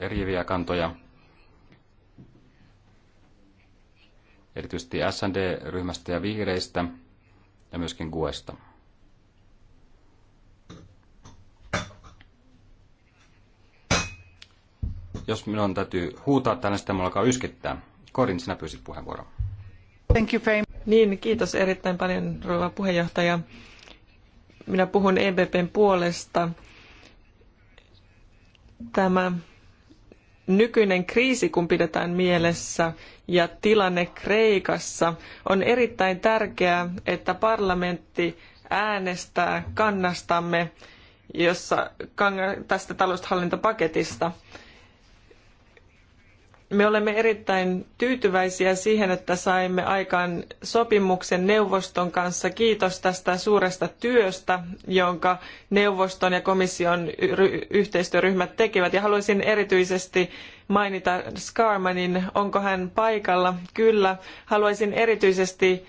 eriviä kantoja. Erityisesti SND-ryhmästä ja vihreistä ja myöskin GUEsta. Jos minun täytyy huutaa tänne, sitten alkaa yskittää. Korin, sinä pyysit puheenvuoron. Thank you Fame. Niin, kiitos erittäin paljon, rouva puheenjohtaja. Minä puhun EBPn puolesta. Tämä nykyinen kriisi, kun pidetään mielessä, ja tilanne Kreikassa, on erittäin tärkeää, että parlamentti äänestää kannastamme jossa, tästä taloushallintapaketista. Me olemme erittäin tyytyväisiä siihen, että saimme aikaan sopimuksen neuvoston kanssa. Kiitos tästä suuresta työstä, jonka neuvoston ja komission yhteistyöryhmät tekivät. Ja haluaisin erityisesti mainita Skarmanin. onko hän paikalla. Kyllä, haluaisin erityisesti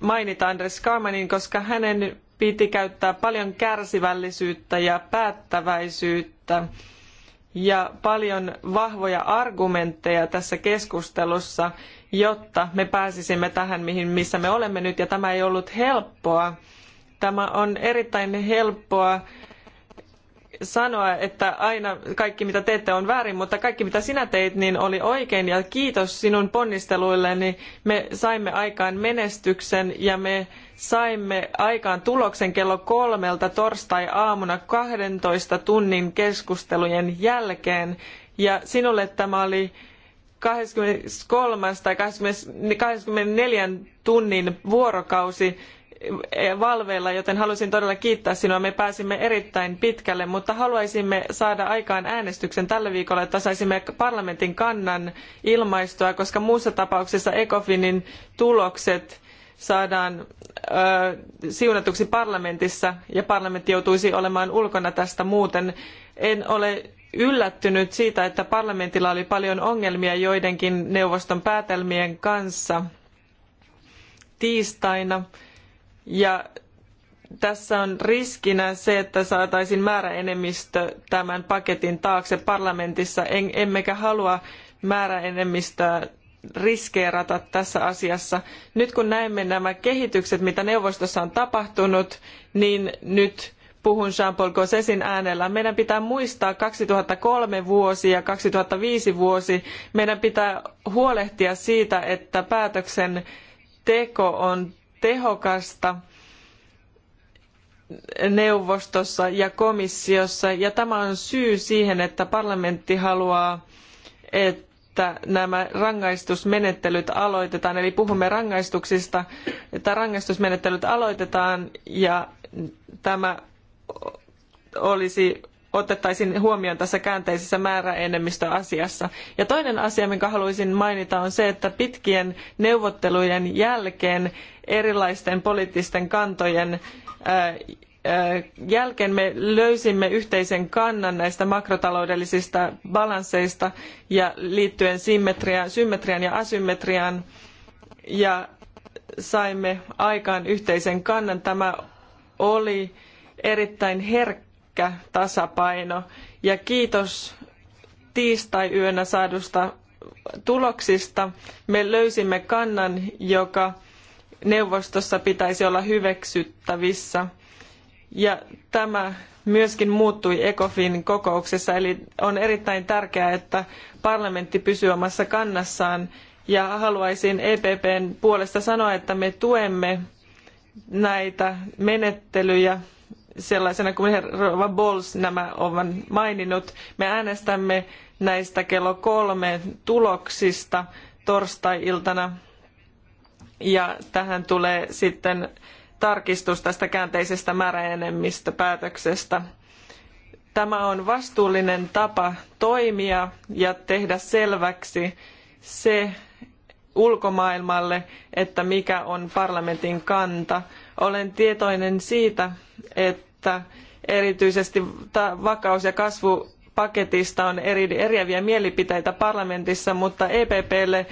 mainita Andres Skarmanin, koska hänen piti käyttää paljon kärsivällisyyttä ja päättäväisyyttä ja paljon vahvoja argumentteja tässä keskustelussa, jotta me pääsisimme tähän, mihin, missä me olemme nyt. Ja tämä ei ollut helppoa. Tämä on erittäin helppoa sanoa, että aina kaikki mitä teette on väärin, mutta kaikki mitä sinä teit niin oli oikein ja kiitos sinun ponnisteluillesi. Me saimme aikaan menestyksen ja me saimme aikaan tuloksen kello kolmelta torstai-aamuna 12 tunnin keskustelujen jälkeen. Ja sinulle tämä oli 23 tai 24 tunnin vuorokausi valveilla, joten halusin todella kiittää sinua. Me pääsimme erittäin pitkälle, mutta haluaisimme saada aikaan äänestyksen tällä viikolla, että saisimme parlamentin kannan ilmaistua, koska muussa tapauksessa ECOFINin tulokset saadaan ö, siunatuksi parlamentissa ja parlamentti joutuisi olemaan ulkona tästä muuten. En ole yllättynyt siitä, että parlamentilla oli paljon ongelmia joidenkin neuvoston päätelmien kanssa tiistaina. Ja tässä on riskinä se, että saataisiin määräenemmistö tämän paketin taakse parlamentissa, en, emmekä halua määräenemmistöä riskeerata tässä asiassa. Nyt kun näemme nämä kehitykset, mitä neuvostossa on tapahtunut, niin nyt puhun Jean-Paul Gossesin äänellä. Meidän pitää muistaa 2003 vuosi ja 2005 vuosi. Meidän pitää huolehtia siitä, että päätöksen teko on tehokasta neuvostossa ja komissiossa. Ja tämä on syy siihen, että parlamentti haluaa, että nämä rangaistusmenettelyt aloitetaan. Eli puhumme rangaistuksista, että rangaistusmenettelyt aloitetaan ja tämä olisi otettaisiin huomioon tässä käänteisessä määräenemmistöasiassa. Ja toinen asia, minkä haluaisin mainita, on se, että pitkien neuvottelujen jälkeen erilaisten poliittisten kantojen jälkeen me löysimme yhteisen kannan näistä makrotaloudellisista balansseista ja liittyen symmetriaan, symmetriaan ja asymmetriaan ja saimme aikaan yhteisen kannan. Tämä oli erittäin herkkä jäykkä tasapaino. Ja kiitos tiistai-yönä saadusta tuloksista. Me löysimme kannan, joka neuvostossa pitäisi olla hyväksyttävissä. Ja tämä myöskin muuttui ECOFIN kokouksessa, eli on erittäin tärkeää, että parlamentti pysyy omassa kannassaan. Ja haluaisin EPPn puolesta sanoa, että me tuemme näitä menettelyjä sellaisena kuin herra Bols nämä ovat maininnut. Me äänestämme näistä kello kolme tuloksista torstai-iltana ja tähän tulee sitten tarkistus tästä käänteisestä määräenemmistöpäätöksestä. Tämä on vastuullinen tapa toimia ja tehdä selväksi se ulkomaailmalle, että mikä on parlamentin kanta – olen tietoinen siitä, että erityisesti vakaus- ja kasvupaketista on eri, eriäviä mielipiteitä parlamentissa, mutta EPPlle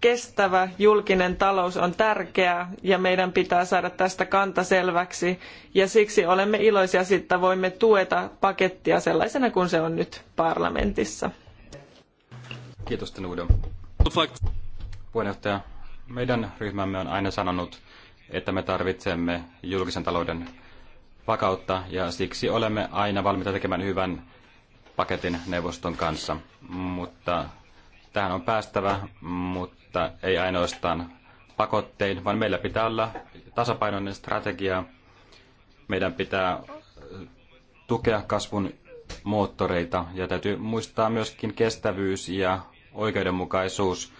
kestävä julkinen talous on tärkeää ja meidän pitää saada tästä kanta selväksi. Ja siksi olemme iloisia siitä, että voimme tueta pakettia sellaisena kuin se on nyt parlamentissa. Kiitos, Tenuudon. Puheenjohtaja, meidän ryhmämme on aina sanonut, että me tarvitsemme julkisen talouden vakautta ja siksi olemme aina valmiita tekemään hyvän paketin neuvoston kanssa. Mutta tähän on päästävä, mutta ei ainoastaan pakottein, vaan meillä pitää olla tasapainoinen strategia. Meidän pitää tukea kasvun moottoreita ja täytyy muistaa myöskin kestävyys ja oikeudenmukaisuus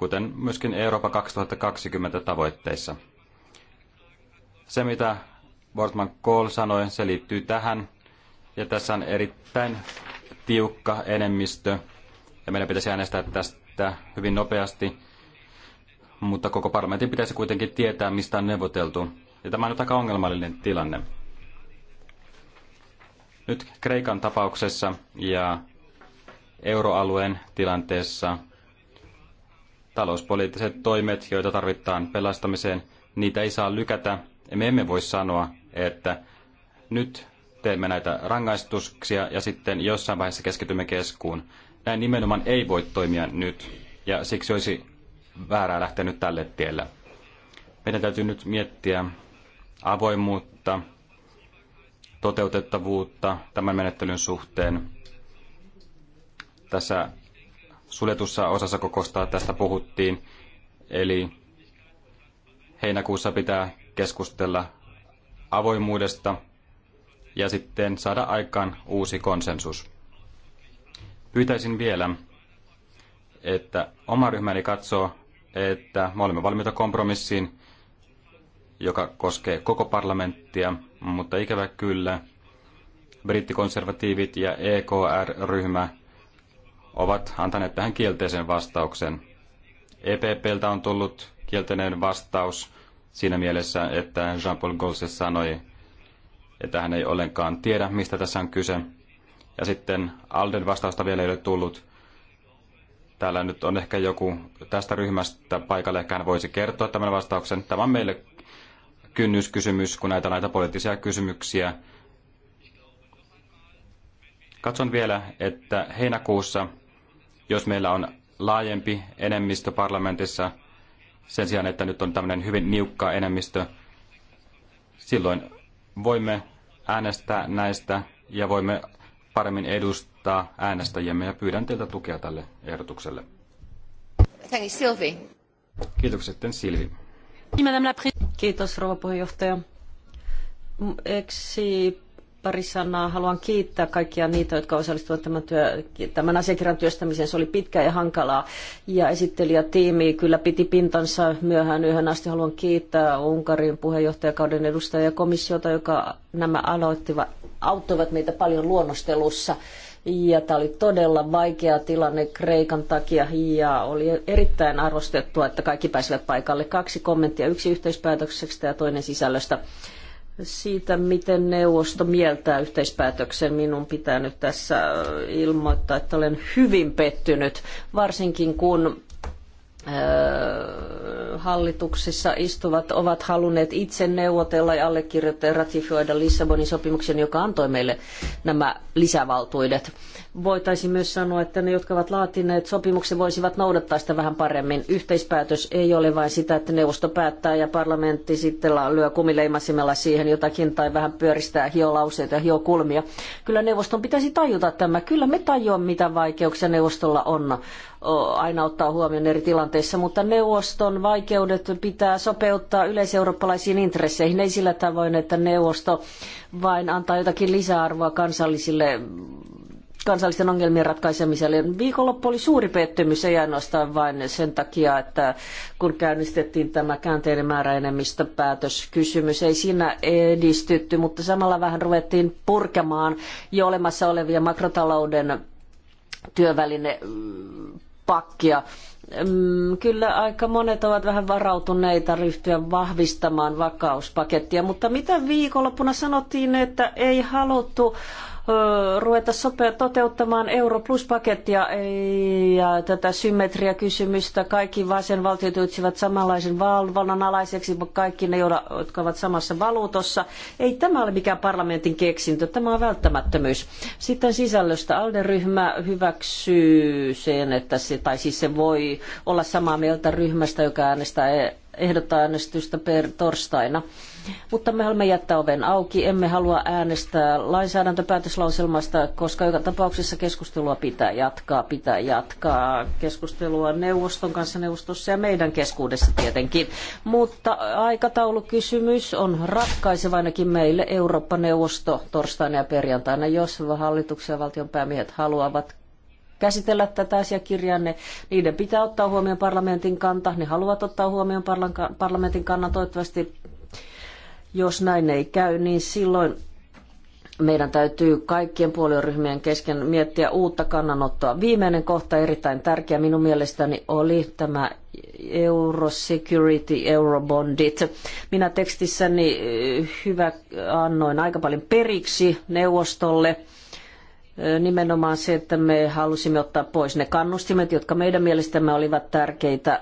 kuten myöskin Eurooppa 2020 tavoitteissa. Se, mitä Wortman Kohl sanoi, se liittyy tähän. Ja tässä on erittäin tiukka enemmistö. Ja meidän pitäisi äänestää tästä hyvin nopeasti. Mutta koko parlamentin pitäisi kuitenkin tietää, mistä on neuvoteltu. Ja tämä on nyt aika ongelmallinen tilanne. Nyt Kreikan tapauksessa ja euroalueen tilanteessa talouspoliittiset toimet, joita tarvitaan pelastamiseen, niitä ei saa lykätä. Me emme voi sanoa, että nyt teemme näitä rangaistuksia ja sitten jossain vaiheessa keskitymme keskuun. Näin nimenomaan ei voi toimia nyt ja siksi olisi väärää lähteä nyt tälle tielle. Meidän täytyy nyt miettiä avoimuutta, toteutettavuutta tämän menettelyn suhteen. Tässä suljetussa osassa kokousta tästä puhuttiin. Eli heinäkuussa pitää keskustella avoimuudesta ja sitten saada aikaan uusi konsensus. Pyytäisin vielä, että oma ryhmäni katsoo, että me olemme valmiita kompromissiin, joka koskee koko parlamenttia, mutta ikävä kyllä brittikonservatiivit ja EKR-ryhmä ovat antaneet tähän kielteisen vastauksen. EPPltä on tullut kielteinen vastaus siinä mielessä, että Jean-Paul Gaulles sanoi, että hän ei ollenkaan tiedä, mistä tässä on kyse. Ja sitten Alden vastausta vielä ei ole tullut. Täällä nyt on ehkä joku tästä ryhmästä paikalle, ehkä hän voisi kertoa tämän vastauksen. Tämä on meille kynnyskysymys, kun näitä näitä poliittisia kysymyksiä. Katson vielä, että heinäkuussa jos meillä on laajempi enemmistö parlamentissa sen sijaan, että nyt on tämmöinen hyvin niukka enemmistö, silloin voimme äänestää näistä ja voimme paremmin edustaa äänestäjiämme ja pyydän teiltä tukea tälle ehdotukselle. you, Sylvie. Kiitokset sitten Silvi. Kiitos rouva puheenjohtaja. Eksi pari sanaa. Haluan kiittää kaikkia niitä, jotka osallistuivat tämän, työ, tämän asiakirjan työstämiseen. Se oli pitkä ja hankalaa. Ja esittelijätiimi kyllä piti pintansa myöhään yhden asti. Haluan kiittää Unkarin puheenjohtajakauden edustajia ja komissiota, joka nämä aloittivat, auttoivat meitä paljon luonnostelussa. Ja tämä oli todella vaikea tilanne Kreikan takia ja oli erittäin arvostettua, että kaikki pääsivät paikalle. Kaksi kommenttia, yksi yhteispäätöksestä ja toinen sisällöstä siitä, miten neuvosto mieltää yhteispäätöksen. Minun pitää nyt tässä äh, ilmoittaa, että olen hyvin pettynyt, varsinkin kun äh, hallituksissa istuvat ovat halunneet itse neuvotella ja allekirjoittaa ja ratifioida Lissabonin sopimuksen, joka antoi meille nämä lisävaltuudet. Voitaisiin myös sanoa, että ne, jotka ovat laatineet sopimuksen, voisivat noudattaa sitä vähän paremmin. Yhteispäätös ei ole vain sitä, että neuvosto päättää ja parlamentti sitten lyö kumileimasimella siihen jotakin tai vähän pyöristää hiolauseita ja hiokulmia. Kyllä neuvoston pitäisi tajuta tämä. Kyllä me tajuamme, mitä vaikeuksia neuvostolla on aina ottaa huomioon eri tilanteissa, mutta neuvoston vaikeudet pitää sopeuttaa yleiseurooppalaisiin intresseihin, ei sillä tavoin, että neuvosto vain antaa jotakin lisäarvoa kansallisille kansallisten ongelmien ratkaisemiselle. Viikonloppu oli suuri pettymys, ei ainoastaan vain sen takia, että kun käynnistettiin tämä käänteinen määräenemmistöpäätöskysymys, ei siinä edistytty, mutta samalla vähän ruvettiin purkamaan jo olemassa olevia makrotalouden työväline pakkia. Mm, kyllä aika monet ovat vähän varautuneita ryhtyä vahvistamaan vakauspakettia, mutta mitä viikonloppuna sanottiin, että ei haluttu ruveta sopea toteuttamaan Euro Plus-pakettia ja tätä symmetriakysymystä. Kaikki jäsenvaltiot ytsivät samanlaisen valvonnan alaiseksi, kaikki ne, jotka ovat samassa valuutossa. Ei tämä ole mikään parlamentin keksintö, tämä on välttämättömyys. Sitten sisällöstä ALDE-ryhmä hyväksyy sen, että se, tai siis se voi olla samaa mieltä ryhmästä, joka äänestää ehdottaa äänestystä per torstaina. Mutta me haluamme jättää oven auki, emme halua äänestää lainsäädäntöpäätöslauselmasta, koska joka tapauksessa keskustelua pitää jatkaa, pitää jatkaa keskustelua neuvoston kanssa neuvostossa ja meidän keskuudessa tietenkin. Mutta aikataulukysymys on ratkaiseva ainakin meille Eurooppa-neuvosto torstaina ja perjantaina, jos hallituksen ja valtionpäämiehet haluavat käsitellä tätä asiakirjaa. Ne, niiden pitää ottaa huomioon parlamentin kanta. Ne haluavat ottaa huomioon parlamentin kannan. Toivottavasti jos näin ei käy, niin silloin meidän täytyy kaikkien puolueryhmien kesken miettiä uutta kannanottoa. Viimeinen kohta erittäin tärkeä minun mielestäni oli tämä Eurosecurity Eurobondit. Minä tekstissäni eh, hyvä annoin aika paljon periksi neuvostolle – nimenomaan se, että me halusimme ottaa pois ne kannustimet, jotka meidän mielestämme olivat tärkeitä.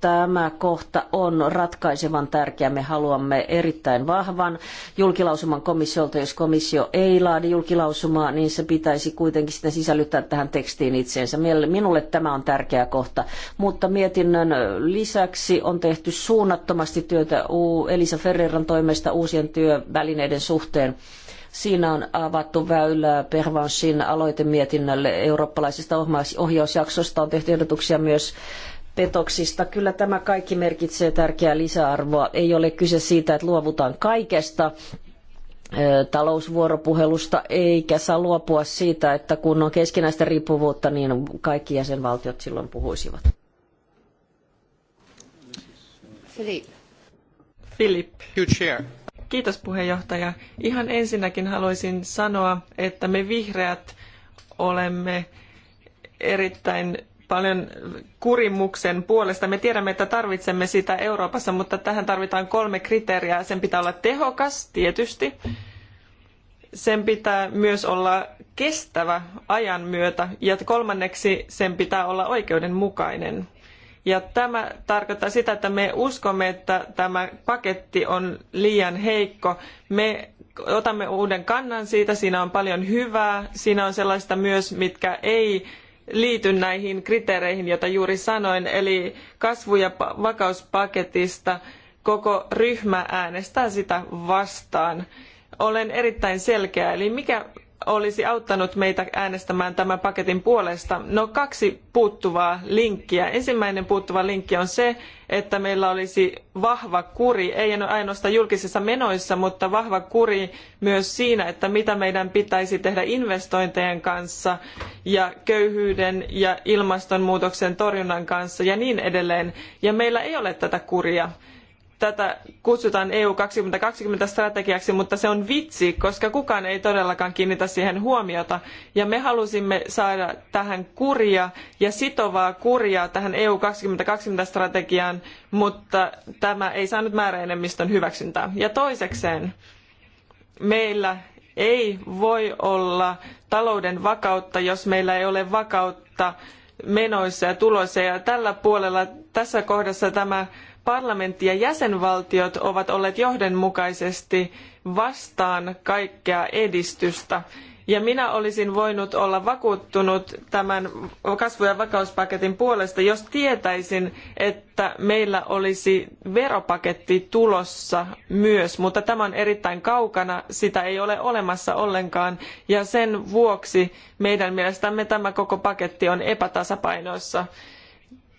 Tämä kohta on ratkaisevan tärkeä. Me haluamme erittäin vahvan julkilausuman komissiolta. Jos komissio ei laadi julkilausumaa, niin se pitäisi kuitenkin sitten sisällyttää tähän tekstiin itseensä. Minulle tämä on tärkeä kohta. Mutta mietinnön lisäksi on tehty suunnattomasti työtä Elisa Ferreran toimesta uusien työvälineiden suhteen. Siinä on avattu väylää Pervansin aloitemietinnölle eurooppalaisesta ohjausjaksosta. On tehty ehdotuksia myös petoksista. Kyllä tämä kaikki merkitsee tärkeää lisäarvoa. Ei ole kyse siitä, että luovutaan kaikesta talousvuoropuhelusta, eikä saa luopua siitä, että kun on keskinäistä riippuvuutta, niin kaikki jäsenvaltiot silloin puhuisivat. Philippe. Philippe, You chair. Kiitos puheenjohtaja. Ihan ensinnäkin haluaisin sanoa, että me vihreät olemme erittäin paljon kurimuksen puolesta. Me tiedämme, että tarvitsemme sitä Euroopassa, mutta tähän tarvitaan kolme kriteeriä. Sen pitää olla tehokas, tietysti. Sen pitää myös olla kestävä ajan myötä. Ja kolmanneksi sen pitää olla oikeudenmukainen. Ja tämä tarkoittaa sitä, että me uskomme, että tämä paketti on liian heikko. Me otamme uuden kannan siitä, siinä on paljon hyvää, siinä on sellaista myös, mitkä ei liity näihin kriteereihin, joita juuri sanoin, eli kasvu- ja vakauspaketista koko ryhmä äänestää sitä vastaan. Olen erittäin selkeä, eli mikä olisi auttanut meitä äänestämään tämän paketin puolesta? No kaksi puuttuvaa linkkiä. Ensimmäinen puuttuva linkki on se, että meillä olisi vahva kuri, ei ainoastaan julkisissa menoissa, mutta vahva kuri myös siinä, että mitä meidän pitäisi tehdä investointien kanssa ja köyhyyden ja ilmastonmuutoksen torjunnan kanssa ja niin edelleen. Ja meillä ei ole tätä kuria tätä kutsutaan EU 2020 strategiaksi, mutta se on vitsi, koska kukaan ei todellakaan kiinnitä siihen huomiota. Ja me halusimme saada tähän kuria ja sitovaa kuria tähän EU 2020 strategiaan, mutta tämä ei saanut määräenemmistön hyväksyntää. Ja toisekseen, meillä ei voi olla talouden vakautta, jos meillä ei ole vakautta menoissa ja tuloissa. Ja tällä puolella, tässä kohdassa tämä parlamentti ja jäsenvaltiot ovat olleet johdonmukaisesti vastaan kaikkea edistystä. Ja minä olisin voinut olla vakuuttunut tämän kasvu- ja vakauspaketin puolesta, jos tietäisin, että meillä olisi veropaketti tulossa myös, mutta tämä on erittäin kaukana, sitä ei ole olemassa ollenkaan, ja sen vuoksi meidän mielestämme tämä koko paketti on epätasapainoissa.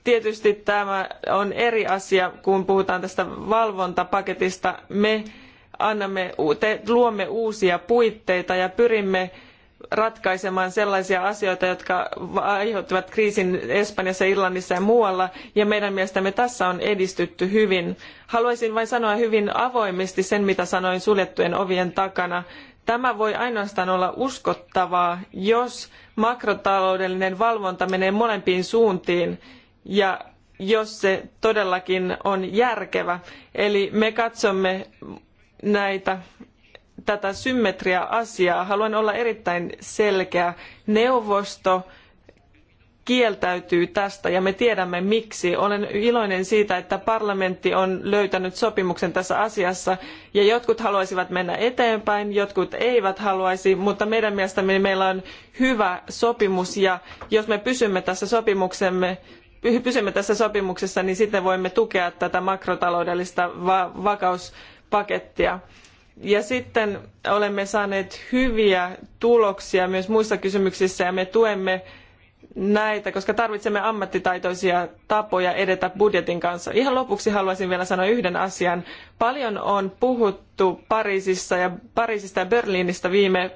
Tietysti tämä on eri asia, kun puhutaan tästä valvontapaketista. Me annamme, te, luomme uusia puitteita ja pyrimme ratkaisemaan sellaisia asioita, jotka aiheuttivat kriisin Espanjassa, Irlannissa ja muualla, ja meidän mielestämme tässä on edistytty hyvin. Haluaisin vain sanoa hyvin avoimesti sen, mitä sanoin suljettujen ovien takana. Tämä voi ainoastaan olla uskottavaa, jos makrotaloudellinen valvonta menee molempiin suuntiin ja jos se todellakin on järkevä. Eli me katsomme näitä tätä symmetria-asiaa. Haluan olla erittäin selkeä. Neuvosto kieltäytyy tästä ja me tiedämme miksi. Olen iloinen siitä, että parlamentti on löytänyt sopimuksen tässä asiassa ja jotkut haluaisivat mennä eteenpäin, jotkut eivät haluaisi, mutta meidän mielestämme meillä on hyvä sopimus ja jos me pysymme tässä sopimuksemme, pysymme tässä sopimuksessa, niin sitten voimme tukea tätä makrotaloudellista va- vakauspakettia. Ja sitten olemme saaneet hyviä tuloksia myös muissa kysymyksissä ja me tuemme näitä, koska tarvitsemme ammattitaitoisia tapoja edetä budjetin kanssa. Ihan lopuksi haluaisin vielä sanoa yhden asian. Paljon on puhuttu Pariisissa ja, Pariisista ja Berliinistä viime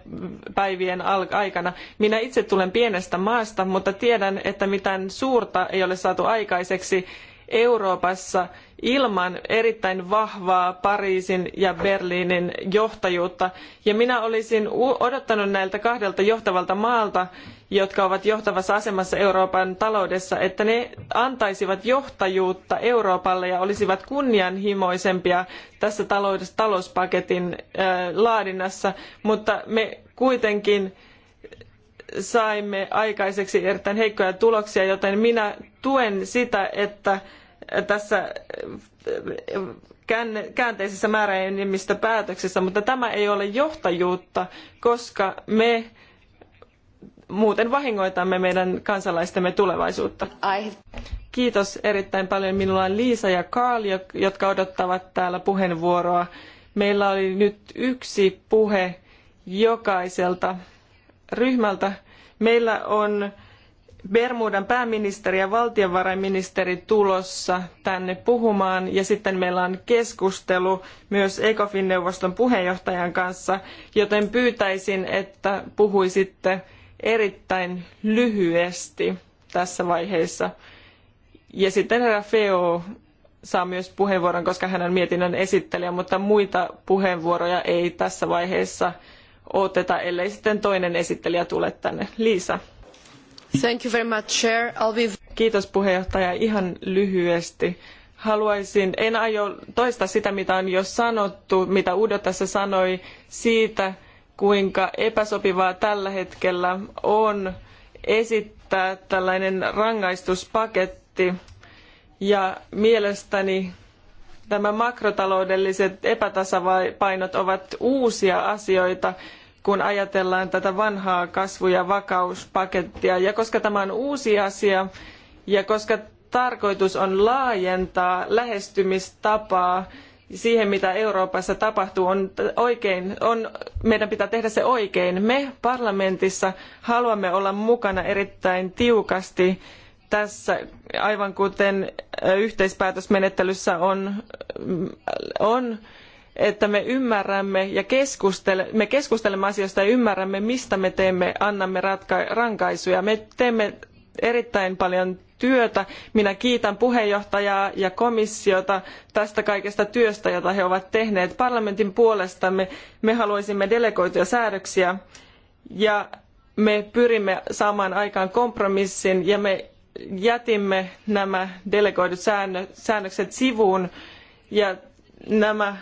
päivien aikana. Minä itse tulen pienestä maasta, mutta tiedän, että mitään suurta ei ole saatu aikaiseksi Euroopassa ilman erittäin vahvaa Pariisin ja Berliinin johtajuutta. Ja minä olisin odottanut näiltä kahdelta johtavalta maalta, jotka ovat johtavassa asemassa Euroopan taloudessa, että ne antaisivat johtajuutta Euroopalle ja olisivat kunnianhimoisempia tässä talouspaketin laadinnassa, mutta me kuitenkin saimme aikaiseksi erittäin heikkoja tuloksia, joten minä tuen sitä, että tässä käänteisessä määräenemmistöpäätöksessä, mutta tämä ei ole johtajuutta, koska me muuten vahingoitamme meidän kansalaistemme tulevaisuutta. Kiitos erittäin paljon. Minulla on Liisa ja Karl, jotka odottavat täällä puheenvuoroa. Meillä oli nyt yksi puhe jokaiselta ryhmältä. Meillä on Bermudan pääministeri ja valtiovarainministeri tulossa tänne puhumaan ja sitten meillä on keskustelu myös ECOFIN-neuvoston puheenjohtajan kanssa, joten pyytäisin, että puhuisitte erittäin lyhyesti tässä vaiheessa. Ja sitten herra Feo saa myös puheenvuoron, koska hän on mietinnön esittelijä, mutta muita puheenvuoroja ei tässä vaiheessa oteta, ellei sitten toinen esittelijä tule tänne. Liisa. Thank you very much, Chair. I'll be... Kiitos puheenjohtaja. Ihan lyhyesti. Haluaisin, en aio toista sitä, mitä on jo sanottu, mitä Udo tässä sanoi siitä, kuinka epäsopivaa tällä hetkellä on esittää tällainen rangaistuspaketti. Ja mielestäni tämä makrotaloudelliset epätasapainot ovat uusia asioita, kun ajatellaan tätä vanhaa kasvu- ja vakauspakettia. Ja koska tämä on uusi asia ja koska tarkoitus on laajentaa lähestymistapaa, siihen, mitä Euroopassa tapahtuu, on oikein, on, meidän pitää tehdä se oikein. Me parlamentissa haluamme olla mukana erittäin tiukasti tässä, aivan kuten yhteispäätösmenettelyssä on, on että me ymmärrämme ja keskustele, me keskustelemme asioista ja ymmärrämme, mistä me teemme, annamme ratka- rankaisuja. Me teemme erittäin paljon työtä. Minä kiitän puheenjohtajaa ja komissiota tästä kaikesta työstä, jota he ovat tehneet. Parlamentin puolesta me haluaisimme delegoituja säädöksiä ja me pyrimme saamaan aikaan kompromissin ja me jätimme nämä delegoidut säännökset sivuun ja nämä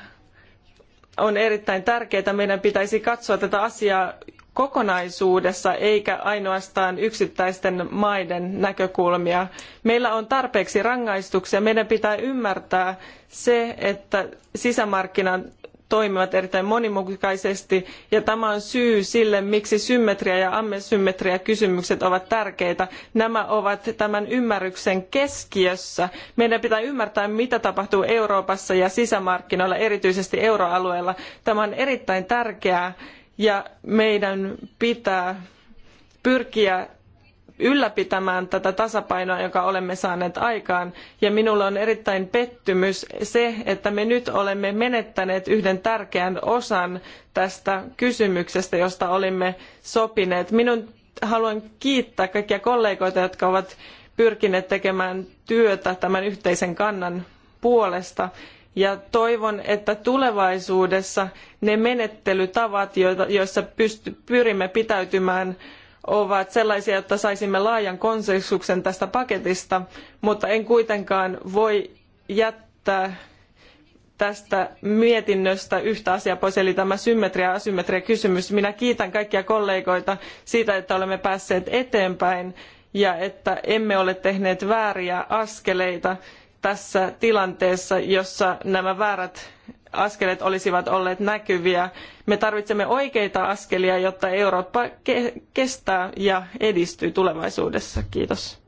on erittäin tärkeää. Meidän pitäisi katsoa tätä asiaa kokonaisuudessa eikä ainoastaan yksittäisten maiden näkökulmia. Meillä on tarpeeksi rangaistuksia. Meidän pitää ymmärtää se, että sisämarkkinat toimivat erittäin monimutkaisesti ja tämä on syy sille, miksi symmetria ja ammesymmetria kysymykset ovat tärkeitä. Nämä ovat tämän ymmärryksen keskiössä. Meidän pitää ymmärtää, mitä tapahtuu Euroopassa ja sisämarkkinoilla, erityisesti euroalueella. Tämä on erittäin tärkeää ja meidän pitää pyrkiä ylläpitämään tätä tasapainoa, joka olemme saaneet aikaan. Ja minulle on erittäin pettymys se, että me nyt olemme menettäneet yhden tärkeän osan tästä kysymyksestä, josta olimme sopineet. Minun haluan kiittää kaikkia kollegoita, jotka ovat pyrkineet tekemään työtä tämän yhteisen kannan puolesta ja toivon, että tulevaisuudessa ne menettelytavat, joissa pyrimme pitäytymään, ovat sellaisia, että saisimme laajan konsensuksen tästä paketista, mutta en kuitenkaan voi jättää tästä mietinnöstä yhtä asiaa pois, eli tämä symmetria- ja kysymys Minä kiitän kaikkia kollegoita siitä, että olemme päässeet eteenpäin ja että emme ole tehneet vääriä askeleita tässä tilanteessa, jossa nämä väärät askeleet olisivat olleet näkyviä. Me tarvitsemme oikeita askelia, jotta Eurooppa ke kestää ja edistyy tulevaisuudessa. Kiitos.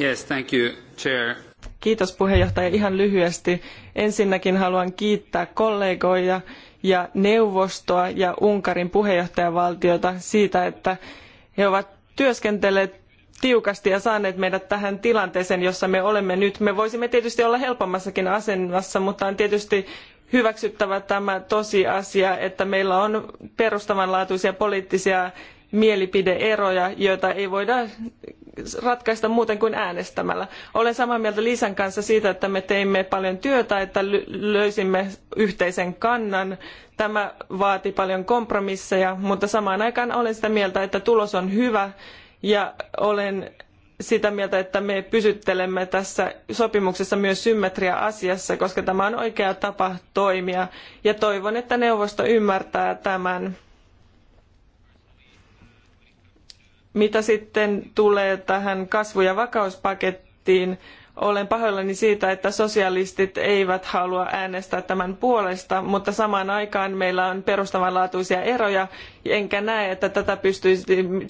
Yes, thank you, chair. Kiitos puheenjohtaja. Ihan lyhyesti. Ensinnäkin haluan kiittää kollegoja ja neuvostoa ja Unkarin puheenjohtajavaltiota siitä, että he ovat työskentelleet tiukasti ja saaneet meidät tähän tilanteeseen, jossa me olemme nyt. Me voisimme tietysti olla helpommassakin asemassa, mutta on tietysti hyväksyttävä tämä tosiasia, että meillä on perustavanlaatuisia poliittisia mielipideeroja, joita ei voida ratkaista muuten kuin äänestämällä. Olen samaa mieltä Liisan kanssa siitä, että me teimme paljon työtä, että löysimme yhteisen kannan. Tämä vaati paljon kompromisseja, mutta samaan aikaan olen sitä mieltä, että tulos on hyvä ja olen sitä mieltä, että me pysyttelemme tässä sopimuksessa myös symmetria-asiassa, koska tämä on oikea tapa toimia. Ja toivon, että neuvosto ymmärtää tämän. Mitä sitten tulee tähän kasvu- ja vakauspakettiin, olen pahoillani siitä, että sosialistit eivät halua äänestää tämän puolesta, mutta samaan aikaan meillä on perustavanlaatuisia eroja, enkä näe, että tätä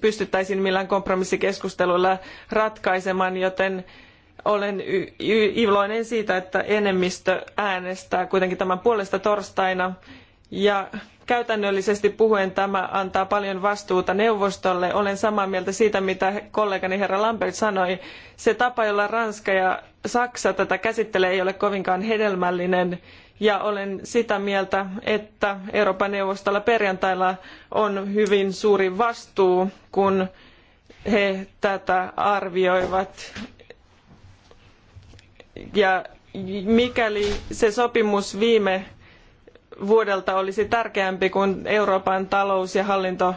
pystyttäisiin millään kompromissikeskustelulla ratkaisemaan, joten olen iloinen siitä, että enemmistö äänestää kuitenkin tämän puolesta torstaina. Ja käytännöllisesti puhuen tämä antaa paljon vastuuta neuvostolle. Olen samaa mieltä siitä, mitä kollegani herra Lambert sanoi. Se tapa, jolla Ranska ja Saksa tätä käsittelee, ei ole kovinkaan hedelmällinen. Ja olen sitä mieltä, että Euroopan neuvostolla perjantailla on hyvin suuri vastuu, kun he tätä arvioivat. Ja mikäli se sopimus viime vuodelta olisi tärkeämpi kuin Euroopan talous ja hallinto,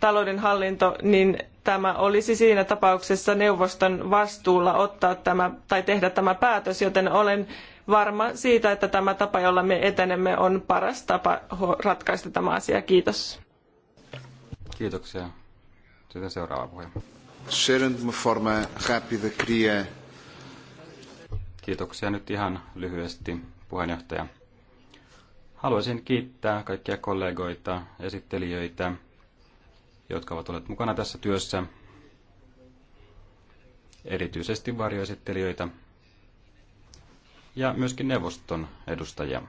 talouden hallinto, niin tämä olisi siinä tapauksessa neuvoston vastuulla ottaa tämä tai tehdä tämä päätös, joten olen varma siitä, että tämä tapa, jolla me etenemme, on paras tapa ratkaista tämä asia. Kiitos. Kiitoksia. Sitten seuraava puhe. Sharon, de forma rápida, queria... Kiitoksia nyt ihan lyhyesti, puheenjohtaja. Haluaisin kiittää kaikkia kollegoita, esittelijöitä, jotka ovat olleet mukana tässä työssä, erityisesti varjoesittelijöitä ja myöskin neuvoston edustajia.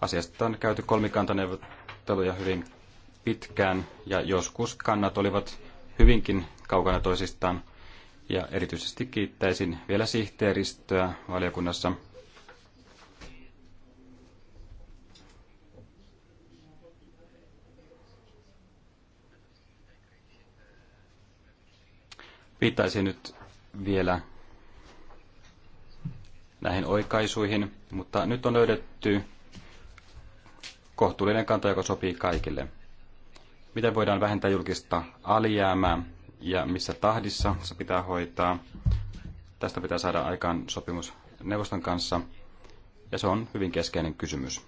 Asiasta on käyty kolmikantaneuvotteluja hyvin pitkään ja joskus kannat olivat hyvinkin kaukana toisistaan – ja erityisesti kiittäisin vielä sihteeristöä valiokunnassa. Viittaisin nyt vielä näihin oikaisuihin, mutta nyt on löydetty kohtuullinen kanta, joka sopii kaikille. Miten voidaan vähentää julkista alijäämää ja missä tahdissa se pitää hoitaa. Tästä pitää saada aikaan sopimus neuvoston kanssa, ja se on hyvin keskeinen kysymys.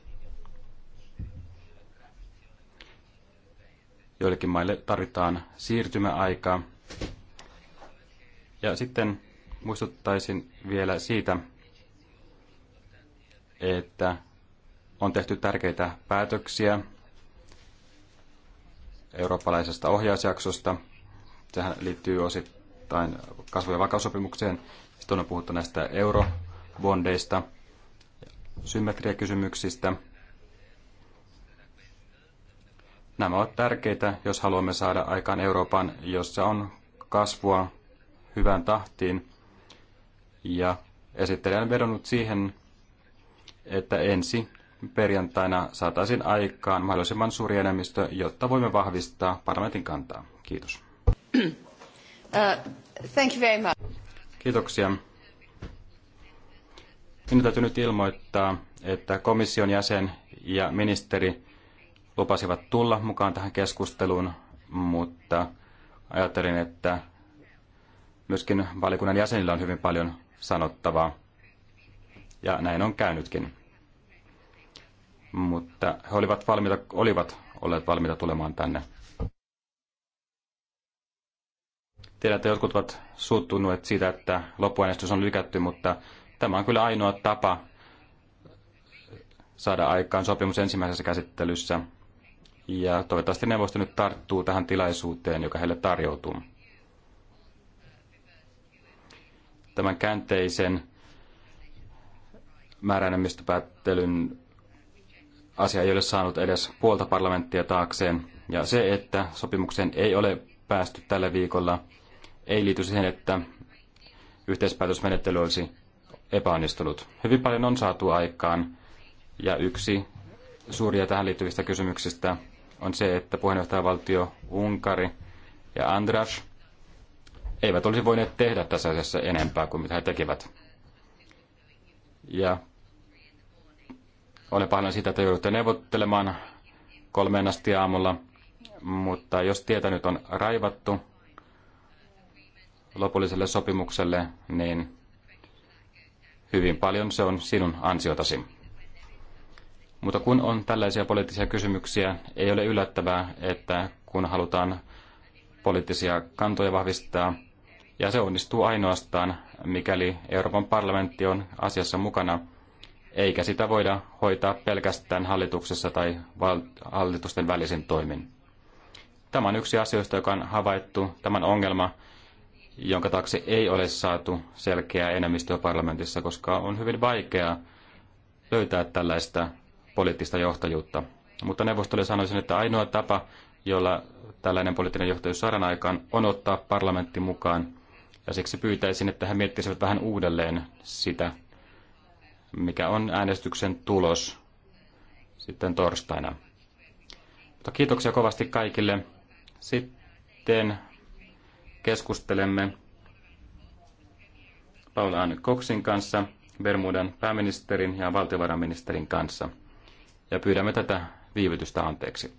Joillekin maille tarvitaan siirtymäaika. Ja sitten muistuttaisin vielä siitä, että on tehty tärkeitä päätöksiä eurooppalaisesta ohjausjaksosta – Sehän liittyy osittain kasvu- ja vakaussopimukseen. Sitten on puhuttu näistä eurobondeista, symmetriakysymyksistä. Nämä ovat tärkeitä, jos haluamme saada aikaan Euroopan, jossa on kasvua hyvään tahtiin. Ja esittelijä on vedonnut siihen, että ensi perjantaina saataisiin aikaan mahdollisimman suuri enemmistö, jotta voimme vahvistaa parlamentin kantaa. Kiitos. Uh, Kiitoksia. Minun täytyy nyt ilmoittaa, että komission jäsen ja ministeri lupasivat tulla mukaan tähän keskusteluun, mutta ajattelin, että myöskin valiokunnan jäsenillä on hyvin paljon sanottavaa. Ja näin on käynytkin. Mutta he olivat, valmiita, olivat olleet valmiita tulemaan tänne. Tiedän, että jotkut ovat suuttuneet siitä, että loppuäänestys on lykätty, mutta tämä on kyllä ainoa tapa saada aikaan sopimus ensimmäisessä käsittelyssä. Ja toivottavasti neuvosto nyt tarttuu tähän tilaisuuteen, joka heille tarjoutuu. Tämän käänteisen määräenemmistöpäättelyn asia ei ole saanut edes puolta parlamenttia taakseen. Ja se, että sopimukseen ei ole päästy tällä viikolla, ei liity siihen, että yhteispäätösmenettely olisi epäonnistunut. Hyvin paljon on saatu aikaan ja yksi suuria tähän liittyvistä kysymyksistä on se, että puheenjohtajavaltio Unkari ja Andras eivät olisi voineet tehdä tässä asiassa enempää kuin mitä he tekivät. Ja olen pahoillani sitä, että joudutte neuvottelemaan kolmeen asti aamulla, mutta jos tietä nyt on raivattu, lopulliselle sopimukselle, niin hyvin paljon se on sinun ansiotasi. Mutta kun on tällaisia poliittisia kysymyksiä, ei ole yllättävää, että kun halutaan poliittisia kantoja vahvistaa, ja se onnistuu ainoastaan, mikäli Euroopan parlamentti on asiassa mukana, eikä sitä voida hoitaa pelkästään hallituksessa tai hallitusten välisin toimin. Tämä on yksi asioista, joka on havaittu, tämän ongelma, jonka taakse ei ole saatu selkeää enemmistöä parlamentissa, koska on hyvin vaikeaa löytää tällaista poliittista johtajuutta. Mutta neuvostolle sanoisin, että ainoa tapa, jolla tällainen poliittinen johtajuus saadaan aikaan, on ottaa parlamentti mukaan. Ja siksi pyytäisin, että he miettisivät vähän uudelleen sitä, mikä on äänestyksen tulos sitten torstaina. Mutta kiitoksia kovasti kaikille. Sitten keskustelemme Paula Anne Coxin kanssa, Bermudan pääministerin ja valtiovarainministerin kanssa, ja pyydämme tätä viivytystä anteeksi.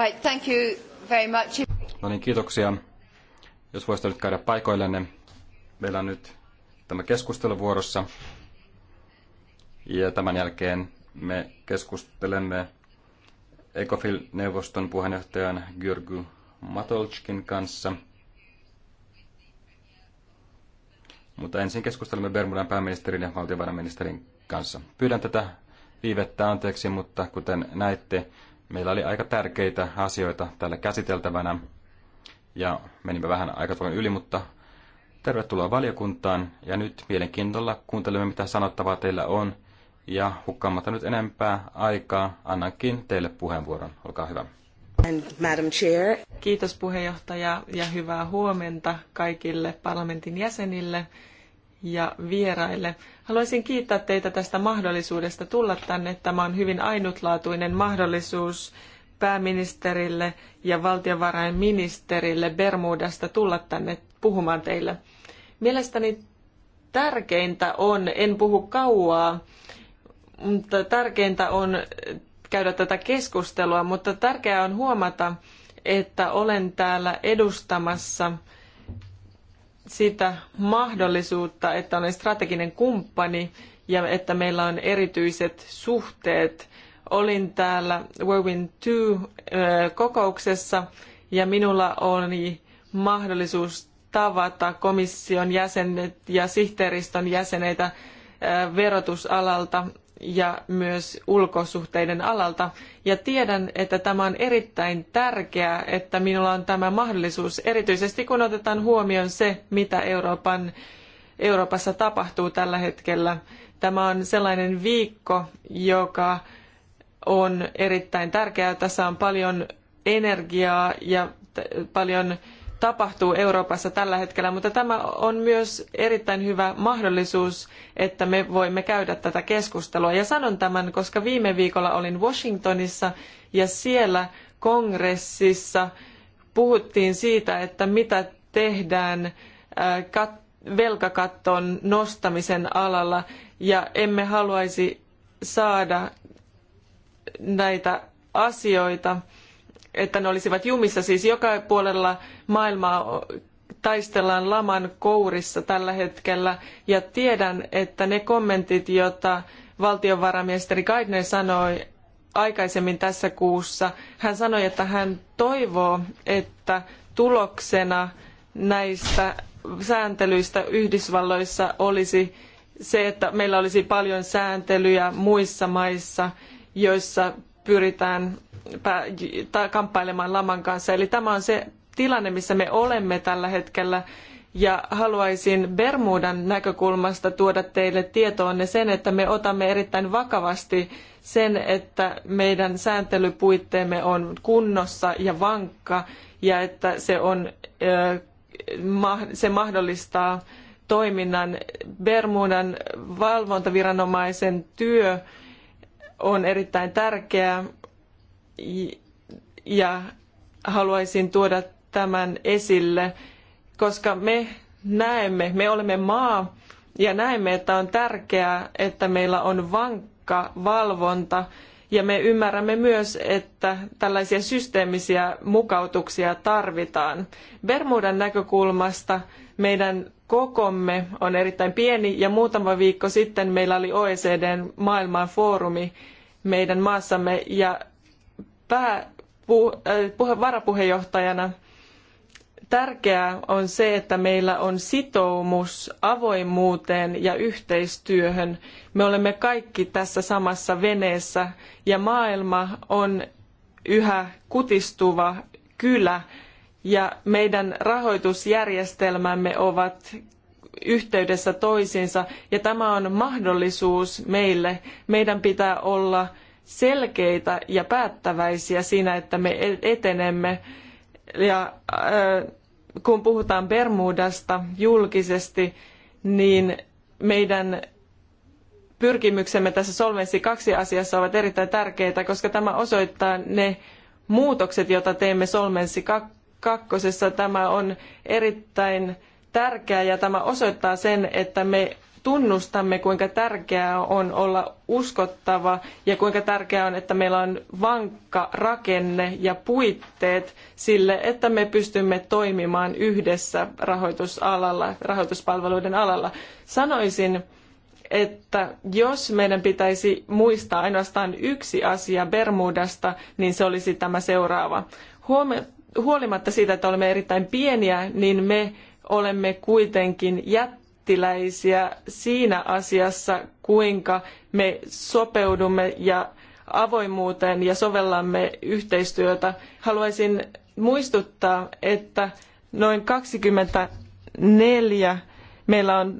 Right, thank you very much. No niin, kiitoksia. Jos voisitte nyt käydä paikoillenne. Meillä on nyt tämä keskustelu vuorossa. Ja tämän jälkeen me keskustelemme ECOFIL-neuvoston puheenjohtajan György Matolchkin kanssa. Mutta ensin keskustelemme Bermudan pääministerin ja valtiovarainministerin kanssa. Pyydän tätä viivettä anteeksi, mutta kuten näitte, Meillä oli aika tärkeitä asioita täällä käsiteltävänä ja menimme vähän aikataulun yli, mutta tervetuloa valiokuntaan ja nyt mielenkiinnolla kuuntelemme, mitä sanottavaa teillä on. Ja hukkaamatta nyt enempää aikaa, annankin teille puheenvuoron. Olkaa hyvä. And Madam Chair. Kiitos puheenjohtaja ja hyvää huomenta kaikille parlamentin jäsenille ja vieraille. Haluaisin kiittää teitä tästä mahdollisuudesta tulla tänne. Tämä on hyvin ainutlaatuinen mahdollisuus pääministerille ja valtiovarainministerille Bermudasta tulla tänne puhumaan teille. Mielestäni tärkeintä on, en puhu kauaa, mutta tärkeintä on käydä tätä keskustelua, mutta tärkeää on huomata, että olen täällä edustamassa – sitä mahdollisuutta, että olen strateginen kumppani ja että meillä on erityiset suhteet. Olin täällä Wewin 2 kokouksessa ja minulla oli mahdollisuus tavata komission jäsenet ja sihteeristön jäseneitä verotusalalta ja myös ulkosuhteiden alalta. Ja tiedän, että tämä on erittäin tärkeää, että minulla on tämä mahdollisuus, erityisesti kun otetaan huomioon se, mitä Euroopan, Euroopassa tapahtuu tällä hetkellä. Tämä on sellainen viikko, joka on erittäin tärkeää. Tässä on paljon energiaa ja paljon tapahtuu Euroopassa tällä hetkellä, mutta tämä on myös erittäin hyvä mahdollisuus, että me voimme käydä tätä keskustelua. Ja sanon tämän, koska viime viikolla olin Washingtonissa ja siellä kongressissa puhuttiin siitä, että mitä tehdään äh, velkakatton nostamisen alalla ja emme haluaisi saada näitä asioita että ne olisivat jumissa. Siis joka puolella maailmaa taistellaan laman kourissa tällä hetkellä ja tiedän, että ne kommentit, joita valtiovarainministeri Kaidner sanoi aikaisemmin tässä kuussa, hän sanoi, että hän toivoo, että tuloksena näistä sääntelyistä Yhdysvalloissa olisi se, että meillä olisi paljon sääntelyjä muissa maissa, joissa pyritään kamppailemaan laman kanssa. Eli tämä on se tilanne, missä me olemme tällä hetkellä. Ja haluaisin Bermudan näkökulmasta tuoda teille tietoonne sen, että me otamme erittäin vakavasti sen, että meidän sääntelypuitteemme on kunnossa ja vankka ja että se, on, se mahdollistaa toiminnan. Bermudan valvontaviranomaisen työ on erittäin tärkeää ja haluaisin tuoda tämän esille, koska me näemme, me olemme maa ja näemme, että on tärkeää, että meillä on vankka valvonta ja me ymmärrämme myös, että tällaisia systeemisiä mukautuksia tarvitaan. Bermudan näkökulmasta meidän kokomme on erittäin pieni ja muutama viikko sitten meillä oli OECDn maailmanfoorumi meidän maassamme ja pää, pu, äh, puhe, varapuheenjohtajana tärkeää on se, että meillä on sitoumus avoimuuteen ja yhteistyöhön. Me olemme kaikki tässä samassa veneessä ja maailma on yhä kutistuva kylä ja meidän rahoitusjärjestelmämme ovat yhteydessä toisiinsa ja tämä on mahdollisuus meille. Meidän pitää olla selkeitä ja päättäväisiä siinä, että me etenemme. Ja äh, kun puhutaan Bermudasta julkisesti, niin meidän pyrkimyksemme tässä Solvenssi 2 asiassa ovat erittäin tärkeitä, koska tämä osoittaa ne muutokset, joita teemme Solvenssi 2. Tämä on erittäin tärkeää ja tämä osoittaa sen, että me tunnustamme, kuinka tärkeää on olla uskottava ja kuinka tärkeää on, että meillä on vankka rakenne ja puitteet sille, että me pystymme toimimaan yhdessä rahoitusalalla, rahoituspalveluiden alalla. Sanoisin, että jos meidän pitäisi muistaa ainoastaan yksi asia Bermudasta, niin se olisi tämä seuraava. huolimatta siitä, että olemme erittäin pieniä, niin me olemme kuitenkin jättäneet jättiläisiä siinä asiassa, kuinka me sopeudumme ja avoimuuteen ja sovellamme yhteistyötä. Haluaisin muistuttaa, että noin 24 Meillä on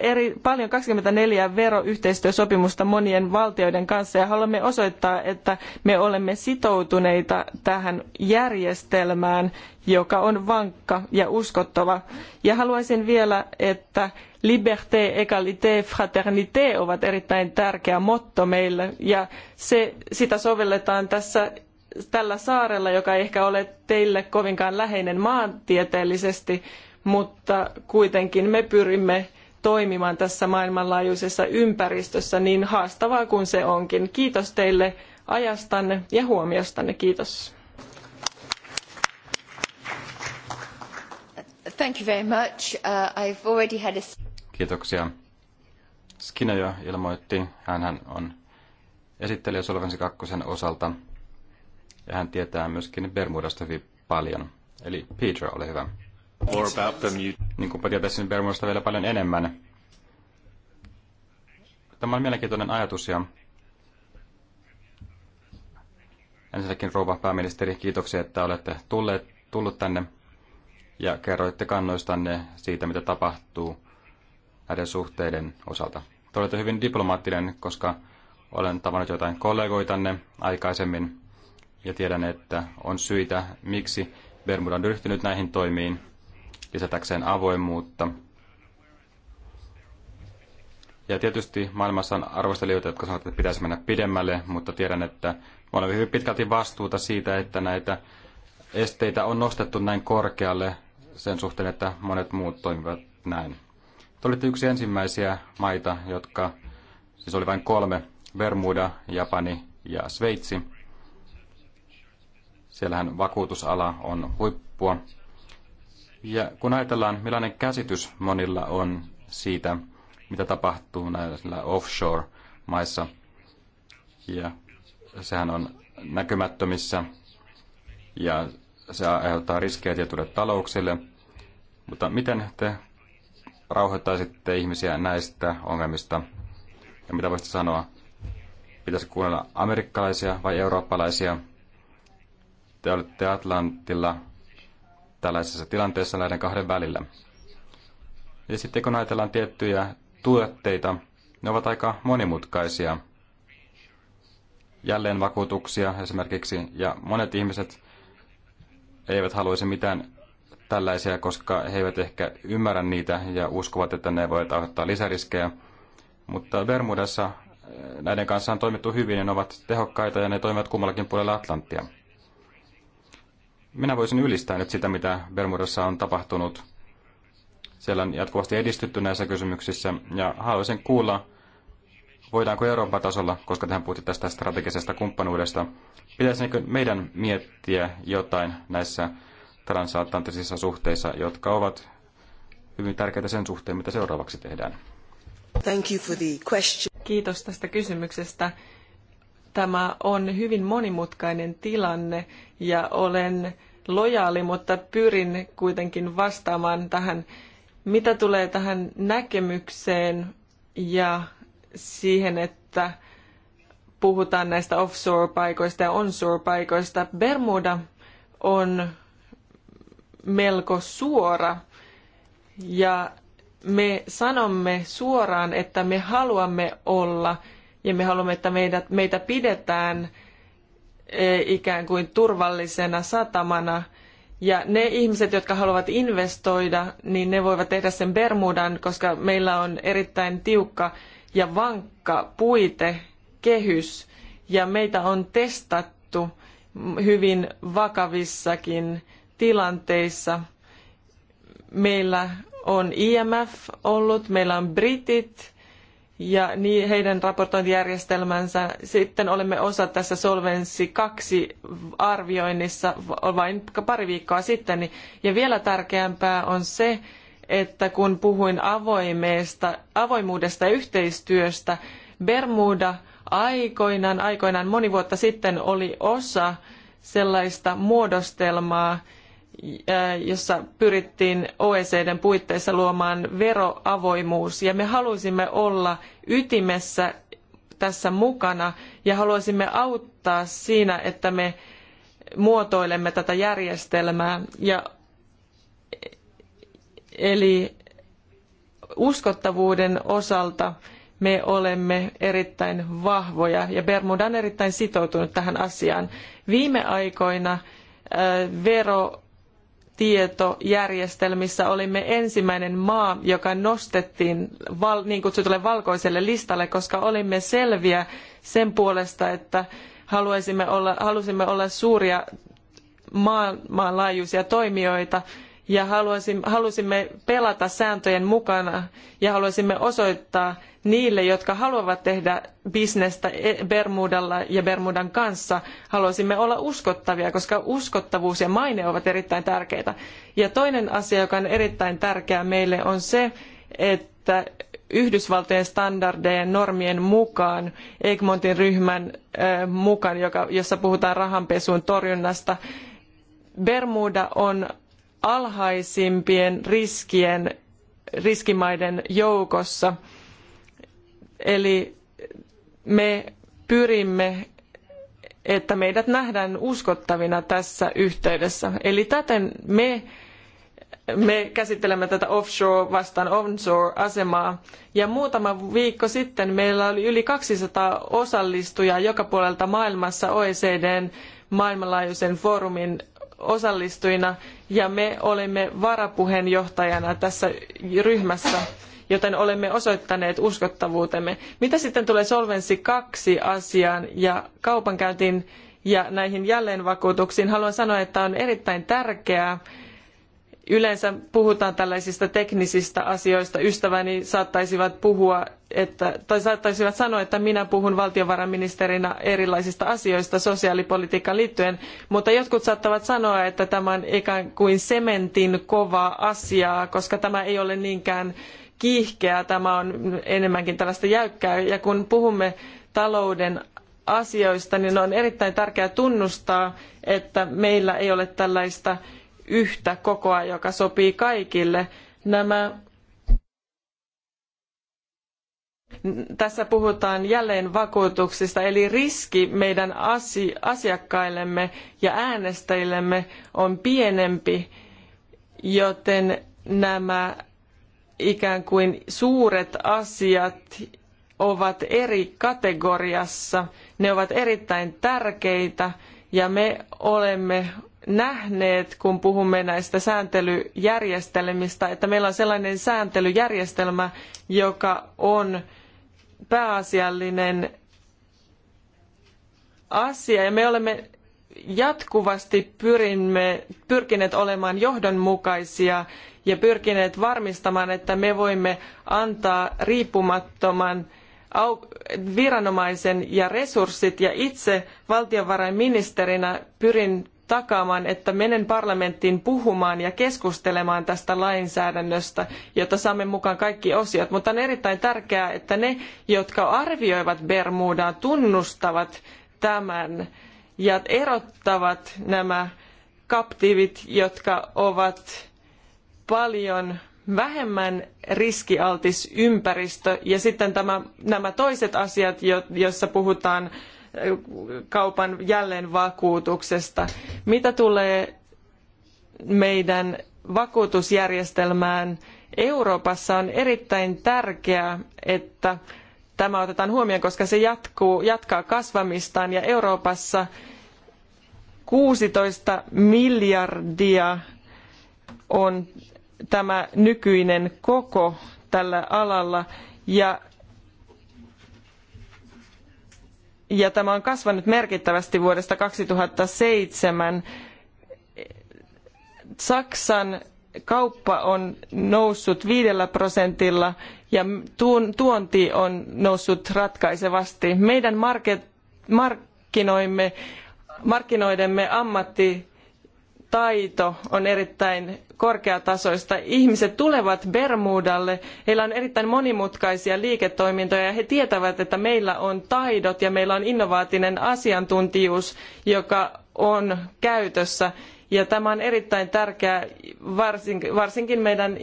eri, paljon 24 veroyhteistyösopimusta monien valtioiden kanssa ja haluamme osoittaa, että me olemme sitoutuneita tähän järjestelmään, joka on vankka ja uskottava. Ja haluaisin vielä, että liberté, égalité, fraternité ovat erittäin tärkeä motto meille ja se, sitä sovelletaan tässä tällä saarella, joka ei ehkä ole teille kovinkaan läheinen maantieteellisesti, mutta kuitenkin me pyrimme toimimaan tässä maailmanlaajuisessa ympäristössä niin haastavaa kuin se onkin. Kiitos teille ajastanne ja huomiostanne. Kiitos. Thank you very much. Uh, I've already had a... Kiitoksia. Skinner jo ilmoitti, hän on esittelijä Solvensi kakkosen osalta ja hän tietää myöskin Bermudasta hyvin paljon. Eli Peter, ole hyvä. More about Bermuda. Niin kuin tietäisin Bermudasta vielä paljon enemmän. Tämä on mielenkiintoinen ajatus ja ensinnäkin rouva pääministeri, kiitoksia, että olette tulleet, tullut tänne ja kerroitte kannoistanne siitä, mitä tapahtuu näiden suhteiden osalta. Te olette hyvin diplomaattinen, koska olen tavannut jotain kollegoitanne aikaisemmin ja tiedän, että on syitä, miksi Bermuda on ryhtynyt näihin toimiin lisätäkseen avoimuutta. Ja tietysti maailmassa on arvostelijoita, jotka sanovat, että pitäisi mennä pidemmälle, mutta tiedän, että on hyvin pitkälti vastuuta siitä, että näitä esteitä on nostettu näin korkealle sen suhteen, että monet muut toimivat näin. Te olitte yksi ensimmäisiä maita, jotka, siis oli vain kolme, Bermuda, Japani ja Sveitsi. Siellähän vakuutusala on huippua. Ja kun ajatellaan, millainen käsitys monilla on siitä, mitä tapahtuu näillä offshore-maissa, ja sehän on näkymättömissä, ja se aiheuttaa riskejä tietylle talouksille. Mutta miten te rauhoittaisitte ihmisiä näistä ongelmista? Ja mitä voisitte sanoa? Pitäisi kuunnella amerikkalaisia vai eurooppalaisia? Te olette Atlantilla tällaisessa tilanteessa näiden kahden välillä. Ja sitten kun ajatellaan tiettyjä tuotteita, ne ovat aika monimutkaisia. Jälleen vakuutuksia esimerkiksi, ja monet ihmiset eivät haluaisi mitään tällaisia, koska he eivät ehkä ymmärrä niitä ja uskovat, että ne voivat aiheuttaa lisäriskejä. Mutta Bermudassa eh, näiden kanssa on toimittu hyvin ja ne ovat tehokkaita ja ne toimivat kummallakin puolella Atlanttia minä voisin ylistää nyt sitä, mitä Bermudassa on tapahtunut. Siellä on jatkuvasti edistytty näissä kysymyksissä ja haluaisin kuulla, voidaanko Euroopan tasolla, koska tähän puhuttiin tästä strategisesta kumppanuudesta, pitäisikö meidän miettiä jotain näissä transatlanttisissa suhteissa, jotka ovat hyvin tärkeitä sen suhteen, mitä seuraavaksi tehdään. Thank you for the question. Kiitos tästä kysymyksestä. Tämä on hyvin monimutkainen tilanne ja olen lojaali, mutta pyrin kuitenkin vastaamaan tähän, mitä tulee tähän näkemykseen ja siihen, että puhutaan näistä offshore-paikoista ja onshore-paikoista. Bermuda on melko suora ja me sanomme suoraan, että me haluamme olla ja me haluamme, että meidät, meitä pidetään – E, ikään kuin turvallisena satamana. Ja ne ihmiset, jotka haluavat investoida, niin ne voivat tehdä sen Bermudan, koska meillä on erittäin tiukka ja vankka puitekehys. Ja meitä on testattu hyvin vakavissakin tilanteissa. Meillä on IMF ollut, meillä on britit, ja niin heidän raportointijärjestelmänsä. Sitten olemme osa tässä Solvenssi 2 arvioinnissa vain pari viikkoa sitten. Ja vielä tärkeämpää on se, että kun puhuin avoimesta, avoimuudesta ja yhteistyöstä, Bermuda aikoinaan, aikoinaan moni vuotta sitten oli osa sellaista muodostelmaa, Äh, jossa pyrittiin OECDn puitteissa luomaan veroavoimuus. Ja me haluaisimme olla ytimessä tässä mukana ja haluaisimme auttaa siinä, että me muotoilemme tätä järjestelmää. Ja, e, eli uskottavuuden osalta me olemme erittäin vahvoja ja Bermuda on erittäin sitoutunut tähän asiaan. Viime aikoina äh, vero tietojärjestelmissä olimme ensimmäinen maa, joka nostettiin val, niin kutsutulle valkoiselle listalle, koska olimme selviä sen puolesta, että haluaisimme olla, halusimme olla suuria maan, maanlaajuisia toimijoita ja halusimme pelata sääntöjen mukana ja haluaisimme osoittaa niille, jotka haluavat tehdä bisnestä e-, Bermudalla ja Bermudan kanssa, haluaisimme olla uskottavia, koska uskottavuus ja maine ovat erittäin tärkeitä. Ja toinen asia, joka on erittäin tärkeä meille, on se, että Yhdysvaltojen standardejen normien mukaan, Egmontin ryhmän mukaan, joka, jossa puhutaan rahanpesun torjunnasta, Bermuda on alhaisimpien riskien riskimaiden joukossa. Eli me pyrimme, että meidät nähdään uskottavina tässä yhteydessä. Eli täten me, me käsittelemme tätä offshore vastaan onshore-asemaa. Ja muutama viikko sitten meillä oli yli 200 osallistujaa joka puolelta maailmassa OECDn maailmanlaajuisen foorumin osallistujina ja me olemme varapuheenjohtajana tässä ryhmässä, joten olemme osoittaneet uskottavuutemme. Mitä sitten tulee Solvensi 2 asiaan ja kaupankäyntiin ja näihin jälleenvakuutuksiin, haluan sanoa, että on erittäin tärkeää, Yleensä puhutaan tällaisista teknisistä asioista. Ystäväni saattaisivat puhua, että, tai saattaisivat sanoa, että minä puhun valtiovarainministerinä erilaisista asioista sosiaalipolitiikkaan liittyen, mutta jotkut saattavat sanoa, että tämä on ikään kuin sementin kova asia, koska tämä ei ole niinkään kiihkeä, tämä on enemmänkin tällaista jäykkää. Ja kun puhumme talouden asioista, niin on erittäin tärkeää tunnustaa, että meillä ei ole tällaista yhtä kokoa, joka sopii kaikille. Nämä tässä puhutaan jälleen vakuutuksista, eli riski meidän asiakkaillemme ja äänestäjillemme on pienempi, joten nämä ikään kuin suuret asiat ovat eri kategoriassa. Ne ovat erittäin tärkeitä ja me olemme nähneet, kun puhumme näistä sääntelyjärjestelmistä, että meillä on sellainen sääntelyjärjestelmä, joka on pääasiallinen asia. Ja me olemme jatkuvasti pyrimme, pyrkineet olemaan johdonmukaisia ja pyrkineet varmistamaan, että me voimme antaa riippumattoman viranomaisen ja resurssit. Ja itse valtiovarainministerinä pyrin takaamaan, että menen parlamenttiin puhumaan ja keskustelemaan tästä lainsäädännöstä, jotta saamme mukaan kaikki osiot. Mutta on erittäin tärkeää, että ne, jotka arvioivat Bermudaa, tunnustavat tämän ja erottavat nämä kaptiivit, jotka ovat paljon vähemmän riskialtis ympäristö ja sitten tämä, nämä toiset asiat, jo, joissa puhutaan kaupan jälleenvakuutuksesta. Mitä tulee meidän vakuutusjärjestelmään Euroopassa on erittäin tärkeää, että tämä otetaan huomioon, koska se jatkuu, jatkaa kasvamistaan ja Euroopassa 16 miljardia on tämä nykyinen koko tällä alalla ja ja tämä on kasvanut merkittävästi vuodesta 2007. Saksan kauppa on noussut viidellä prosentilla ja tuonti on noussut ratkaisevasti. Meidän market, markkinoimme, markkinoidemme ammattitaito on erittäin korkeatasoista. Ihmiset tulevat Bermudalle, heillä on erittäin monimutkaisia liiketoimintoja ja he tietävät, että meillä on taidot ja meillä on innovaatinen asiantuntijuus, joka on käytössä. Ja tämä on erittäin tärkeää varsinkin meidän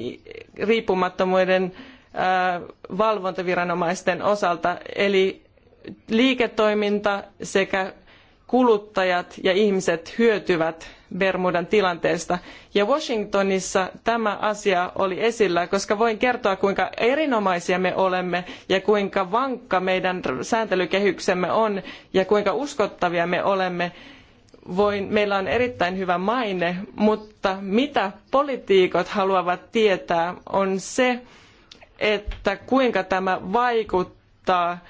riippumattomuuden valvontaviranomaisten osalta. Eli liiketoiminta sekä kuluttajat ja ihmiset hyötyvät Bermudan tilanteesta. Ja Washingtonissa tämä asia oli esillä, koska voin kertoa, kuinka erinomaisia me olemme ja kuinka vankka meidän sääntelykehyksemme on ja kuinka uskottavia me olemme. Voin, meillä on erittäin hyvä maine, mutta mitä poliitikot haluavat tietää on se, että kuinka tämä vaikuttaa –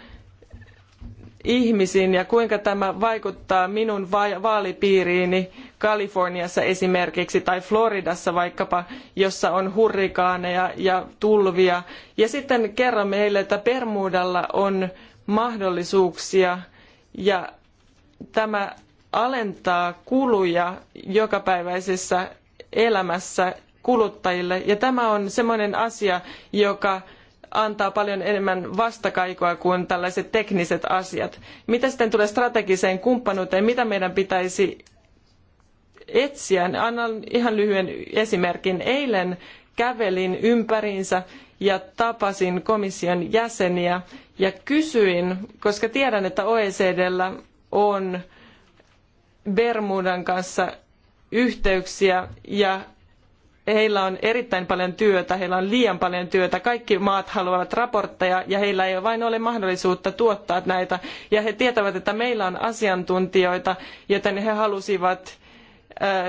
ihmisiin ja kuinka tämä vaikuttaa minun vaalipiiriini Kaliforniassa esimerkiksi tai Floridassa vaikkapa, jossa on hurrikaaneja ja tulvia. Ja sitten kerran meille, että Bermudalla on mahdollisuuksia ja tämä alentaa kuluja jokapäiväisessä elämässä kuluttajille. Ja tämä on semmoinen asia, joka antaa paljon enemmän vastakaikua kuin tällaiset tekniset asiat. Mitä sitten tulee strategiseen kumppanuuteen, mitä meidän pitäisi etsiä? Annan ihan lyhyen esimerkin. Eilen kävelin ympäriinsä ja tapasin komission jäseniä ja kysyin, koska tiedän, että OECDllä on Bermudan kanssa yhteyksiä ja heillä on erittäin paljon työtä, heillä on liian paljon työtä, kaikki maat haluavat raportteja ja heillä ei vain ole mahdollisuutta tuottaa näitä. Ja he tietävät, että meillä on asiantuntijoita, joten he halusivat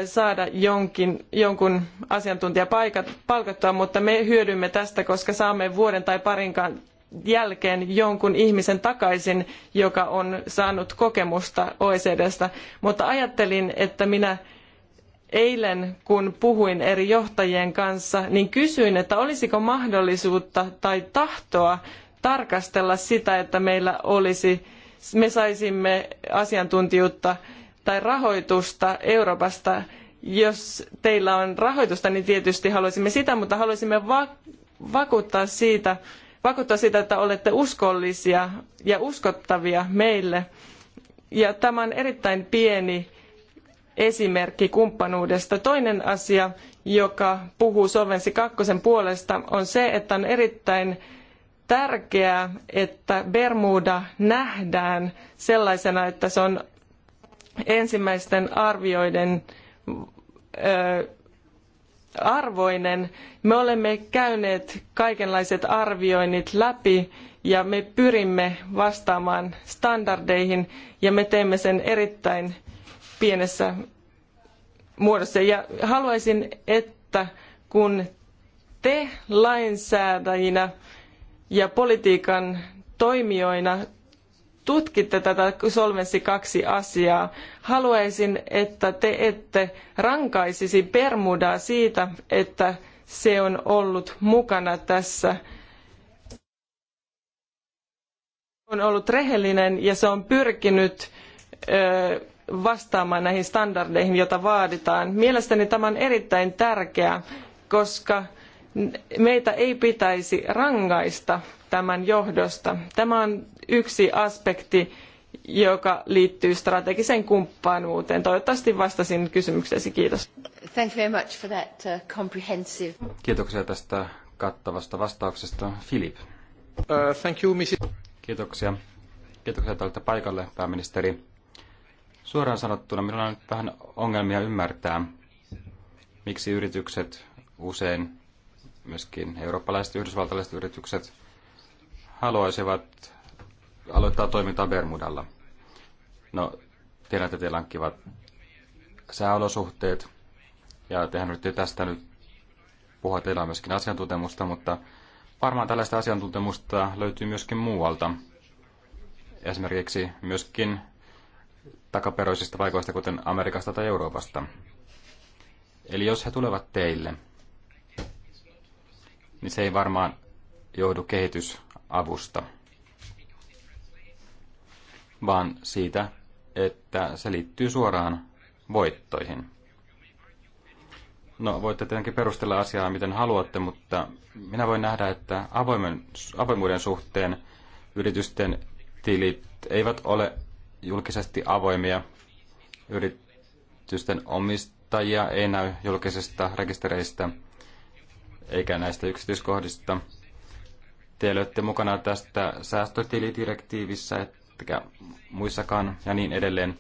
saada jonkin, jonkun asiantuntijapaikat palkattua, mutta me hyödymme tästä, koska saamme vuoden tai parinkaan jälkeen jonkun ihmisen takaisin, joka on saanut kokemusta OECDstä. Mutta ajattelin, että minä eilen, kun puhuin eri johtajien kanssa, niin kysyin, että olisiko mahdollisuutta tai tahtoa tarkastella sitä, että meillä olisi, me saisimme asiantuntijuutta tai rahoitusta Euroopasta. Jos teillä on rahoitusta, niin tietysti haluaisimme sitä, mutta haluaisimme va vakuuttaa siitä, vakuuttaa sitä, että olette uskollisia ja uskottavia meille. Ja tämä on erittäin pieni esimerkki kumppanuudesta. Toinen asia, joka puhuu Solvensi kakkosen puolesta, on se, että on erittäin tärkeää, että Bermuda nähdään sellaisena, että se on ensimmäisten arvioiden arvoinen. Me olemme käyneet kaikenlaiset arvioinnit läpi ja me pyrimme vastaamaan standardeihin ja me teemme sen erittäin pienessä muodossa. Ja haluaisin, että kun te lainsäätäjinä ja politiikan toimijoina tutkitte tätä Solvenssi kaksi asiaa, haluaisin, että te ette rankaisisi Bermudaa siitä, että se on ollut mukana tässä. On ollut rehellinen ja se on pyrkinyt ö, vastaamaan näihin standardeihin, joita vaaditaan. Mielestäni tämä on erittäin tärkeää, koska meitä ei pitäisi rangaista tämän johdosta. Tämä on yksi aspekti, joka liittyy strategiseen kumppanuuteen. Toivottavasti vastasin kysymykseesi. Kiitos. Thank you very much for that uh, comprehensive... Kiitoksia tästä kattavasta vastauksesta. Philip. Uh, thank you, Mrs. Kiitoksia. Kiitoksia tältä paikalle, pääministeri. Suoraan sanottuna minulla on nyt vähän ongelmia ymmärtää, miksi yritykset usein, myöskin eurooppalaiset ja yhdysvaltalaiset yritykset, haluaisivat aloittaa toimintaa Bermudalla. No, tiedän, että teillä on kivat sääolosuhteet, ja tehän nyt tästä nyt puhua, teillä on myöskin asiantuntemusta, mutta varmaan tällaista asiantuntemusta löytyy myöskin muualta. Esimerkiksi myöskin takaperoisista paikoista, kuten Amerikasta tai Euroopasta. Eli jos he tulevat teille, niin se ei varmaan johdu kehitysavusta, vaan siitä, että se liittyy suoraan voittoihin. No, voitte tietenkin perustella asiaa miten haluatte, mutta minä voin nähdä, että avoimen, avoimuuden suhteen yritysten tilit eivät ole julkisesti avoimia. Yritysten omistajia ei näy julkisista rekistereistä eikä näistä yksityiskohdista. Te löytte mukana tästä säästötilidirektiivissä, etkä muissakaan ja niin edelleen.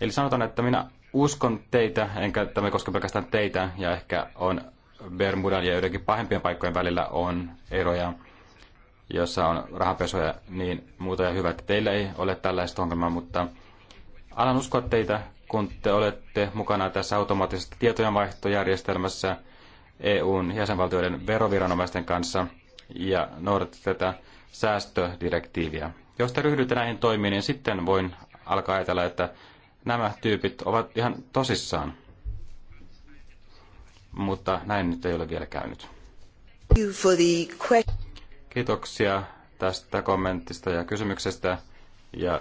Eli sanotaan, että minä uskon teitä, enkä tämä koske pelkästään teitä, ja ehkä on Bermudan ja joidenkin pahempien paikkojen välillä on eroja jossa on rahapesoja niin muuta ja hyvä, että teillä ei ole tällaista ongelmaa, mutta alan uskoa teitä, kun te olette mukana tässä automaattisessa tietojenvaihtojärjestelmässä EUn jäsenvaltioiden veroviranomaisten kanssa ja noudatte tätä säästödirektiiviä. Jos te ryhdytte näihin toimiin, niin sitten voin alkaa ajatella, että nämä tyypit ovat ihan tosissaan. Mutta näin nyt ei ole vielä käynyt. Kiitoksia tästä kommentista ja kysymyksestä ja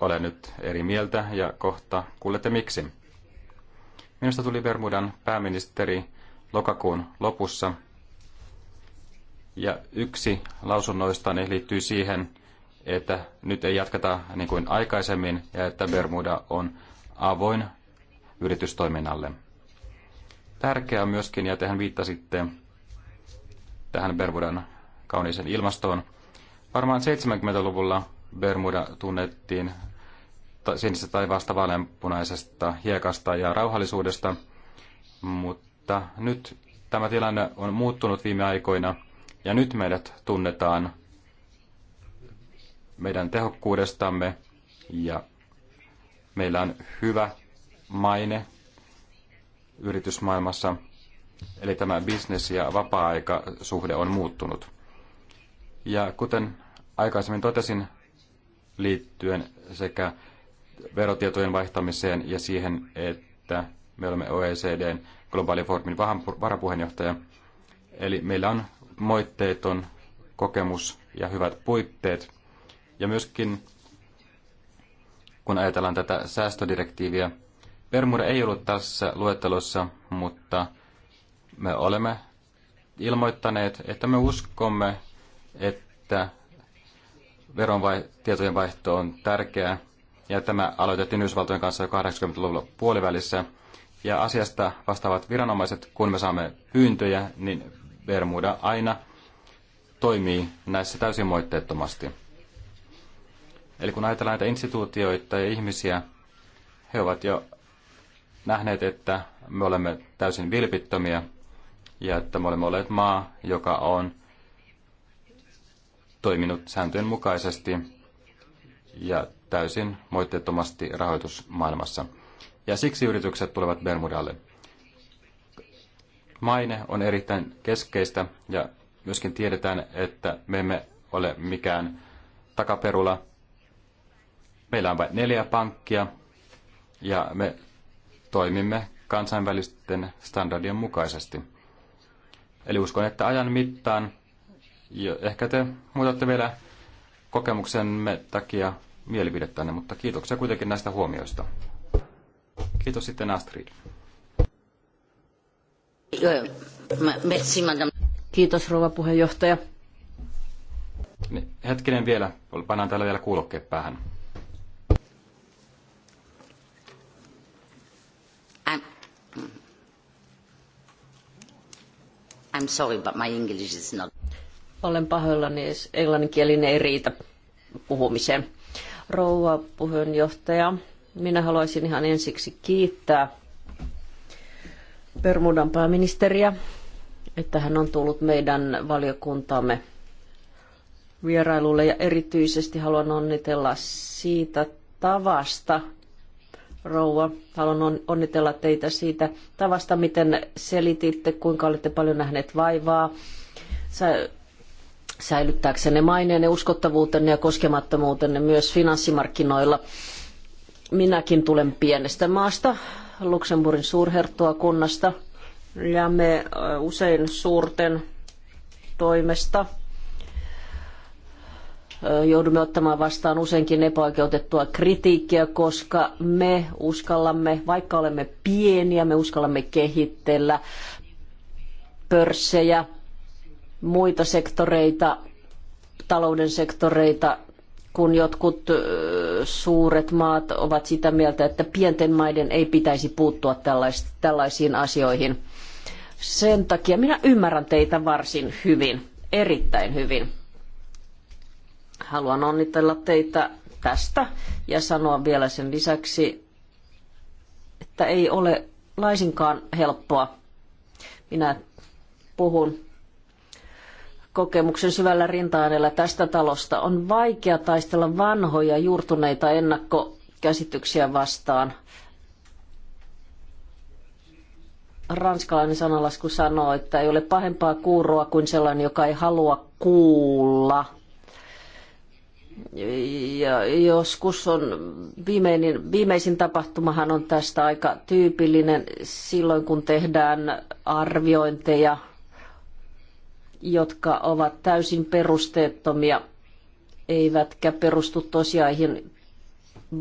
olen nyt eri mieltä ja kohta kuulette miksi. Minusta tuli Bermudan pääministeri lokakuun lopussa ja yksi lausunnoistani liittyy siihen, että nyt ei jatketa niin kuin aikaisemmin ja että Bermuda on avoin yritystoiminnalle. Tärkeää myöskin, ja tehän viittasitte tähän Bermudan kauniiseen ilmastoon. Varmaan 70-luvulla Bermuda tunnettiin sinisestä taivaasta vaaleanpunaisesta hiekasta ja rauhallisuudesta, mutta nyt tämä tilanne on muuttunut viime aikoina ja nyt meidät tunnetaan meidän tehokkuudestamme ja meillä on hyvä maine yritysmaailmassa. Eli tämä bisnes- ja vapaa aikasuhde suhde on muuttunut. Ja kuten aikaisemmin totesin liittyen sekä verotietojen vaihtamiseen ja siihen, että me olemme OECDn globaali foorumin varapuheenjohtaja. Eli meillä on moitteeton kokemus ja hyvät puitteet. Ja myöskin kun ajatellaan tätä säästödirektiiviä, Bermuda ei ollut tässä luettelossa, mutta me olemme ilmoittaneet, että me uskomme että veronvaihtojen vaihto on tärkeää, ja tämä aloitettiin Yhdysvaltojen kanssa jo 80-luvulla puolivälissä. Ja asiasta vastaavat viranomaiset, kun me saamme pyyntöjä, niin Bermuda aina toimii näissä täysin moitteettomasti. Eli kun ajatellaan näitä instituutioita ja ihmisiä, he ovat jo nähneet, että me olemme täysin vilpittömiä ja että me olemme olleet maa, joka on toiminut sääntöjen mukaisesti ja täysin moitteettomasti rahoitusmaailmassa. Ja siksi yritykset tulevat Bermudalle. Maine on erittäin keskeistä ja myöskin tiedetään, että me emme ole mikään takaperula. Meillä on vain neljä pankkia ja me toimimme kansainvälisten standardien mukaisesti. Eli uskon, että ajan mittaan ja ehkä te muutatte vielä kokemuksemme takia mielipidettänne, mutta kiitoksia kuitenkin näistä huomioista. Kiitos sitten Astrid. Kiitos rouva puheenjohtaja. Niin, hetkinen vielä, pannaan täällä vielä kuulokkeet päähän. I'm sorry, but my English is not olen pahoillani, jos englanninkielinen ei riitä puhumiseen. Rouva puheenjohtaja, minä haluaisin ihan ensiksi kiittää Bermudan pääministeriä, että hän on tullut meidän valiokuntamme vierailulle ja erityisesti haluan onnitella siitä tavasta, rouva, haluan onnitella teitä siitä tavasta, miten selititte, kuinka olette paljon nähneet vaivaa. Sä säilyttääksenne maineenne, uskottavuutenne ja koskemattomuutenne myös finanssimarkkinoilla. Minäkin tulen pienestä maasta, Luxemburgin suurherttuakunnasta, ja me usein suurten toimesta joudumme ottamaan vastaan useinkin epäoikeutettua kritiikkiä, koska me uskallamme, vaikka olemme pieniä, me uskallamme kehitellä pörssejä, muita sektoreita, talouden sektoreita, kun jotkut suuret maat ovat sitä mieltä, että pienten maiden ei pitäisi puuttua tällaisiin asioihin. Sen takia minä ymmärrän teitä varsin hyvin, erittäin hyvin. Haluan onnitella teitä tästä ja sanoa vielä sen lisäksi, että ei ole laisinkaan helppoa. Minä puhun kokemuksen syvällä rintaäänellä tästä talosta. On vaikea taistella vanhoja juurtuneita ennakkokäsityksiä vastaan. Ranskalainen sanalasku sanoo, että ei ole pahempaa kuuroa kuin sellainen, joka ei halua kuulla. Ja joskus on viimeinen, viimeisin tapahtumahan on tästä aika tyypillinen silloin, kun tehdään arviointeja jotka ovat täysin perusteettomia, eivätkä perustu tosiaihin,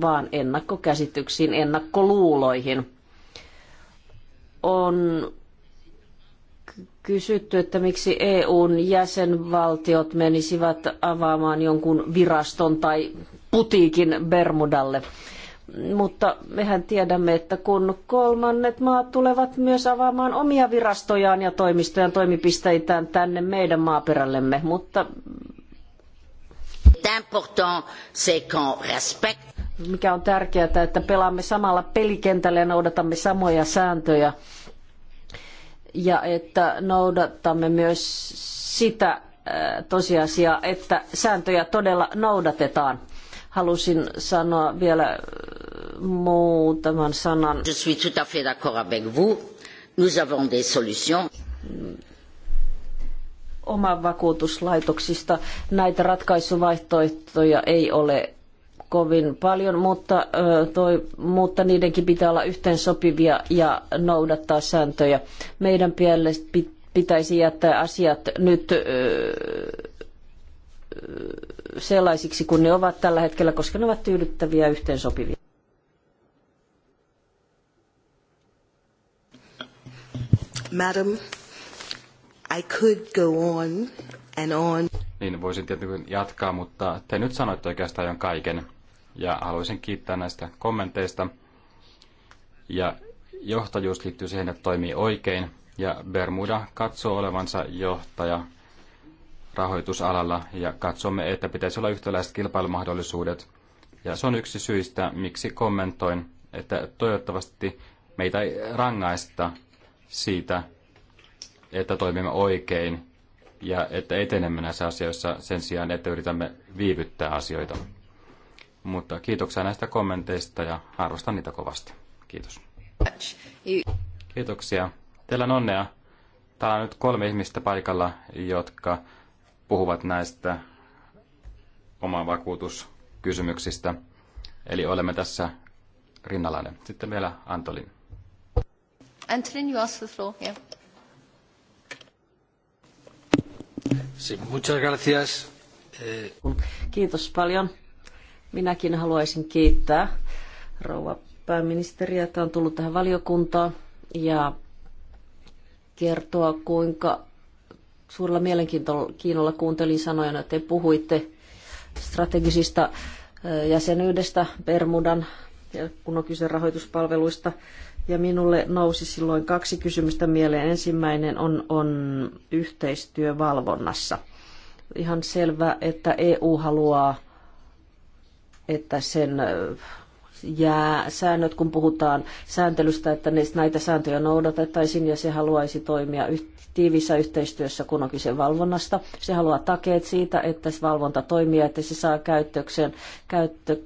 vaan ennakkokäsityksiin, ennakkoluuloihin. On kysytty, että miksi EUn jäsenvaltiot menisivät avaamaan jonkun viraston tai putiikin Bermudalle mutta mehän tiedämme, että kun kolmannet maat tulevat myös avaamaan omia virastojaan ja toimistojaan toimipisteitään tänne meidän maaperällemme, mutta mikä on tärkeää, että pelaamme samalla pelikentällä ja noudatamme samoja sääntöjä ja että noudatamme myös sitä tosiasiaa, että sääntöjä todella noudatetaan halusin sanoa vielä äh, muutaman sanan. Je suis tout à fait d'accord avec vous. Nous avons des solutions oman vakuutuslaitoksista. Näitä ratkaisuvaihtoehtoja ei ole kovin paljon, mutta, äh, toi, mutta niidenkin pitää olla sopivia ja noudattaa sääntöjä. Meidän pitäisi jättää asiat nyt äh, sellaisiksi kuin ne ovat tällä hetkellä, koska ne ovat tyydyttäviä ja yhteensopivia. Madam, I could go on and on. Niin, voisin tietenkin jatkaa, mutta te nyt sanoitte oikeastaan jo kaiken. Ja haluaisin kiittää näistä kommenteista. Ja johtajuus liittyy siihen, että toimii oikein. Ja Bermuda katsoo olevansa johtaja rahoitusalalla ja katsomme, että pitäisi olla yhtäläiset kilpailumahdollisuudet. Ja se on yksi syistä, miksi kommentoin, että toivottavasti meitä ei rangaista siitä, että toimimme oikein ja että etenemme näissä asioissa sen sijaan, että yritämme viivyttää asioita. Mutta kiitoksia näistä kommenteista ja arvostan niitä kovasti. Kiitos. Kiitoksia. Teillä on onnea. Täällä on nyt kolme ihmistä paikalla, jotka puhuvat näistä vakuutuskysymyksistä, Eli olemme tässä rinnallainen. Sitten vielä Antolin. Antolin, you ask the floor. Yeah. Sí, muchas gracias. Eh, Kiitos paljon. Minäkin haluaisin kiittää rouva pääministeriä, että on tullut tähän valiokuntaan ja kertoa, kuinka suurella mielenkiinnolla kuuntelin sanoja, että te puhuitte strategisista jäsenyydestä Bermudan, kun on kyse rahoituspalveluista. Ja minulle nousi silloin kaksi kysymystä mieleen. Ensimmäinen on, on valvonnassa. Ihan selvä, että EU haluaa, että sen ja säännöt, kun puhutaan sääntelystä, että näitä sääntöjä noudatettaisiin ja se haluaisi toimia tiivissä yhteistyössä, kun on kyse valvonnasta. Se haluaa takeet siitä, että se valvonta toimii, että se saa käyttö,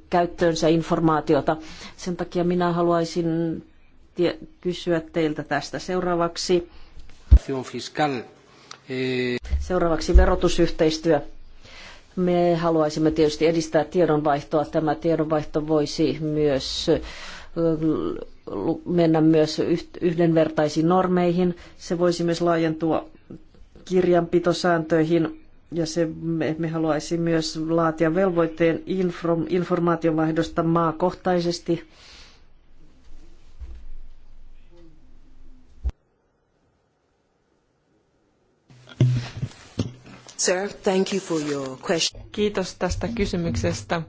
käyttöönsä informaatiota. Sen takia minä haluaisin kysyä teiltä tästä seuraavaksi. Eh, seuraavaksi verotusyhteistyö me haluaisimme tietysti edistää tiedonvaihtoa. Tämä tiedonvaihto voisi myös mennä myös yhdenvertaisiin normeihin. Se voisi myös laajentua kirjanpitosääntöihin ja se, me, me haluaisimme myös laatia velvoitteen inform, informaationvaihdosta maakohtaisesti Sir, thank you for your question. Kiitos tästä kysymyksestä.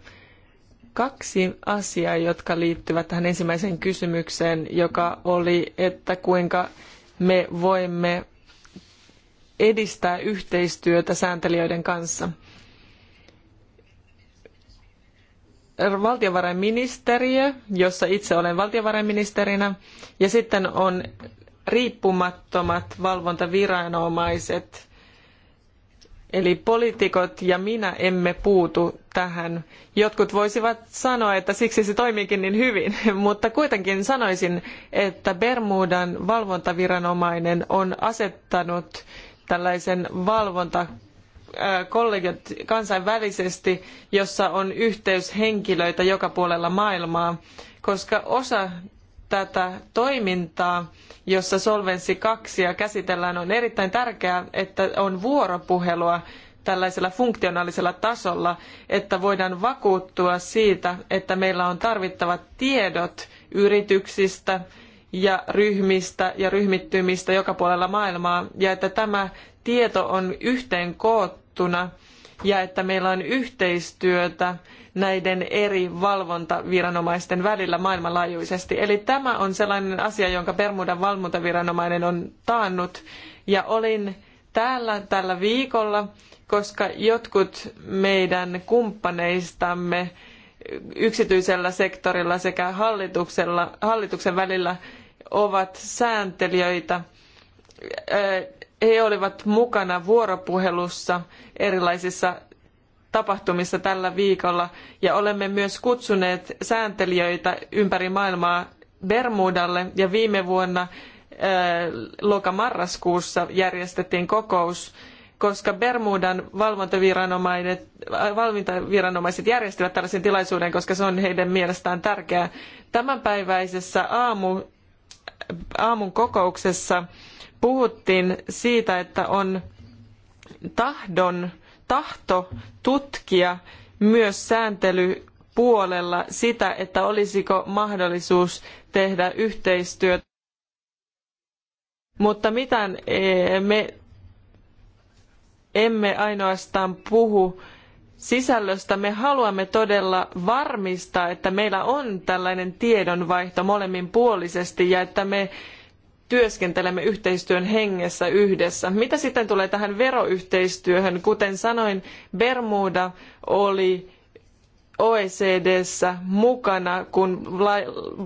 Kaksi asiaa, jotka liittyvät tähän ensimmäiseen kysymykseen, joka oli, että kuinka me voimme edistää yhteistyötä sääntelijöiden kanssa. valtiovarainministeriö, jossa itse olen valtiovarainministerinä, ja sitten on riippumattomat valvontaviranomaiset, Eli poliitikot ja minä emme puutu tähän. Jotkut voisivat sanoa, että siksi se toimiikin niin hyvin, mutta kuitenkin sanoisin, että Bermudan valvontaviranomainen on asettanut tällaisen valvonta kollegiot kansainvälisesti, jossa on yhteyshenkilöitä joka puolella maailmaa, koska osa tätä toimintaa, jossa Solvenssi 2 käsitellään, on erittäin tärkeää, että on vuoropuhelua tällaisella funktionaalisella tasolla, että voidaan vakuuttua siitä, että meillä on tarvittavat tiedot yrityksistä ja ryhmistä ja ryhmittymistä joka puolella maailmaa, ja että tämä tieto on yhteen koottuna ja että meillä on yhteistyötä näiden eri valvontaviranomaisten välillä maailmanlaajuisesti. Eli tämä on sellainen asia, jonka Bermudan valvontaviranomainen on taannut. Ja olin täällä tällä viikolla, koska jotkut meidän kumppaneistamme yksityisellä sektorilla sekä hallituksella, hallituksen välillä ovat sääntelijöitä. He olivat mukana vuoropuhelussa erilaisissa tapahtumissa tällä viikolla ja olemme myös kutsuneet sääntelijöitä ympäri maailmaa Bermudalle ja viime vuonna äh, loka-marraskuussa järjestettiin kokous, koska Bermudan valvontaviranomaiset, äh, valvontaviranomaiset järjestivät tällaisen tilaisuuden, koska se on heidän mielestään tärkeää. Tämänpäiväisessä aamu, aamun kokouksessa puhuttiin siitä, että on tahdon tahto tutkia myös sääntelypuolella sitä, että olisiko mahdollisuus tehdä yhteistyötä. Mutta mitään e, me emme ainoastaan puhu sisällöstä. Me haluamme todella varmistaa, että meillä on tällainen tiedonvaihto molemminpuolisesti ja että me työskentelemme yhteistyön hengessä yhdessä. Mitä sitten tulee tähän veroyhteistyöhön? Kuten sanoin, Bermuda oli OECDssä mukana, kun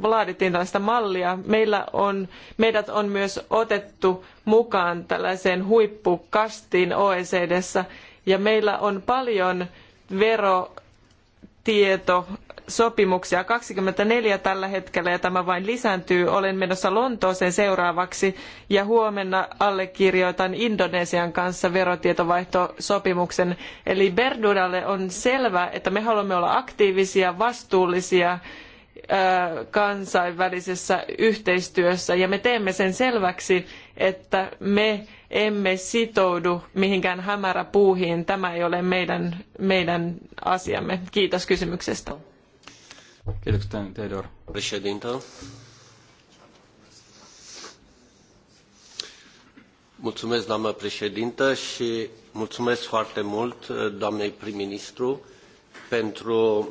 laadittiin tällaista mallia. Meillä on, meidät on myös otettu mukaan tällaiseen huippukastiin OECDssä, ja meillä on paljon verotieto sopimuksia 24 tällä hetkellä ja tämä vain lisääntyy. Olen menossa Lontooseen seuraavaksi ja huomenna allekirjoitan Indonesian kanssa verotietovaihtosopimuksen. Eli Berdudalle on selvää, että me haluamme olla aktiivisia, vastuullisia kansainvälisessä yhteistyössä ja me teemme sen selväksi, että me emme sitoudu mihinkään hämäräpuuhiin. Tämä ei ole meidän, meidän asiamme. Kiitos kysymyksestä. Kiitoksia, Teodor. Președintă. Mulțumesc, doamnă președintă, și mulțumesc foarte mult eh, doamnei prim-ministru pentru...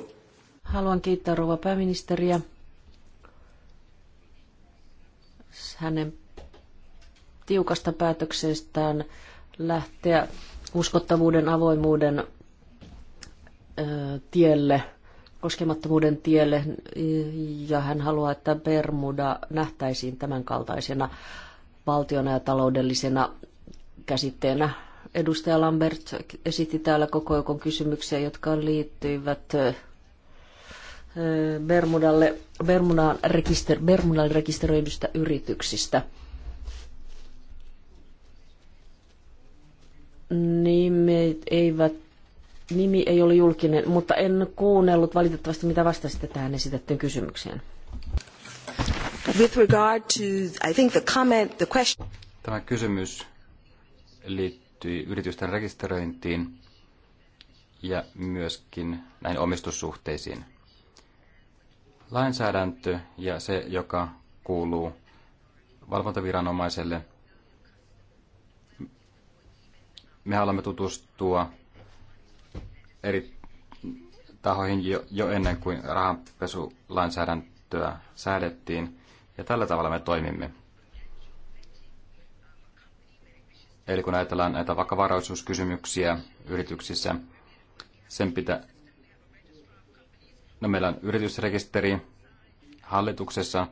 Haluan kiittää rouva pääministeriä hänen tiukasta päätöksestään lähteä uskottavuuden avoimuuden eh, tielle – koskemattomuuden tielle ja hän haluaa, että Bermuda nähtäisiin tämän kaltaisena valtiona ja taloudellisena käsitteenä. Edustaja Lambert esitti täällä koko joukon kysymyksiä, jotka liittyivät Bermudalle, Bermudan, rekister, Bermudan rekisteröidystä yrityksistä. me eivät nimi ei ole julkinen, mutta en kuunnellut valitettavasti, mitä vastasitte tähän esitettyyn kysymykseen. With regard to, I think the comment, the question... Tämä kysymys liittyy yritysten rekisteröintiin ja myöskin näihin omistussuhteisiin. Lainsäädäntö ja se, joka kuuluu valvontaviranomaiselle, me haluamme tutustua eri tahoihin jo, jo ennen kuin rahanpesulainsäädäntöä säädettiin. Ja tällä tavalla me toimimme. Eli kun ajatellaan näitä vakavaraisuuskysymyksiä yrityksissä, sen pitää... No meillä on yritysrekisteri hallituksessa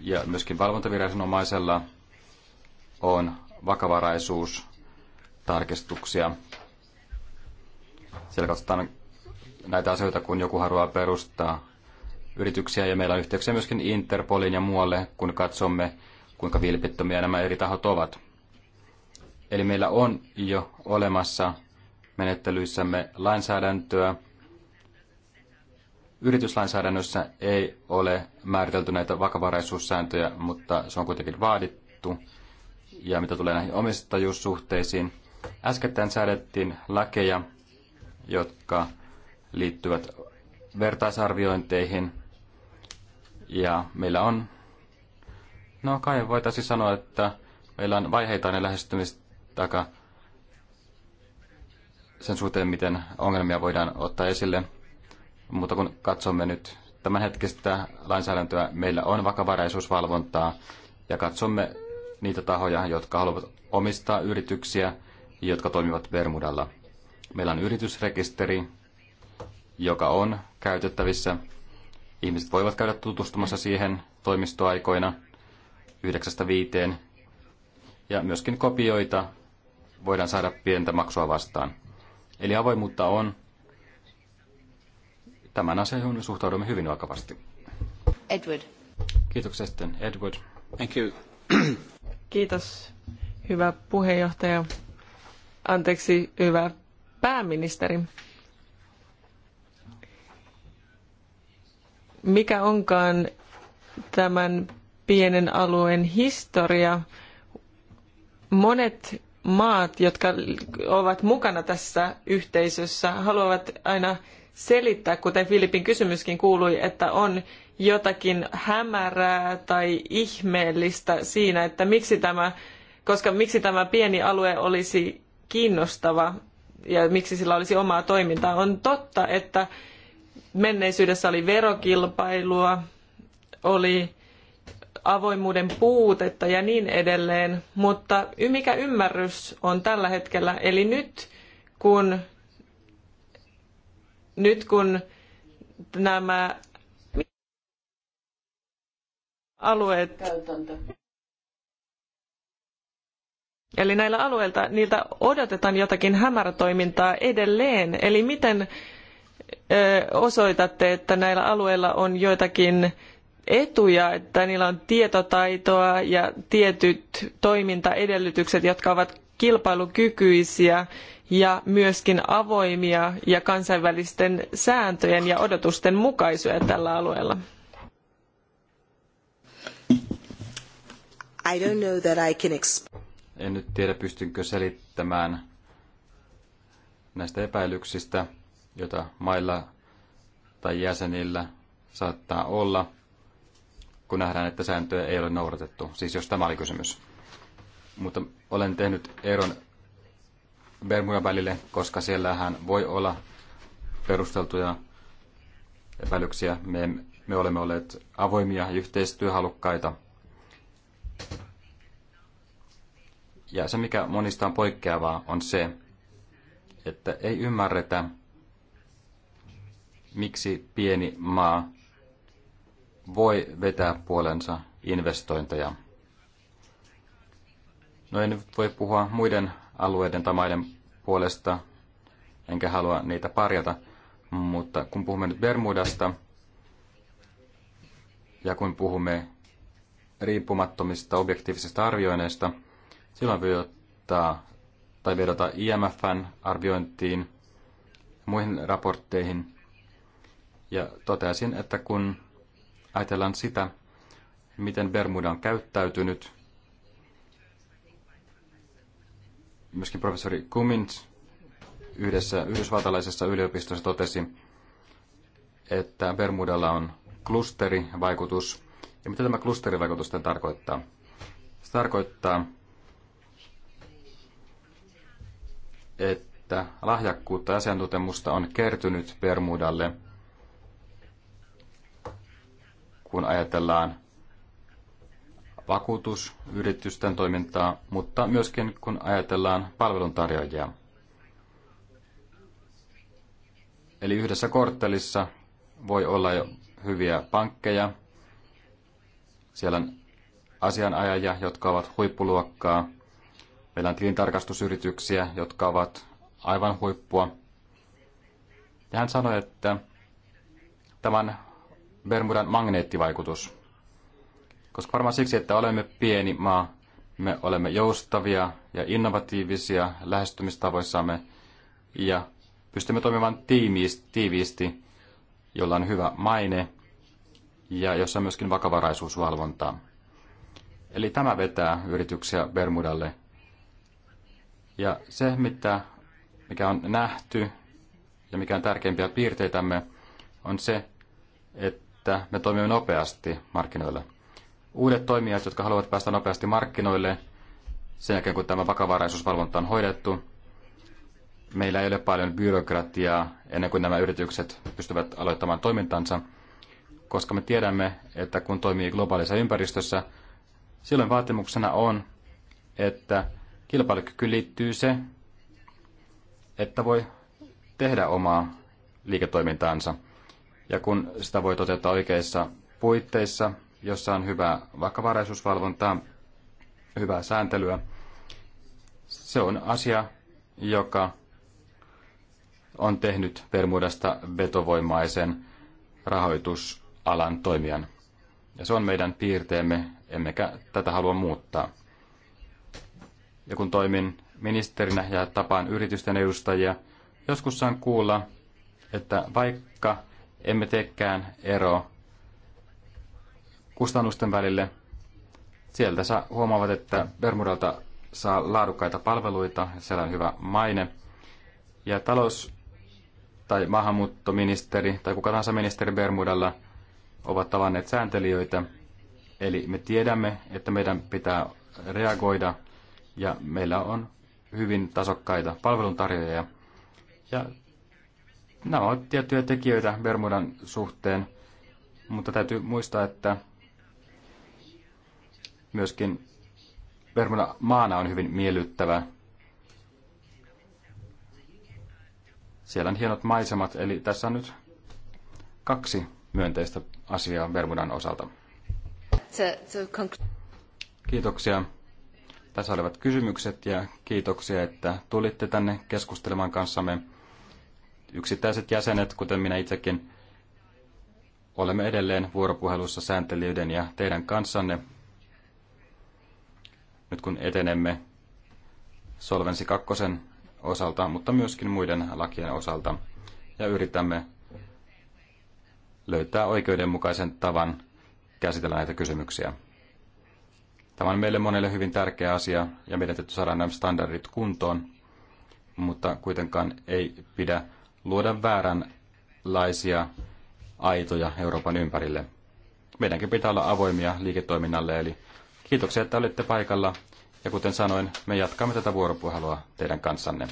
ja myöskin valvontaviranomaisella on vakavaraisuustarkistuksia siellä katsotaan näitä asioita, kun joku haluaa perustaa yrityksiä, ja meillä on yhteyksiä myöskin Interpolin ja muualle, kun katsomme, kuinka vilpittömiä nämä eri tahot ovat. Eli meillä on jo olemassa menettelyissämme lainsäädäntöä. Yrityslainsäädännössä ei ole määritelty näitä vakavaraisuussääntöjä, mutta se on kuitenkin vaadittu. Ja mitä tulee näihin omistajuussuhteisiin, äskettäin säädettiin lakeja, jotka liittyvät vertaisarviointeihin. Ja meillä on, no kai voitaisiin sanoa, että meillä on vaiheitainen lähestymistaka sen suhteen, miten ongelmia voidaan ottaa esille. Mutta kun katsomme nyt tämänhetkistä lainsäädäntöä, meillä on vakavaraisuusvalvontaa ja katsomme niitä tahoja, jotka haluavat omistaa yrityksiä, jotka toimivat Bermudalla – Meillä on yritysrekisteri, joka on käytettävissä. Ihmiset voivat käydä tutustumassa siihen toimistoaikoina 9-5. Ja myöskin kopioita voidaan saada pientä maksua vastaan. Eli avoimuutta on. Tämän asian suhtaudumme hyvin vakavasti. Edward. Kiitoksia sitten, Edward. Thank you. Kiitos, hyvä puheenjohtaja. Anteeksi, hyvä pääministeri, mikä onkaan tämän pienen alueen historia. Monet maat, jotka ovat mukana tässä yhteisössä, haluavat aina selittää, kuten Filipin kysymyskin kuului, että on jotakin hämärää tai ihmeellistä siinä, että miksi tämä, koska miksi tämä pieni alue olisi kiinnostava ja miksi sillä olisi omaa toimintaa. On totta, että menneisyydessä oli verokilpailua, oli avoimuuden puutetta ja niin edelleen, mutta mikä ymmärrys on tällä hetkellä? Eli nyt kun, nyt kun nämä alueet... Käytäntö. Eli näillä alueilta niiltä odotetaan jotakin hämärätoimintaa edelleen. Eli miten osoitatte, että näillä alueilla on joitakin etuja, että niillä on tietotaitoa ja tietyt toimintaedellytykset, jotka ovat kilpailukykyisiä ja myöskin avoimia ja kansainvälisten sääntöjen ja odotusten mukaisia tällä alueella? I don't know that I can en nyt tiedä, pystynkö selittämään näistä epäilyksistä, joita mailla tai jäsenillä saattaa olla, kun nähdään, että sääntöjä ei ole noudatettu. Siis jos tämä oli kysymys. Mutta olen tehnyt eron Bermudan välille, koska siellähän voi olla perusteltuja epäilyksiä. Me, me olemme olleet avoimia ja yhteistyöhalukkaita – Ja se, mikä monista on poikkeavaa, on se, että ei ymmärretä, miksi pieni maa voi vetää puolensa investointeja. No en voi puhua muiden alueiden tai maiden puolesta, enkä halua niitä parjata, mutta kun puhumme nyt Bermudasta ja kun puhumme riippumattomista objektiivisista arvioineista, Silloin voi ottaa tai vedota IMFn arviointiin muihin raportteihin. Ja toteaisin, että kun ajatellaan sitä, miten Bermuda on käyttäytynyt, myöskin professori Cummins yhdessä yhdysvaltalaisessa yliopistossa totesi, että Bermudalla on klusterivaikutus. Ja mitä tämä klusterivaikutus tarkoittaa? Se tarkoittaa, että lahjakkuutta ja asiantuntemusta on kertynyt Bermudalle, kun ajatellaan vakuutusyritysten toimintaa, mutta myöskin kun ajatellaan palveluntarjoajia. Eli yhdessä korttelissa voi olla jo hyviä pankkeja. Siellä on asianajajia, jotka ovat huippuluokkaa – Meillä on tilintarkastusyrityksiä, jotka ovat aivan huippua. Ja hän sanoi, että tämän Bermudan magneettivaikutus. Koska varmaan siksi, että olemme pieni maa, me olemme joustavia ja innovatiivisia lähestymistavoissamme ja pystymme toimimaan tiiviisti, jolla on hyvä maine ja jossa on myöskin vakavaraisuusvalvontaa. Eli tämä vetää yrityksiä Bermudalle ja se, mitä, mikä on nähty ja mikä on tärkeimpiä piirteitämme, on se, että me toimimme nopeasti markkinoilla. Uudet toimijat, jotka haluavat päästä nopeasti markkinoille, sen jälkeen kun tämä vakavaraisuusvalvonta on hoidettu, meillä ei ole paljon byrokratiaa ennen kuin nämä yritykset pystyvät aloittamaan toimintansa, koska me tiedämme, että kun toimii globaalissa ympäristössä, silloin vaatimuksena on, että Kilpailukyky liittyy se, että voi tehdä omaa liiketoimintaansa. Ja kun sitä voi toteuttaa oikeissa puitteissa, jossa on hyvää vakavaraisuusvalvontaa, hyvää sääntelyä, se on asia, joka on tehnyt Permudasta vetovoimaisen rahoitusalan toimijan. Ja se on meidän piirteemme, emmekä tätä halua muuttaa ja kun toimin ministerinä ja tapaan yritysten edustajia, joskus saan kuulla, että vaikka emme teekään eroa kustannusten välille, sieltä saa, huomaavat, että Bermudalta saa laadukkaita palveluita, siellä on hyvä maine. Ja talous- tai maahanmuuttoministeri tai kuka tahansa ministeri Bermudalla ovat tavanneet sääntelijöitä. Eli me tiedämme, että meidän pitää reagoida – ja meillä on hyvin tasokkaita palveluntarjoajia. Ja nämä ovat tiettyjä tekijöitä Bermudan suhteen, mutta täytyy muistaa, että myöskin Bermuda maana on hyvin miellyttävä. Siellä on hienot maisemat, eli tässä on nyt kaksi myönteistä asiaa Bermudan osalta. Kiitoksia. Tässä olivat kysymykset ja kiitoksia, että tulitte tänne keskustelemaan kanssamme. Yksittäiset jäsenet, kuten minä itsekin, olemme edelleen vuoropuhelussa sääntelijöiden ja teidän kanssanne. Nyt kun etenemme Solvensi kakkosen osalta, mutta myöskin muiden lakien osalta, ja yritämme löytää oikeudenmukaisen tavan käsitellä näitä kysymyksiä. Tämä on meille monelle hyvin tärkeä asia ja meidän täytyy saada nämä standardit kuntoon, mutta kuitenkaan ei pidä luoda vääränlaisia aitoja Euroopan ympärille. Meidänkin pitää olla avoimia liiketoiminnalle, eli kiitoksia, että olitte paikalla. Ja kuten sanoin, me jatkamme tätä vuoropuhelua teidän kanssanne.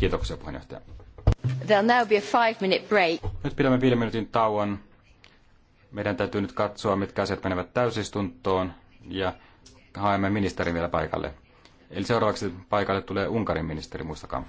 Kiitoksia puheenjohtaja. now be a five break. Nyt pidämme viiden minuutin tauon meidän täytyy nyt katsoa, mitkä asiat menevät täysistuntoon ja haemme ministerin vielä paikalle. Eli seuraavaksi paikalle tulee Unkarin ministeri, muistakaa.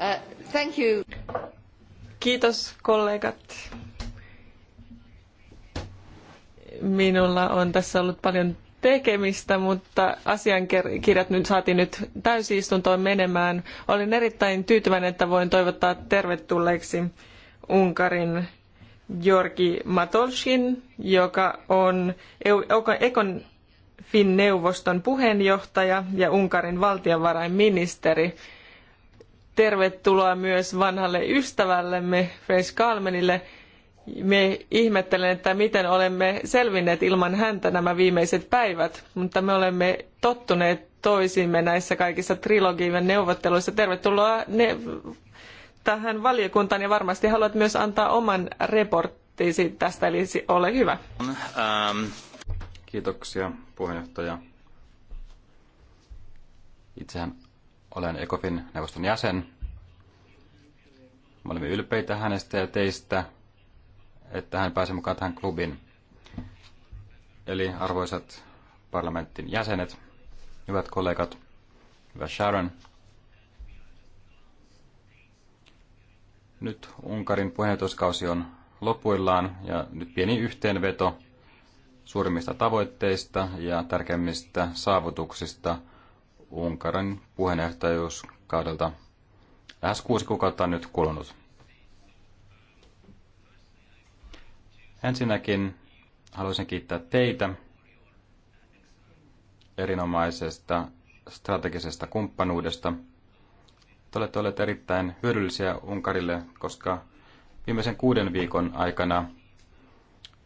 Uh, thank you. Kiitos kollegat. Minulla on tässä ollut paljon tekemistä, mutta asiankirjat nyt saatiin nyt täysistuntoon menemään. Olen erittäin tyytyväinen, että voin toivottaa tervetulleeksi Unkarin Jorgi Matolshin, joka on Ekon neuvoston puheenjohtaja ja Unkarin valtiovarainministeri tervetuloa myös vanhalle ystävällemme French Kalmenille. Me ihmettelen, että miten olemme selvinneet ilman häntä nämä viimeiset päivät, mutta me olemme tottuneet toisimme näissä kaikissa trilogiiven neuvotteluissa. Tervetuloa ne, tähän valiokuntaan ja varmasti haluat myös antaa oman reporttisi tästä, eli ole hyvä. Ähm. Kiitoksia puheenjohtaja. Itsehän olen ECOFIN neuvoston jäsen. Me olemme ylpeitä hänestä ja teistä, että hän pääsi mukaan tähän klubin. Eli arvoisat parlamentin jäsenet, hyvät kollegat, hyvä Sharon. Nyt Unkarin puheenjohtajuuskausi on lopuillaan ja nyt pieni yhteenveto suurimmista tavoitteista ja tärkeimmistä saavutuksista – Unkarin puheenjohtajuuskaudelta. Lähes kuusi kuukautta on nyt kulunut. Ensinnäkin haluaisin kiittää teitä erinomaisesta strategisesta kumppanuudesta. Te olette olleet erittäin hyödyllisiä Unkarille, koska viimeisen kuuden viikon aikana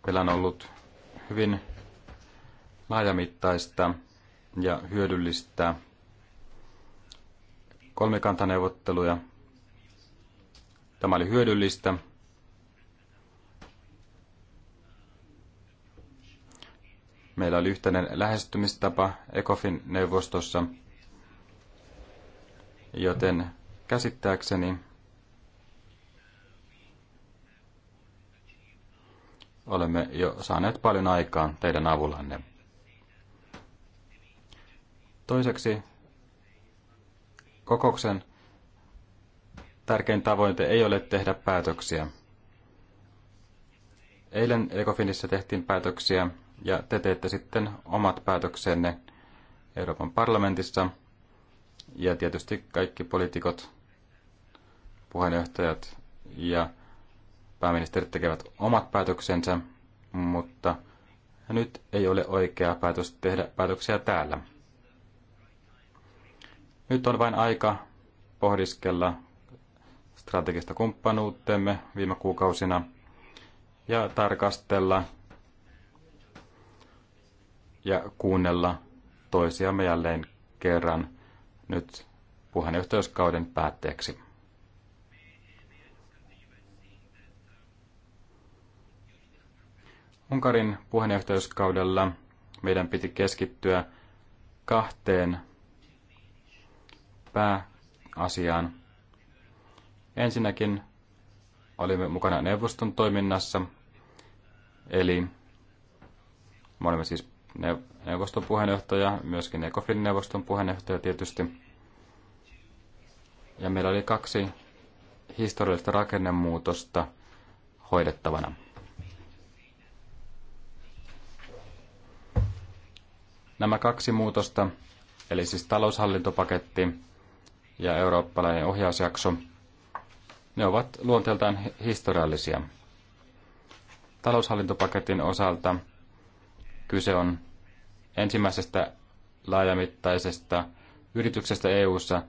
meillä on ollut hyvin laajamittaista ja hyödyllistä kolmikantaneuvotteluja. Tämä oli hyödyllistä. Meillä oli yhteinen lähestymistapa ECOFIN neuvostossa, joten käsittääkseni olemme jo saaneet paljon aikaan teidän avullanne. Toiseksi kokouksen tärkein tavoite ei ole tehdä päätöksiä. Eilen Ecofinissä tehtiin päätöksiä ja te teette sitten omat päätöksenne Euroopan parlamentissa ja tietysti kaikki poliitikot, puheenjohtajat ja pääministerit tekevät omat päätöksensä, mutta nyt ei ole oikea päätös tehdä päätöksiä täällä. Nyt on vain aika pohdiskella strategista kumppanuuttemme viime kuukausina ja tarkastella ja kuunnella toisiamme jälleen kerran nyt puheenjohtajuuskauden päätteeksi. Unkarin puheenjohtajuuskaudella meidän piti keskittyä kahteen pääasiaan. Ensinnäkin olimme mukana neuvoston toiminnassa, eli me olimme siis neuvoston puheenjohtaja, myöskin ECOFIN neuvoston puheenjohtaja tietysti. Ja meillä oli kaksi historiallista rakennemuutosta hoidettavana. Nämä kaksi muutosta, eli siis taloushallintopaketti ja eurooppalainen ohjausjakso, ne ovat luonteeltaan historiallisia. Taloushallintopaketin osalta kyse on ensimmäisestä laajamittaisesta yrityksestä EU:ssa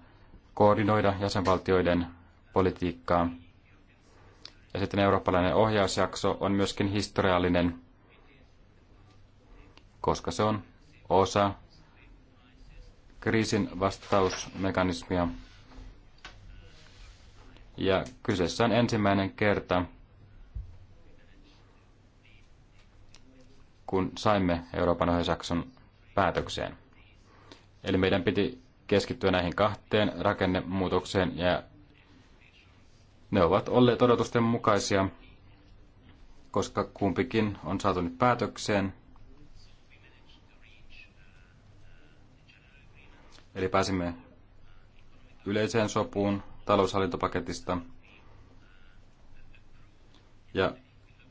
koordinoida jäsenvaltioiden politiikkaa. Ja sitten eurooppalainen ohjausjakso on myöskin historiallinen, koska se on osa kriisin vastausmekanismia. Ja kyseessä on ensimmäinen kerta, kun saimme Euroopan ohjausjakson päätökseen. Eli meidän piti keskittyä näihin kahteen rakennemuutokseen ja ne ovat olleet odotusten mukaisia, koska kumpikin on saatu nyt päätökseen – Eli pääsimme yleiseen sopuun taloushallintopaketista. Ja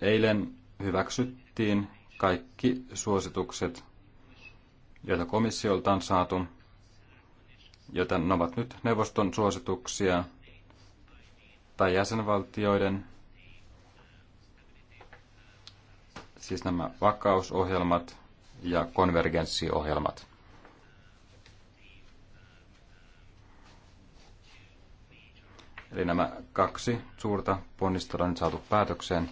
eilen hyväksyttiin kaikki suositukset, joita komissiolta on saatu, joten ne ovat nyt neuvoston suosituksia tai jäsenvaltioiden, siis nämä vakausohjelmat ja konvergenssiohjelmat. Eli nämä kaksi suurta ponnistelua on nyt saatu päätökseen.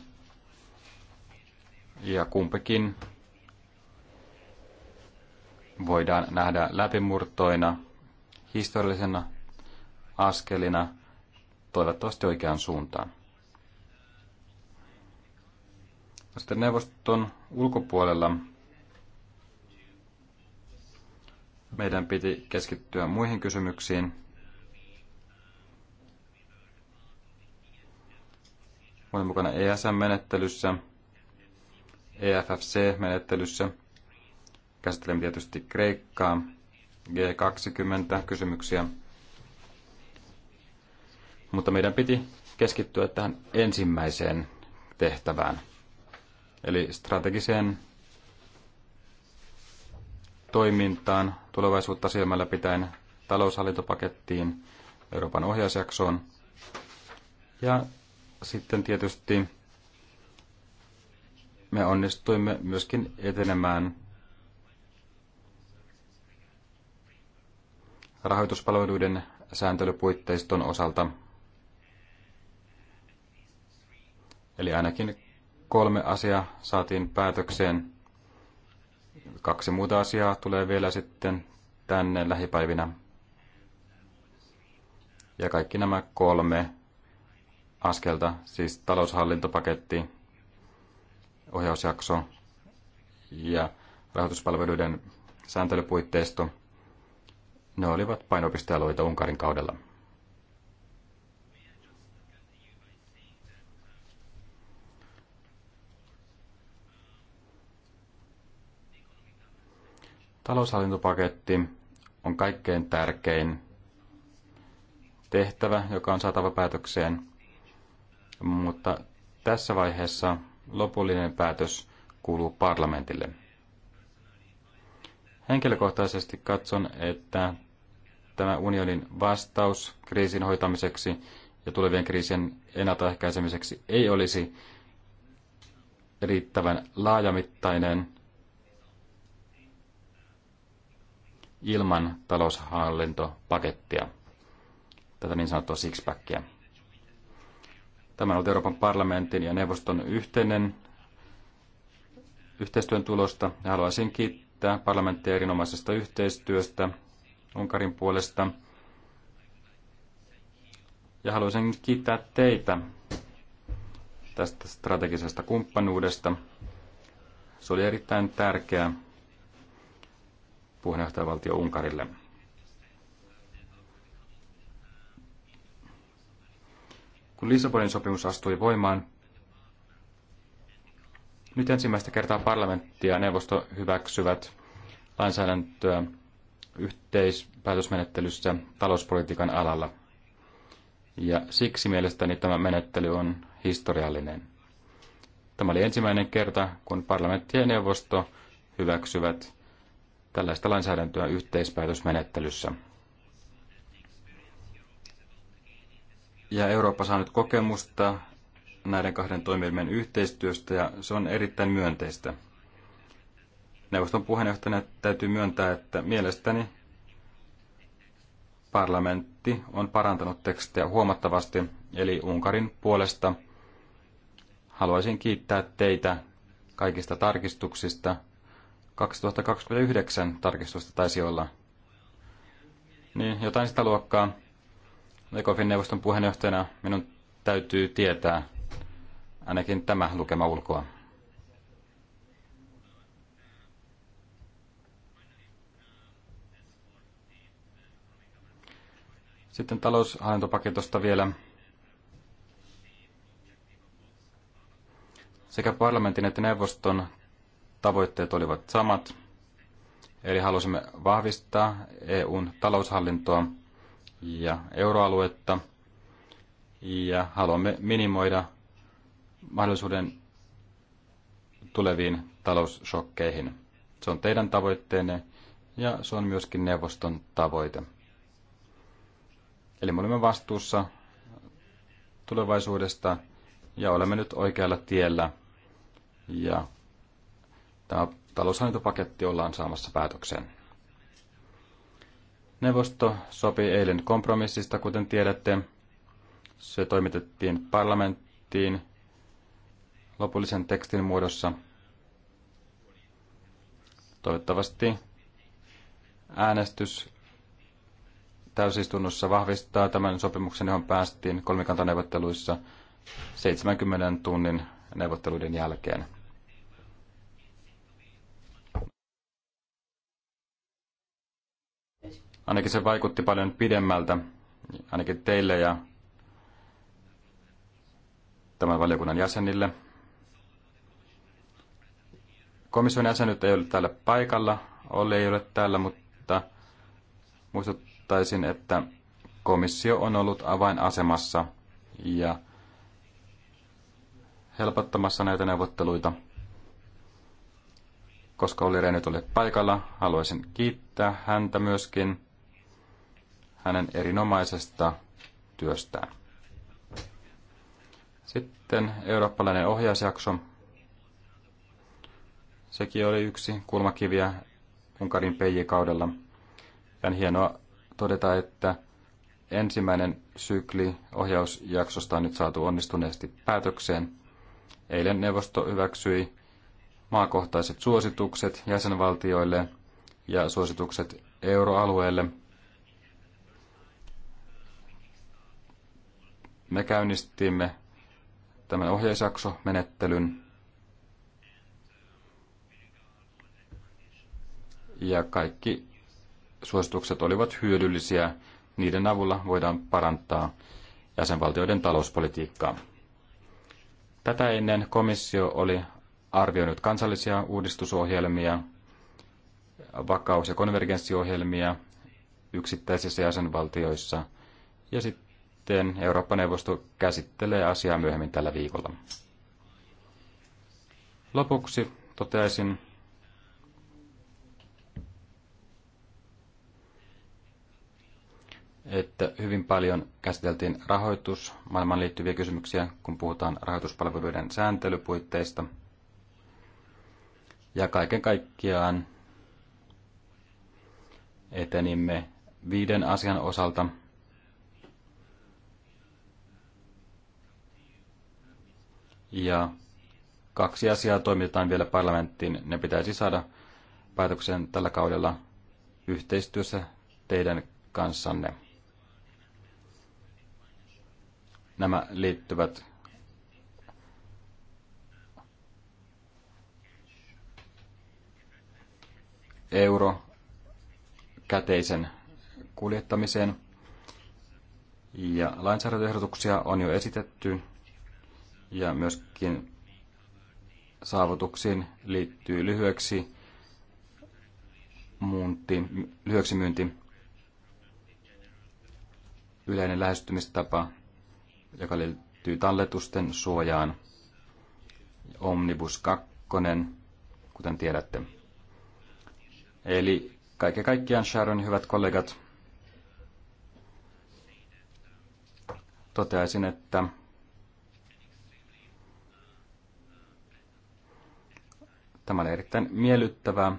Ja kumpikin voidaan nähdä läpimurtoina, historiallisena askelina, toivottavasti oikeaan suuntaan. Sitten neuvoston ulkopuolella meidän piti keskittyä muihin kysymyksiin, olen mukana ESM-menettelyssä, EFFC-menettelyssä. Käsittelemme tietysti Kreikkaa, G20-kysymyksiä. Mutta meidän piti keskittyä tähän ensimmäiseen tehtävään, eli strategiseen toimintaan tulevaisuutta silmällä pitäen taloushallintopakettiin, Euroopan ohjausjaksoon ja sitten tietysti me onnistuimme myöskin etenemään rahoituspalveluiden sääntelypuitteiston osalta. Eli ainakin kolme asiaa saatiin päätökseen. Kaksi muuta asiaa tulee vielä sitten tänne lähipäivinä. Ja kaikki nämä kolme askelta, siis taloushallintopaketti, ohjausjakso ja rahoituspalveluiden sääntelypuitteisto, ne olivat painopistealueita Unkarin kaudella. Taloushallintopaketti on kaikkein tärkein tehtävä, joka on saatava päätökseen – mutta tässä vaiheessa lopullinen päätös kuuluu parlamentille. Henkilökohtaisesti katson, että tämä unionin vastaus kriisin hoitamiseksi ja tulevien kriisien ennaltaehkäisemiseksi ei olisi riittävän laajamittainen ilman taloushallintopakettia, tätä niin sanottua sixpackia. Tämä on ollut Euroopan parlamentin ja neuvoston yhteinen yhteistyön tulosta ja haluaisin kiittää parlamenttia erinomaisesta yhteistyöstä Unkarin puolesta. Ja haluaisin kiittää teitä tästä strategisesta kumppanuudesta. Se oli erittäin tärkeä puheenjohtajavaltio Unkarille. Kun Lissabonin sopimus astui voimaan, nyt ensimmäistä kertaa parlamentti ja neuvosto hyväksyvät lainsäädäntöä yhteispäätösmenettelyssä talouspolitiikan alalla. Ja siksi mielestäni tämä menettely on historiallinen. Tämä oli ensimmäinen kerta, kun parlamentti ja neuvosto hyväksyvät tällaista lainsäädäntöä yhteispäätösmenettelyssä. Ja Eurooppa saa nyt kokemusta näiden kahden toimielimen yhteistyöstä ja se on erittäin myönteistä. Neuvoston puheenjohtajana täytyy myöntää, että mielestäni parlamentti on parantanut tekstiä huomattavasti, eli Unkarin puolesta haluaisin kiittää teitä kaikista tarkistuksista. 2029 tarkistusta taisi olla. Niin, jotain sitä luokkaa. ECOFIN neuvoston puheenjohtajana minun täytyy tietää ainakin tämä lukema ulkoa. Sitten taloushallintopaketosta vielä. Sekä parlamentin että neuvoston tavoitteet olivat samat, eli halusimme vahvistaa EUn taloushallintoa – ja euroaluetta. Ja haluamme minimoida mahdollisuuden tuleviin taloussokkeihin. Se on teidän tavoitteenne ja se on myöskin neuvoston tavoite. Eli me olemme vastuussa tulevaisuudesta ja olemme nyt oikealla tiellä. Ja tämä taloushallintopaketti ollaan saamassa päätökseen. Neuvosto sopi eilen kompromissista, kuten tiedätte. Se toimitettiin parlamenttiin lopullisen tekstin muodossa. Toivottavasti äänestys täysistunnossa vahvistaa tämän sopimuksen, johon päästiin kolmikantaneuvotteluissa 70 tunnin neuvotteluiden jälkeen. Ainakin se vaikutti paljon pidemmältä, ainakin teille ja tämän valiokunnan jäsenille. Komission jäsenyt ei ole täällä paikalla, Olli ei ole täällä, mutta muistuttaisin, että komissio on ollut avainasemassa ja helpottamassa näitä neuvotteluita. Koska Olli reynyt oli paikalla, haluaisin kiittää häntä myöskin hänen erinomaisesta työstään. Sitten eurooppalainen ohjausjakso. Sekin oli yksi kulmakiviä Unkarin PJ-kaudella. Ja hienoa todeta, että ensimmäinen sykli ohjausjaksosta on nyt saatu onnistuneesti päätökseen. Eilen neuvosto hyväksyi maakohtaiset suositukset jäsenvaltioille ja suositukset euroalueelle – Me käynnistimme tämän ohjeisakso-menettelyn ja kaikki suositukset olivat hyödyllisiä. Niiden avulla voidaan parantaa jäsenvaltioiden talouspolitiikkaa. Tätä ennen komissio oli arvioinut kansallisia uudistusohjelmia, vakaus- ja konvergenssiohjelmia yksittäisissä jäsenvaltioissa ja sitten sitten Eurooppa-neuvosto käsittelee asiaa myöhemmin tällä viikolla. Lopuksi toteaisin, että hyvin paljon käsiteltiin rahoitusmaailmaan liittyviä kysymyksiä, kun puhutaan rahoituspalveluiden sääntelypuitteista. Ja kaiken kaikkiaan etenimme viiden asian osalta – Ja kaksi asiaa toimitetaan vielä parlamenttiin. Ne pitäisi saada päätöksen tällä kaudella yhteistyössä teidän kanssanne. Nämä liittyvät euro käteisen kuljettamiseen. Ja lainsäädäntöehdotuksia on jo esitetty ja myöskin saavutuksiin liittyy lyhyeksi, muunti, lyhyeksi myynti, yleinen lähestymistapa, joka liittyy talletusten suojaan, Omnibus 2, kuten tiedätte. Eli kaiken kaikkiaan Sharon, hyvät kollegat, toteaisin, että Tämä on erittäin miellyttävää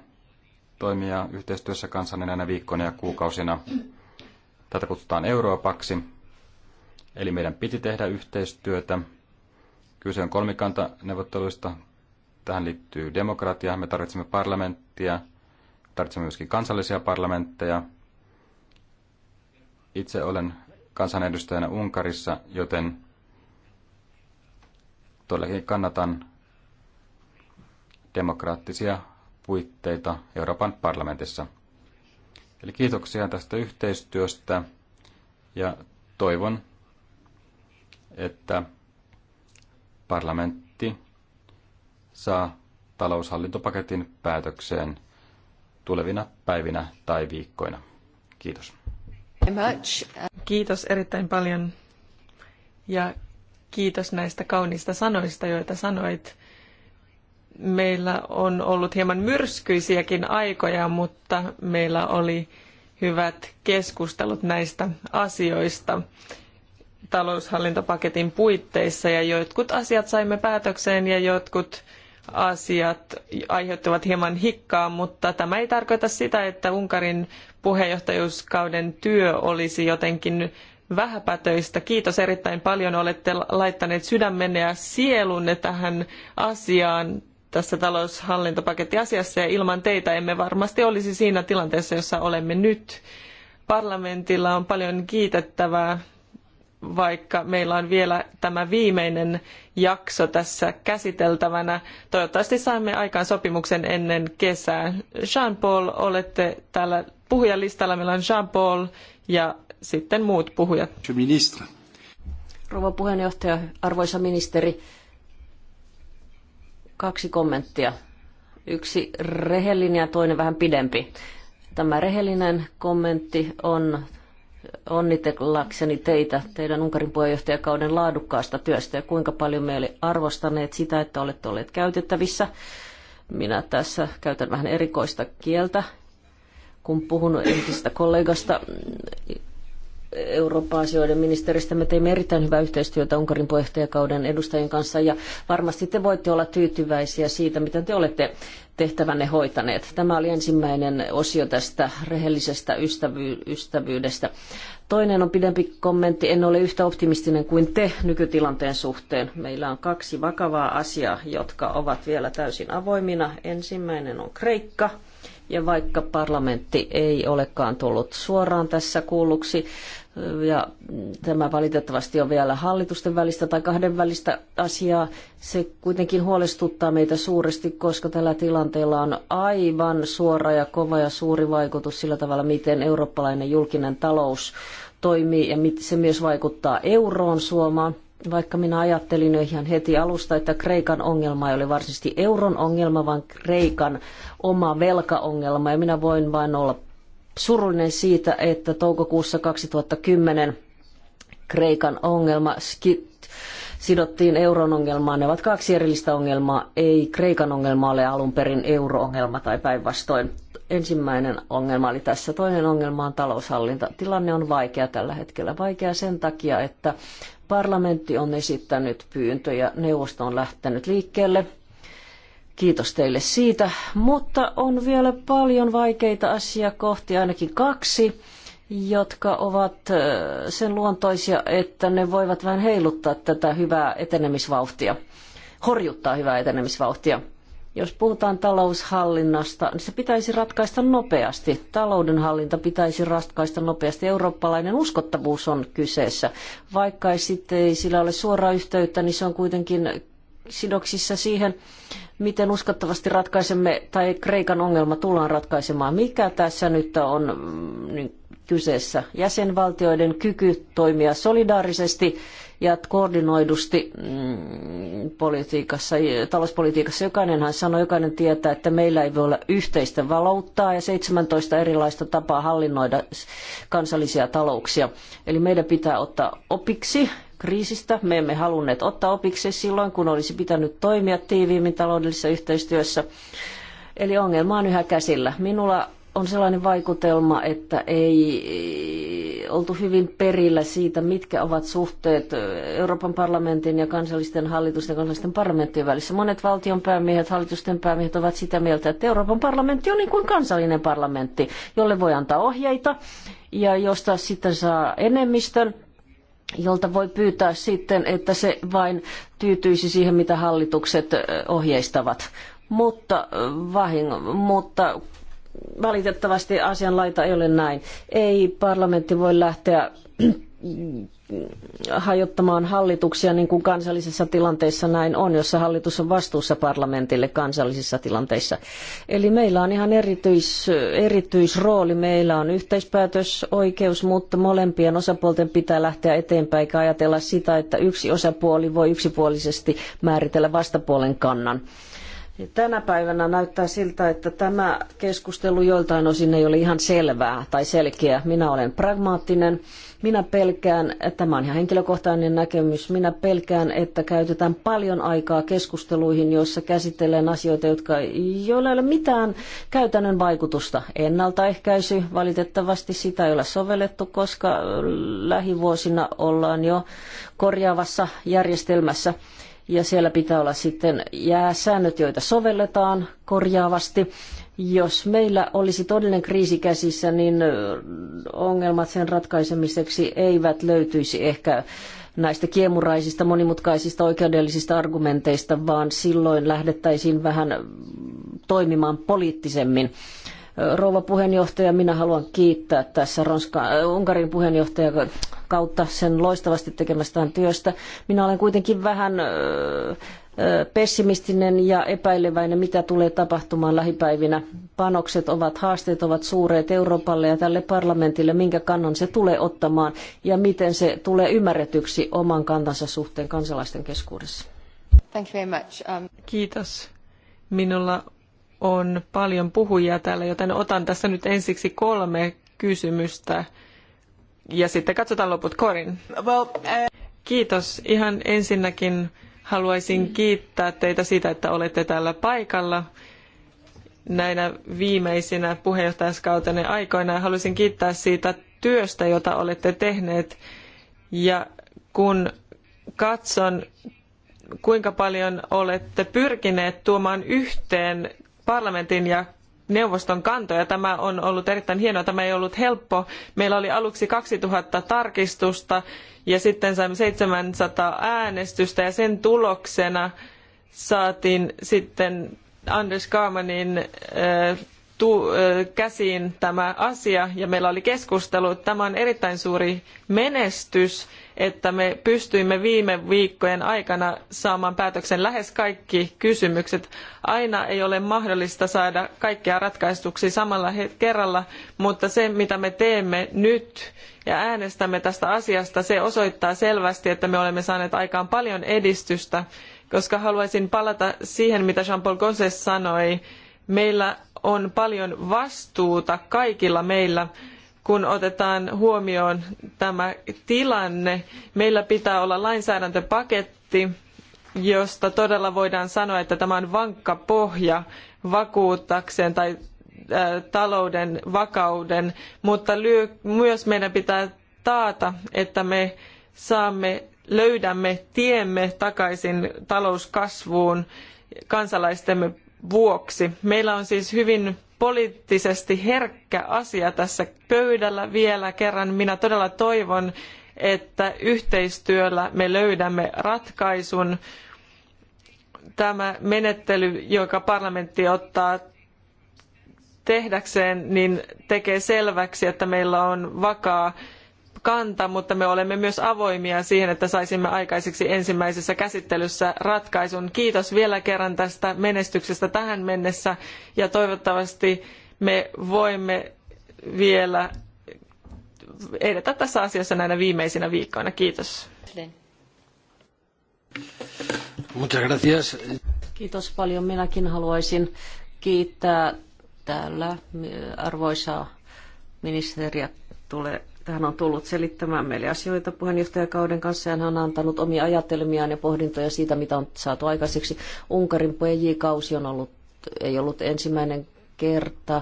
toimia yhteistyössä kanssanne näinä viikkoina ja kuukausina. Tätä kutsutaan Euroopaksi. Eli meidän piti tehdä yhteistyötä. Kyse on kolmikantaneuvotteluista. Tähän liittyy demokratia. Me tarvitsemme parlamenttia. Tarvitsemme myöskin kansallisia parlamentteja. Itse olen kansanedustajana Unkarissa, joten todellakin kannatan demokraattisia puitteita Euroopan parlamentissa. Eli kiitoksia tästä yhteistyöstä ja toivon, että parlamentti saa taloushallintopaketin päätökseen tulevina päivinä tai viikkoina. Kiitos. Kiitos erittäin paljon ja kiitos näistä kauniista sanoista, joita sanoit meillä on ollut hieman myrskyisiäkin aikoja, mutta meillä oli hyvät keskustelut näistä asioista taloushallintopaketin puitteissa ja jotkut asiat saimme päätökseen ja jotkut asiat aiheuttivat hieman hikkaa, mutta tämä ei tarkoita sitä, että Unkarin puheenjohtajuuskauden työ olisi jotenkin vähäpätöistä. Kiitos erittäin paljon. Olette laittaneet sydämenne ja sielunne tähän asiaan tässä taloushallintopakettiasiassa ja ilman teitä emme varmasti olisi siinä tilanteessa, jossa olemme nyt. Parlamentilla on paljon kiitettävää, vaikka meillä on vielä tämä viimeinen jakso tässä käsiteltävänä. Toivottavasti saamme aikaan sopimuksen ennen kesää. Jean-Paul, olette täällä puhujalistalla. Meillä on Jean-Paul ja sitten muut puhujat. Rouva puheenjohtaja, arvoisa ministeri, Kaksi kommenttia. Yksi rehellinen ja toinen vähän pidempi. Tämä rehellinen kommentti on onnitellakseni teitä teidän Unkarin puheenjohtajakauden laadukkaasta työstä ja kuinka paljon me oli arvostaneet sitä, että olette olleet käytettävissä. Minä tässä käytän vähän erikoista kieltä, kun puhun entisestä kollegasta Eurooppa-asioiden ministeristä. Me teimme erittäin hyvää yhteistyötä Unkarin puheenjohtajakauden edustajien kanssa ja varmasti te voitte olla tyytyväisiä siitä, miten te olette tehtävänne hoitaneet. Tämä oli ensimmäinen osio tästä rehellisestä ystävy- ystävyydestä. Toinen on pidempi kommentti. En ole yhtä optimistinen kuin te nykytilanteen suhteen. Meillä on kaksi vakavaa asiaa, jotka ovat vielä täysin avoimina. Ensimmäinen on Kreikka ja vaikka parlamentti ei olekaan tullut suoraan tässä kuulluksi, ja tämä valitettavasti on vielä hallitusten välistä tai kahden välistä asiaa. Se kuitenkin huolestuttaa meitä suuresti, koska tällä tilanteella on aivan suora ja kova ja suuri vaikutus sillä tavalla, miten eurooppalainen julkinen talous toimii ja se myös vaikuttaa euroon Suomaan. Vaikka minä ajattelin ihan heti alusta, että Kreikan ongelma ei ole varsinaisesti euron ongelma, vaan Kreikan oma velkaongelma. Ja minä voin vain olla surullinen siitä, että toukokuussa 2010 Kreikan ongelma sidottiin euron ongelmaan. Ne ovat kaksi erillistä ongelmaa. Ei Kreikan ongelma ole alun perin euro-ongelma tai päinvastoin. Ensimmäinen ongelma oli tässä. Toinen ongelma on taloushallinta. Tilanne on vaikea tällä hetkellä. Vaikea sen takia, että Parlamentti on esittänyt pyyntöjä, neuvosto on lähtenyt liikkeelle. Kiitos teille siitä, mutta on vielä paljon vaikeita asiakohtia, ainakin kaksi, jotka ovat sen luontoisia, että ne voivat vähän heiluttaa tätä hyvää etenemisvauhtia, horjuttaa hyvää etenemisvauhtia. Jos puhutaan taloushallinnasta, niin se pitäisi ratkaista nopeasti. Taloudenhallinta pitäisi ratkaista nopeasti. Eurooppalainen uskottavuus on kyseessä. Vaikka sitten ei sillä ole suoraa yhteyttä, niin se on kuitenkin sidoksissa siihen, miten uskottavasti ratkaisemme tai Kreikan ongelma tullaan ratkaisemaan. Mikä tässä nyt on mm, niin kyseessä? Jäsenvaltioiden kyky toimia solidaarisesti ja koordinoidusti mm, politiikassa, talouspolitiikassa. Jokainenhan sanoi, jokainen tietää, että meillä ei voi olla yhteistä valuuttaa ja 17 erilaista tapaa hallinnoida kansallisia talouksia. Eli meidän pitää ottaa opiksi kriisistä. Me emme halunneet ottaa opiksi silloin, kun olisi pitänyt toimia tiiviimmin taloudellisessa yhteistyössä. Eli ongelma on yhä käsillä. Minulla on sellainen vaikutelma, että ei oltu hyvin perillä siitä, mitkä ovat suhteet Euroopan parlamentin ja kansallisten hallitusten ja kansallisten parlamenttien välissä. Monet valtion päämiehet, hallitusten päämiehet ovat sitä mieltä, että Euroopan parlamentti on niin kuin kansallinen parlamentti, jolle voi antaa ohjeita ja josta sitten saa enemmistön jolta voi pyytää sitten, että se vain tyytyisi siihen, mitä hallitukset ohjeistavat mutta, vahing, mutta valitettavasti asianlaita ei ole näin. Ei parlamentti voi lähteä hajottamaan hallituksia niin kuin kansallisissa tilanteissa näin on, jossa hallitus on vastuussa parlamentille kansallisissa tilanteissa. Eli meillä on ihan erityis, erityisrooli, meillä on yhteispäätösoikeus, mutta molempien osapuolten pitää lähteä eteenpäin eikä ajatella sitä, että yksi osapuoli voi yksipuolisesti määritellä vastapuolen kannan. Tänä päivänä näyttää siltä, että tämä keskustelu joiltain osin ei ole ihan selvää tai selkeä. Minä olen pragmaattinen. Minä pelkään, tämä on ihan henkilökohtainen näkemys, minä pelkään, että käytetään paljon aikaa keskusteluihin, joissa käsitellään asioita, jotka, joilla ei ole mitään käytännön vaikutusta. Ennaltaehkäisy, valitettavasti sitä ei ole sovellettu, koska lähivuosina ollaan jo korjaavassa järjestelmässä ja siellä pitää olla sitten jääsäännöt, joita sovelletaan korjaavasti. Jos meillä olisi todellinen kriisi käsissä, niin ongelmat sen ratkaisemiseksi eivät löytyisi ehkä näistä kiemuraisista monimutkaisista oikeudellisista argumenteista, vaan silloin lähdettäisiin vähän toimimaan poliittisemmin. Rouva puheenjohtaja, minä haluan kiittää tässä Ronska, Unkarin puheenjohtaja kautta sen loistavasti tekemästään työstä. Minä olen kuitenkin vähän pessimistinen ja epäileväinen, mitä tulee tapahtumaan lähipäivinä. Panokset ovat, haasteet ovat suuret Euroopalle ja tälle parlamentille, minkä kannan se tulee ottamaan ja miten se tulee ymmärretyksi oman kantansa suhteen kansalaisten keskuudessa. Thank you very much. Um... Kiitos. Minulla on paljon puhujia täällä, joten otan tässä nyt ensiksi kolme kysymystä ja sitten katsotaan loput korin. Eh, Kiitos. Ihan ensinnäkin haluaisin mm. kiittää teitä siitä, että olette täällä paikalla näinä viimeisinä puheenjohtajaskautenne aikoina. Haluaisin kiittää siitä työstä, jota olette tehneet. Ja kun katson, kuinka paljon olette pyrkineet tuomaan yhteen parlamentin ja neuvoston kantoja. Tämä on ollut erittäin hienoa. Tämä ei ollut helppo. Meillä oli aluksi 2000 tarkistusta ja sitten saimme 700 äänestystä ja sen tuloksena saatiin sitten Anders Kaamanin käsiin tämä asia ja meillä oli keskustelu. Tämä on erittäin suuri menestys että me pystyimme viime viikkojen aikana saamaan päätöksen lähes kaikki kysymykset. Aina ei ole mahdollista saada kaikkia ratkaistuksi samalla kerralla, mutta se mitä me teemme nyt ja äänestämme tästä asiasta, se osoittaa selvästi, että me olemme saaneet aikaan paljon edistystä, koska haluaisin palata siihen, mitä Jean-Paul Gosses sanoi. Meillä on paljon vastuuta kaikilla meillä kun otetaan huomioon tämä tilanne. Meillä pitää olla lainsäädäntöpaketti, josta todella voidaan sanoa, että tämä on vankka pohja vakuuttakseen tai talouden vakauden, mutta myös meidän pitää taata, että me saamme, löydämme tiemme takaisin talouskasvuun kansalaistemme vuoksi. Meillä on siis hyvin poliittisesti herkkä asia tässä pöydällä vielä kerran. Minä todella toivon, että yhteistyöllä me löydämme ratkaisun. Tämä menettely, joka parlamentti ottaa tehdäkseen, niin tekee selväksi, että meillä on vakaa kanta, mutta me olemme myös avoimia siihen, että saisimme aikaiseksi ensimmäisessä käsittelyssä ratkaisun. Kiitos vielä kerran tästä menestyksestä tähän mennessä ja toivottavasti me voimme vielä edetä tässä asiassa näinä viimeisinä viikkoina. Kiitos. Kiitos paljon. Minäkin haluaisin kiittää täällä arvoisaa ministeriä tulee hän on tullut selittämään meille asioita puheenjohtajakauden kanssa ja hän on antanut omia ajatelmiaan ja pohdintoja siitä, mitä on saatu aikaiseksi. Unkarin PJ-kausi on ollut, ei ollut ensimmäinen kerta,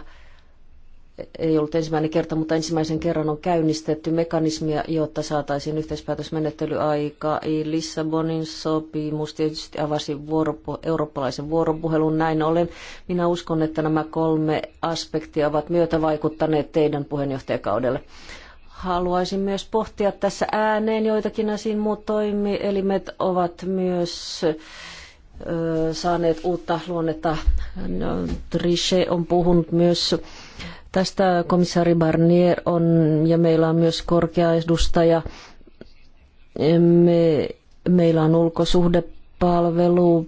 ei ollut ensimmäinen kerta, mutta ensimmäisen kerran on käynnistetty mekanismia, jotta saataisiin yhteispäätösmenettely aikaa. Lissabonin sopimus tietysti avasi vuoropu- eurooppalaisen vuoropuhelun näin ollen. Minä uskon, että nämä kolme aspektia ovat vaikuttaneet teidän puheenjohtajakaudelle. Haluaisin myös pohtia tässä ääneen joitakin asiin muut toimielimet ovat myös saaneet uutta luonnetta. No, Trichet on puhunut myös tästä komissaari Barnier on, ja meillä on myös korkea edustaja. Me, meillä on ulkosuhdepalvelu,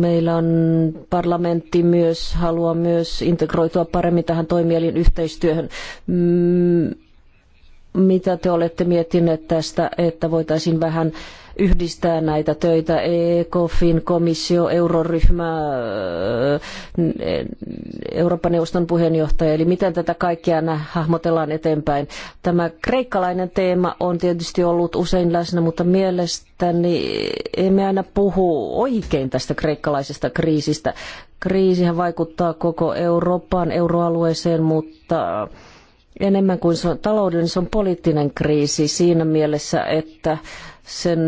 meillä on parlamentti myös, haluaa myös integroitua paremmin tähän toimielin yhteistyöhön. Mm, mitä te olette miettineet tästä, että voitaisiin vähän yhdistää näitä töitä, ECOFIN, komissio, euroryhmä, eh, Euroopan neuvoston puheenjohtaja, eli miten tätä kaikkea hahmotellaan eteenpäin. Tämä kreikkalainen teema on tietysti ollut usein läsnä, mutta mielestäni emme aina puhu oikein tästä kreikkalaisesta kriisistä. Kriisihän vaikuttaa koko Eurooppaan, euroalueeseen, mutta enemmän kuin se on taloudellinen, se on poliittinen kriisi siinä mielessä, että sen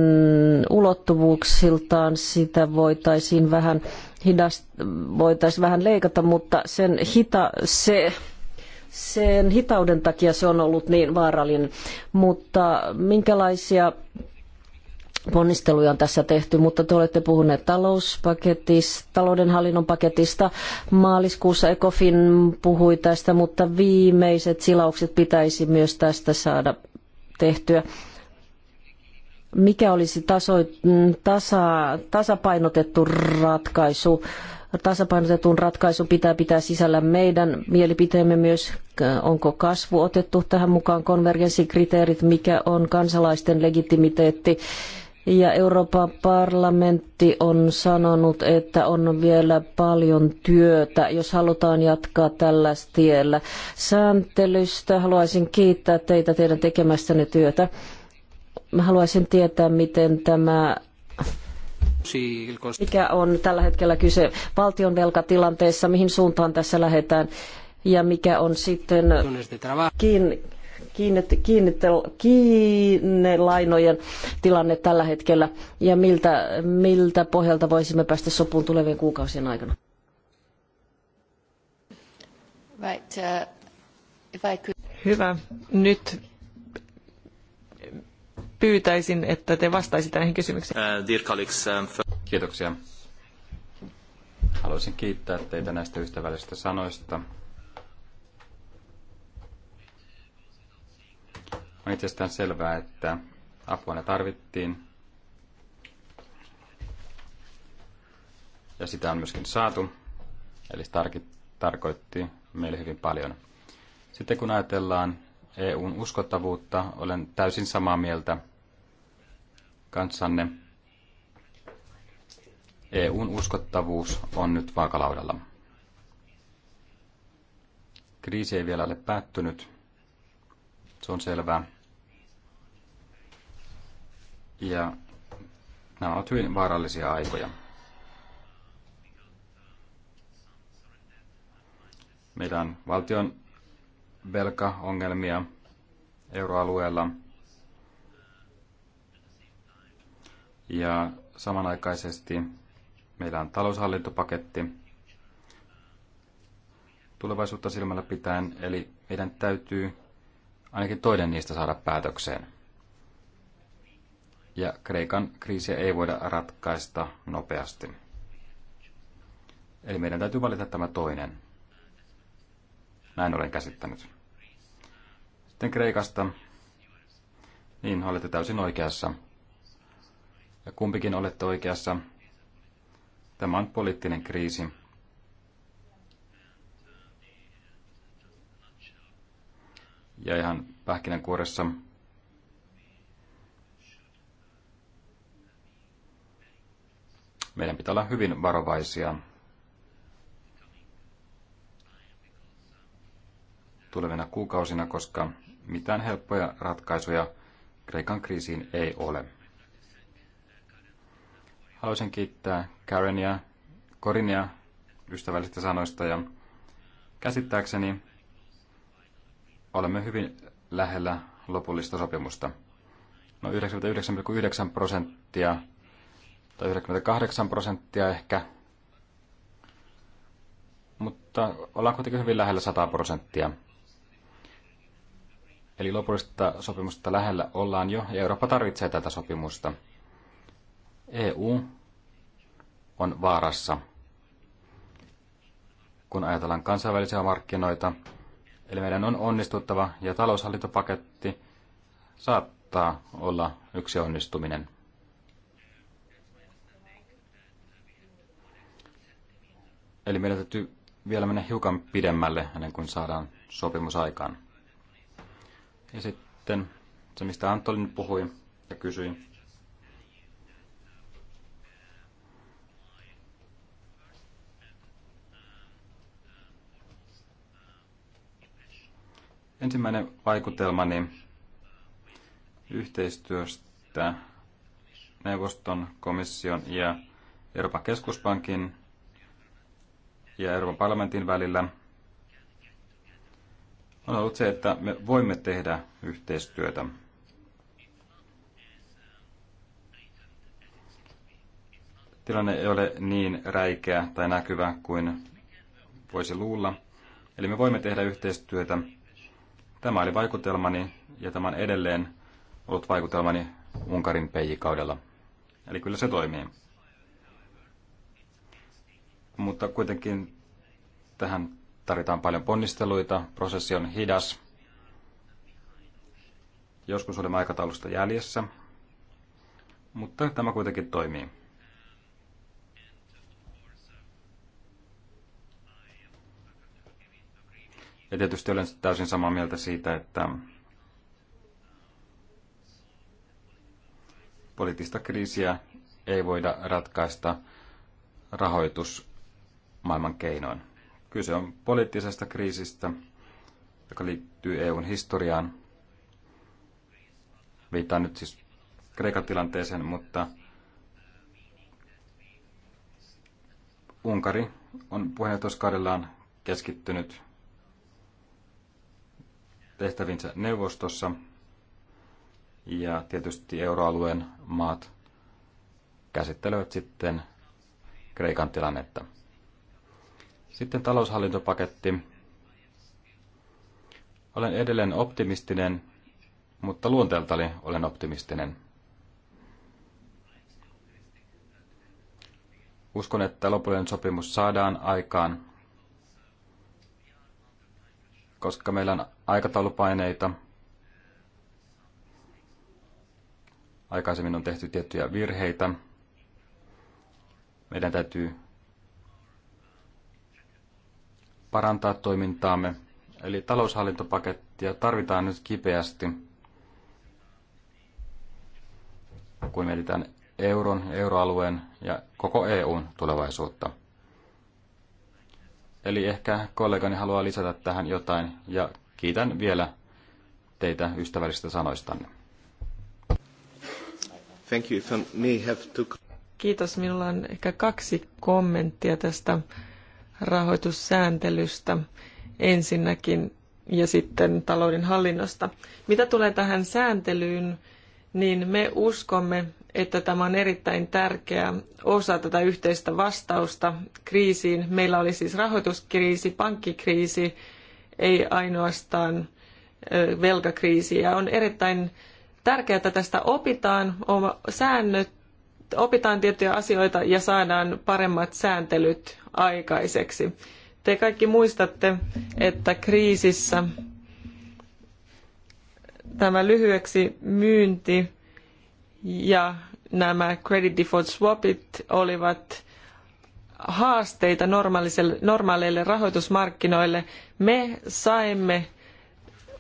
ulottuvuuksiltaan sitä voitaisiin vähän, hidast, voitaisiin vähän leikata, mutta sen, hita, se, sen hitauden takia se on ollut niin vaarallinen. Mutta minkälaisia ponnisteluja on tässä tehty, mutta te olette puhuneet talouspaketista, taloudenhallinnon paketista. Maaliskuussa Ecofin puhui tästä, mutta viimeiset silaukset pitäisi myös tästä saada tehtyä mikä olisi taso, tasa, tasapainotettu ratkaisu. Tasapainotetun ratkaisun pitää pitää sisällä meidän mielipiteemme myös, onko kasvu otettu tähän mukaan, konvergenssikriteerit, mikä on kansalaisten legitimiteetti ja Euroopan parlamentti on sanonut, että on vielä paljon työtä, jos halutaan jatkaa tällä tiellä sääntelystä. Haluaisin kiittää teitä teidän tekemästänne työtä. Mä haluaisin tietää, miten tämä mikä on tällä hetkellä kyse valtion velkatilanteessa, mihin suuntaan tässä lähdetään ja mikä on sitten kiinnelainojen tilanne tällä hetkellä ja miltä, miltä pohjalta voisimme päästä sopuun tulevien kuukausien aikana? Right, uh, Hyvä. Nyt pyytäisin, että te vastaisitte näihin kysymyksiin. Uh, dear colleagues, um, Kiitoksia. Haluaisin kiittää teitä näistä ystävällisistä sanoista On itsestään selvää, että apua ne tarvittiin. Ja sitä on myöskin saatu. Eli tarki, tarkoitti meille hyvin paljon. Sitten kun ajatellaan EUn uskottavuutta, olen täysin samaa mieltä kanssanne. EUn uskottavuus on nyt vaakalaudalla. Kriisi ei vielä ole päättynyt, se on selvää. Ja nämä ovat hyvin vaarallisia aikoja. Meillä on valtion velkaongelmia euroalueella. Ja samanaikaisesti meillä on taloushallintopaketti tulevaisuutta silmällä pitäen, eli meidän täytyy ainakin toinen niistä saada päätökseen ja Kreikan kriisiä ei voida ratkaista nopeasti. Eli meidän täytyy valita tämä toinen. Näin olen käsittänyt. Sitten Kreikasta. Niin, olette täysin oikeassa. Ja kumpikin olette oikeassa. Tämä on poliittinen kriisi. Ja ihan pähkinänkuoressa Meidän pitää olla hyvin varovaisia tulevina kuukausina, koska mitään helppoja ratkaisuja Kreikan kriisiin ei ole. Haluaisin kiittää Karenia, Korinia ystävällisistä sanoista ja käsittääkseni olemme hyvin lähellä lopullista sopimusta. No 99,9 prosenttia tai 98 prosenttia ehkä. Mutta ollaan kuitenkin hyvin lähellä 100 prosenttia. Eli lopullista sopimusta lähellä ollaan jo, ja Eurooppa tarvitsee tätä sopimusta. EU on vaarassa. Kun ajatellaan kansainvälisiä markkinoita, eli meidän on onnistuttava, ja taloushallintopaketti saattaa olla yksi onnistuminen. Eli meidän täytyy vielä mennä hiukan pidemmälle ennen kuin saadaan sopimus aikaan. Ja sitten se, mistä Antolin puhui ja kysyi. Ensimmäinen vaikutelmani yhteistyöstä neuvoston, komission ja Euroopan keskuspankin ja Euroopan parlamentin välillä on ollut se, että me voimme tehdä yhteistyötä. Tilanne ei ole niin räikeä tai näkyvä kuin voisi luulla. Eli me voimme tehdä yhteistyötä. Tämä oli vaikutelmani ja tämä on edelleen ollut vaikutelmani Unkarin peijikaudella. Eli kyllä se toimii mutta kuitenkin tähän tarvitaan paljon ponnisteluita, prosessi on hidas. Joskus olemme aikataulusta jäljessä, mutta tämä kuitenkin toimii. Ja tietysti olen täysin samaa mieltä siitä, että poliittista kriisiä ei voida ratkaista rahoitus maailman keinoin. Kyse on poliittisesta kriisistä, joka liittyy EUn historiaan. Viittaan nyt siis Kreikan tilanteeseen, mutta Unkari on puheenjohtajuuskaudellaan keskittynyt tehtävinsä neuvostossa ja tietysti euroalueen maat käsittelevät sitten Kreikan tilannetta. Sitten taloushallintopaketti. Olen edelleen optimistinen, mutta luonteeltani olen optimistinen. Uskon, että lopullinen sopimus saadaan aikaan, koska meillä on aikataulupaineita. Aikaisemmin on tehty tiettyjä virheitä. Meidän täytyy parantaa toimintaamme. Eli taloushallintopakettia tarvitaan nyt kipeästi, kun mietitään euron, euroalueen ja koko EUn tulevaisuutta. Eli ehkä kollegani haluaa lisätä tähän jotain ja kiitän vielä teitä ystävällisistä sanoistanne. Thank you. have to... Kiitos. Minulla on ehkä kaksi kommenttia tästä rahoitussääntelystä ensinnäkin ja sitten talouden hallinnosta. Mitä tulee tähän sääntelyyn, niin me uskomme, että tämä on erittäin tärkeä osa tätä yhteistä vastausta kriisiin. Meillä oli siis rahoituskriisi, pankkikriisi, ei ainoastaan velkakriisi. Ja on erittäin tärkeää, että tästä opitaan, säännöt opitaan tiettyjä asioita ja saadaan paremmat sääntelyt aikaiseksi. Te kaikki muistatte, että kriisissä tämä lyhyeksi myynti ja nämä credit default swapit olivat haasteita normaaleille rahoitusmarkkinoille. Me saimme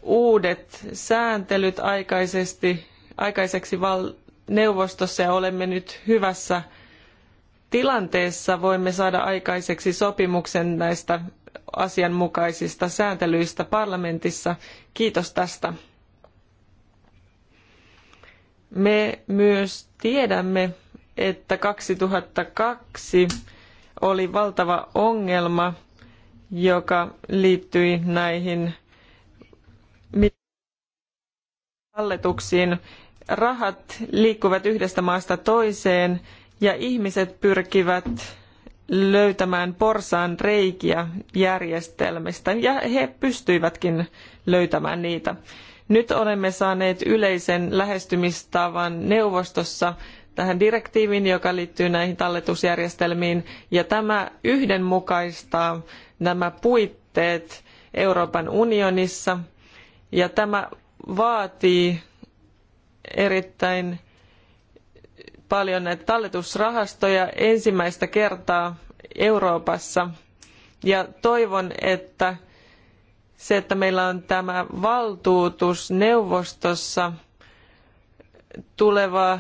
uudet sääntelyt aikaisesti, aikaiseksi val, neuvostossa ja olemme nyt hyvässä tilanteessa. Voimme saada aikaiseksi sopimuksen näistä asianmukaisista sääntelyistä parlamentissa. Kiitos tästä. Me myös tiedämme, että 2002 oli valtava ongelma, joka liittyi näihin hallituksiin rahat liikkuvat yhdestä maasta toiseen ja ihmiset pyrkivät löytämään porsaan reikiä järjestelmistä ja he pystyivätkin löytämään niitä. Nyt olemme saaneet yleisen lähestymistavan neuvostossa tähän direktiiviin, joka liittyy näihin talletusjärjestelmiin, ja tämä yhdenmukaistaa nämä puitteet Euroopan unionissa, ja tämä vaatii erittäin paljon näitä talletusrahastoja ensimmäistä kertaa Euroopassa. Ja toivon, että se, että meillä on tämä valtuutus neuvostossa tuleva,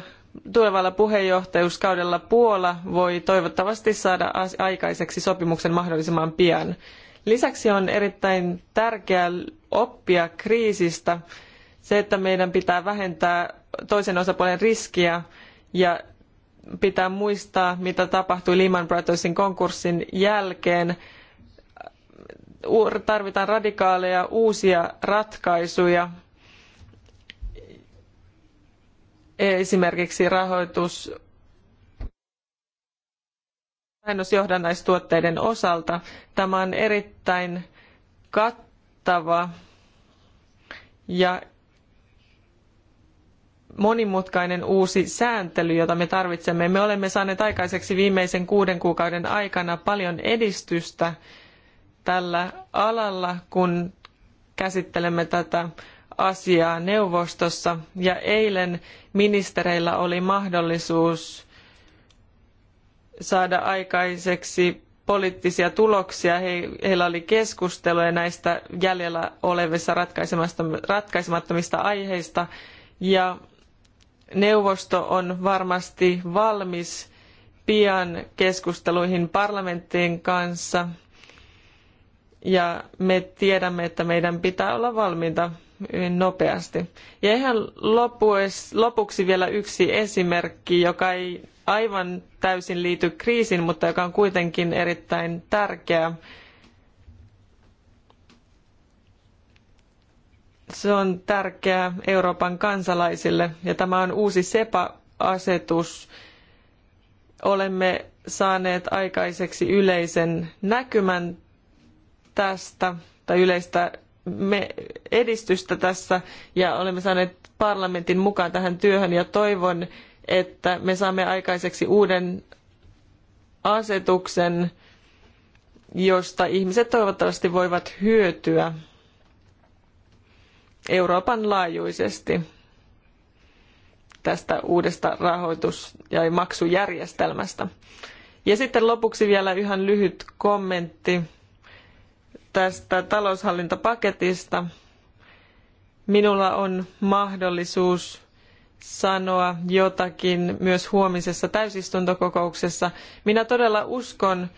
tulevalla puheenjohtajuuskaudella Puola voi toivottavasti saada aikaiseksi sopimuksen mahdollisimman pian. Lisäksi on erittäin tärkeää oppia kriisistä se, että meidän pitää vähentää toisen osapuolen riskiä ja pitää muistaa, mitä tapahtui Lehman Brothersin konkurssin jälkeen. Tarvitaan radikaaleja uusia ratkaisuja, esimerkiksi rahoitus vähennysjohdannaistuotteiden osalta. Tämä on erittäin kattava ja monimutkainen uusi sääntely, jota me tarvitsemme. Me olemme saaneet aikaiseksi viimeisen kuuden kuukauden aikana paljon edistystä tällä alalla, kun käsittelemme tätä asiaa neuvostossa. Ja eilen ministereillä oli mahdollisuus saada aikaiseksi poliittisia tuloksia. He, heillä oli keskusteluja näistä jäljellä olevissa ratkaisemattomista aiheista. Ja neuvosto on varmasti valmis pian keskusteluihin parlamenttien kanssa. Ja me tiedämme, että meidän pitää olla valmiita hyvin nopeasti. Ja ihan lopuksi vielä yksi esimerkki, joka ei aivan täysin liity kriisiin, mutta joka on kuitenkin erittäin tärkeä Se on tärkeää Euroopan kansalaisille ja tämä on uusi SEPA-asetus. Olemme saaneet aikaiseksi yleisen näkymän tästä tai yleistä edistystä tässä ja olemme saaneet parlamentin mukaan tähän työhön ja toivon, että me saamme aikaiseksi uuden asetuksen, josta ihmiset toivottavasti voivat hyötyä. Euroopan laajuisesti tästä uudesta rahoitus- ja maksujärjestelmästä. Ja sitten lopuksi vielä ihan lyhyt kommentti tästä taloushallintapaketista. Minulla on mahdollisuus sanoa jotakin myös huomisessa täysistuntokokouksessa. Minä todella uskon,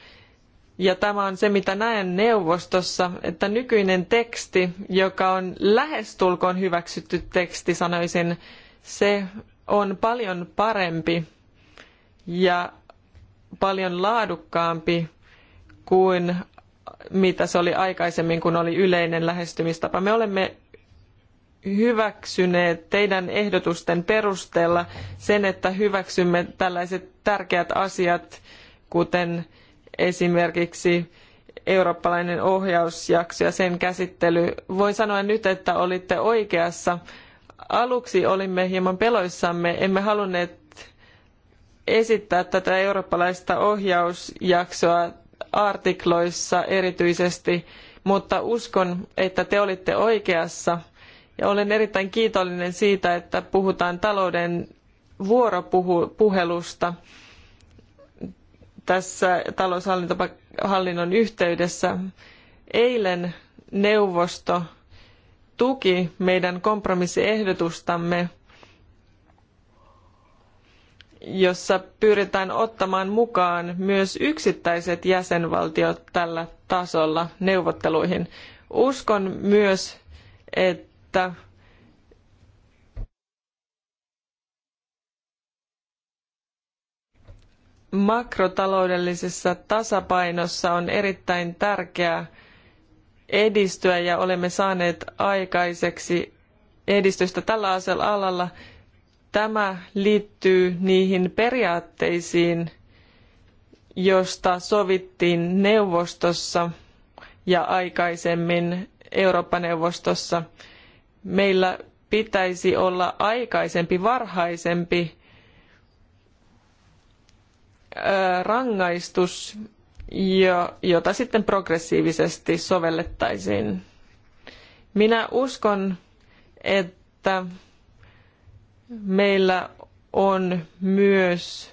ja tämä on se, mitä näen neuvostossa, että nykyinen teksti, joka on lähestulkoon hyväksytty teksti, sanoisin, se on paljon parempi ja paljon laadukkaampi kuin mitä se oli aikaisemmin, kun oli yleinen lähestymistapa. Me olemme hyväksyneet teidän ehdotusten perusteella sen, että hyväksymme tällaiset tärkeät asiat, kuten esimerkiksi eurooppalainen ohjausjakso ja sen käsittely. Voin sanoa nyt, että olitte oikeassa. Aluksi olimme hieman peloissamme, emme halunneet esittää tätä eurooppalaista ohjausjaksoa artikloissa erityisesti, mutta uskon, että te olitte oikeassa. Ja olen erittäin kiitollinen siitä, että puhutaan talouden vuoropuhelusta. Vuoropuhu- tässä taloushallinnon yhteydessä. Eilen neuvosto tuki meidän kompromissiehdotustamme, jossa pyritään ottamaan mukaan myös yksittäiset jäsenvaltiot tällä tasolla neuvotteluihin. Uskon myös, että makrotaloudellisessa tasapainossa on erittäin tärkeää edistyä ja olemme saaneet aikaiseksi edistystä tällä alalla. Tämä liittyy niihin periaatteisiin, josta sovittiin neuvostossa ja aikaisemmin Eurooppa-neuvostossa. Meillä pitäisi olla aikaisempi, varhaisempi rangaistus, jota sitten progressiivisesti sovellettaisiin. Minä uskon, että meillä on myös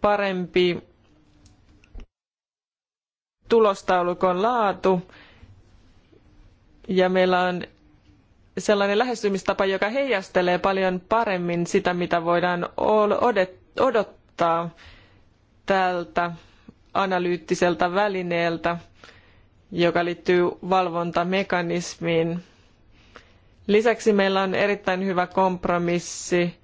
parempi tulostaulukon laatu ja meillä on sellainen lähestymistapa, joka heijastelee paljon paremmin sitä, mitä voidaan odottaa vaikuttaa tältä analyyttiseltä välineeltä, joka liittyy valvontamekanismiin. Lisäksi meillä on erittäin hyvä kompromissi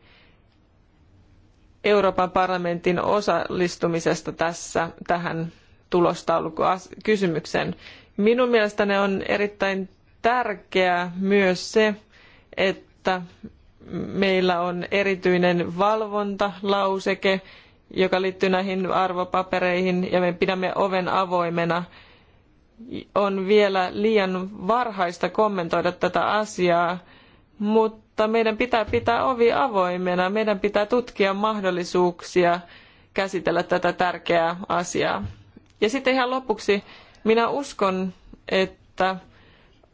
Euroopan parlamentin osallistumisesta tässä, tähän tulostaulukysymykseen. Minun mielestäni on erittäin tärkeää myös se, että meillä on erityinen valvontalauseke, joka liittyy näihin arvopapereihin ja me pidämme oven avoimena. On vielä liian varhaista kommentoida tätä asiaa, mutta meidän pitää pitää ovi avoimena. Meidän pitää tutkia mahdollisuuksia käsitellä tätä tärkeää asiaa. Ja sitten ihan lopuksi minä uskon, että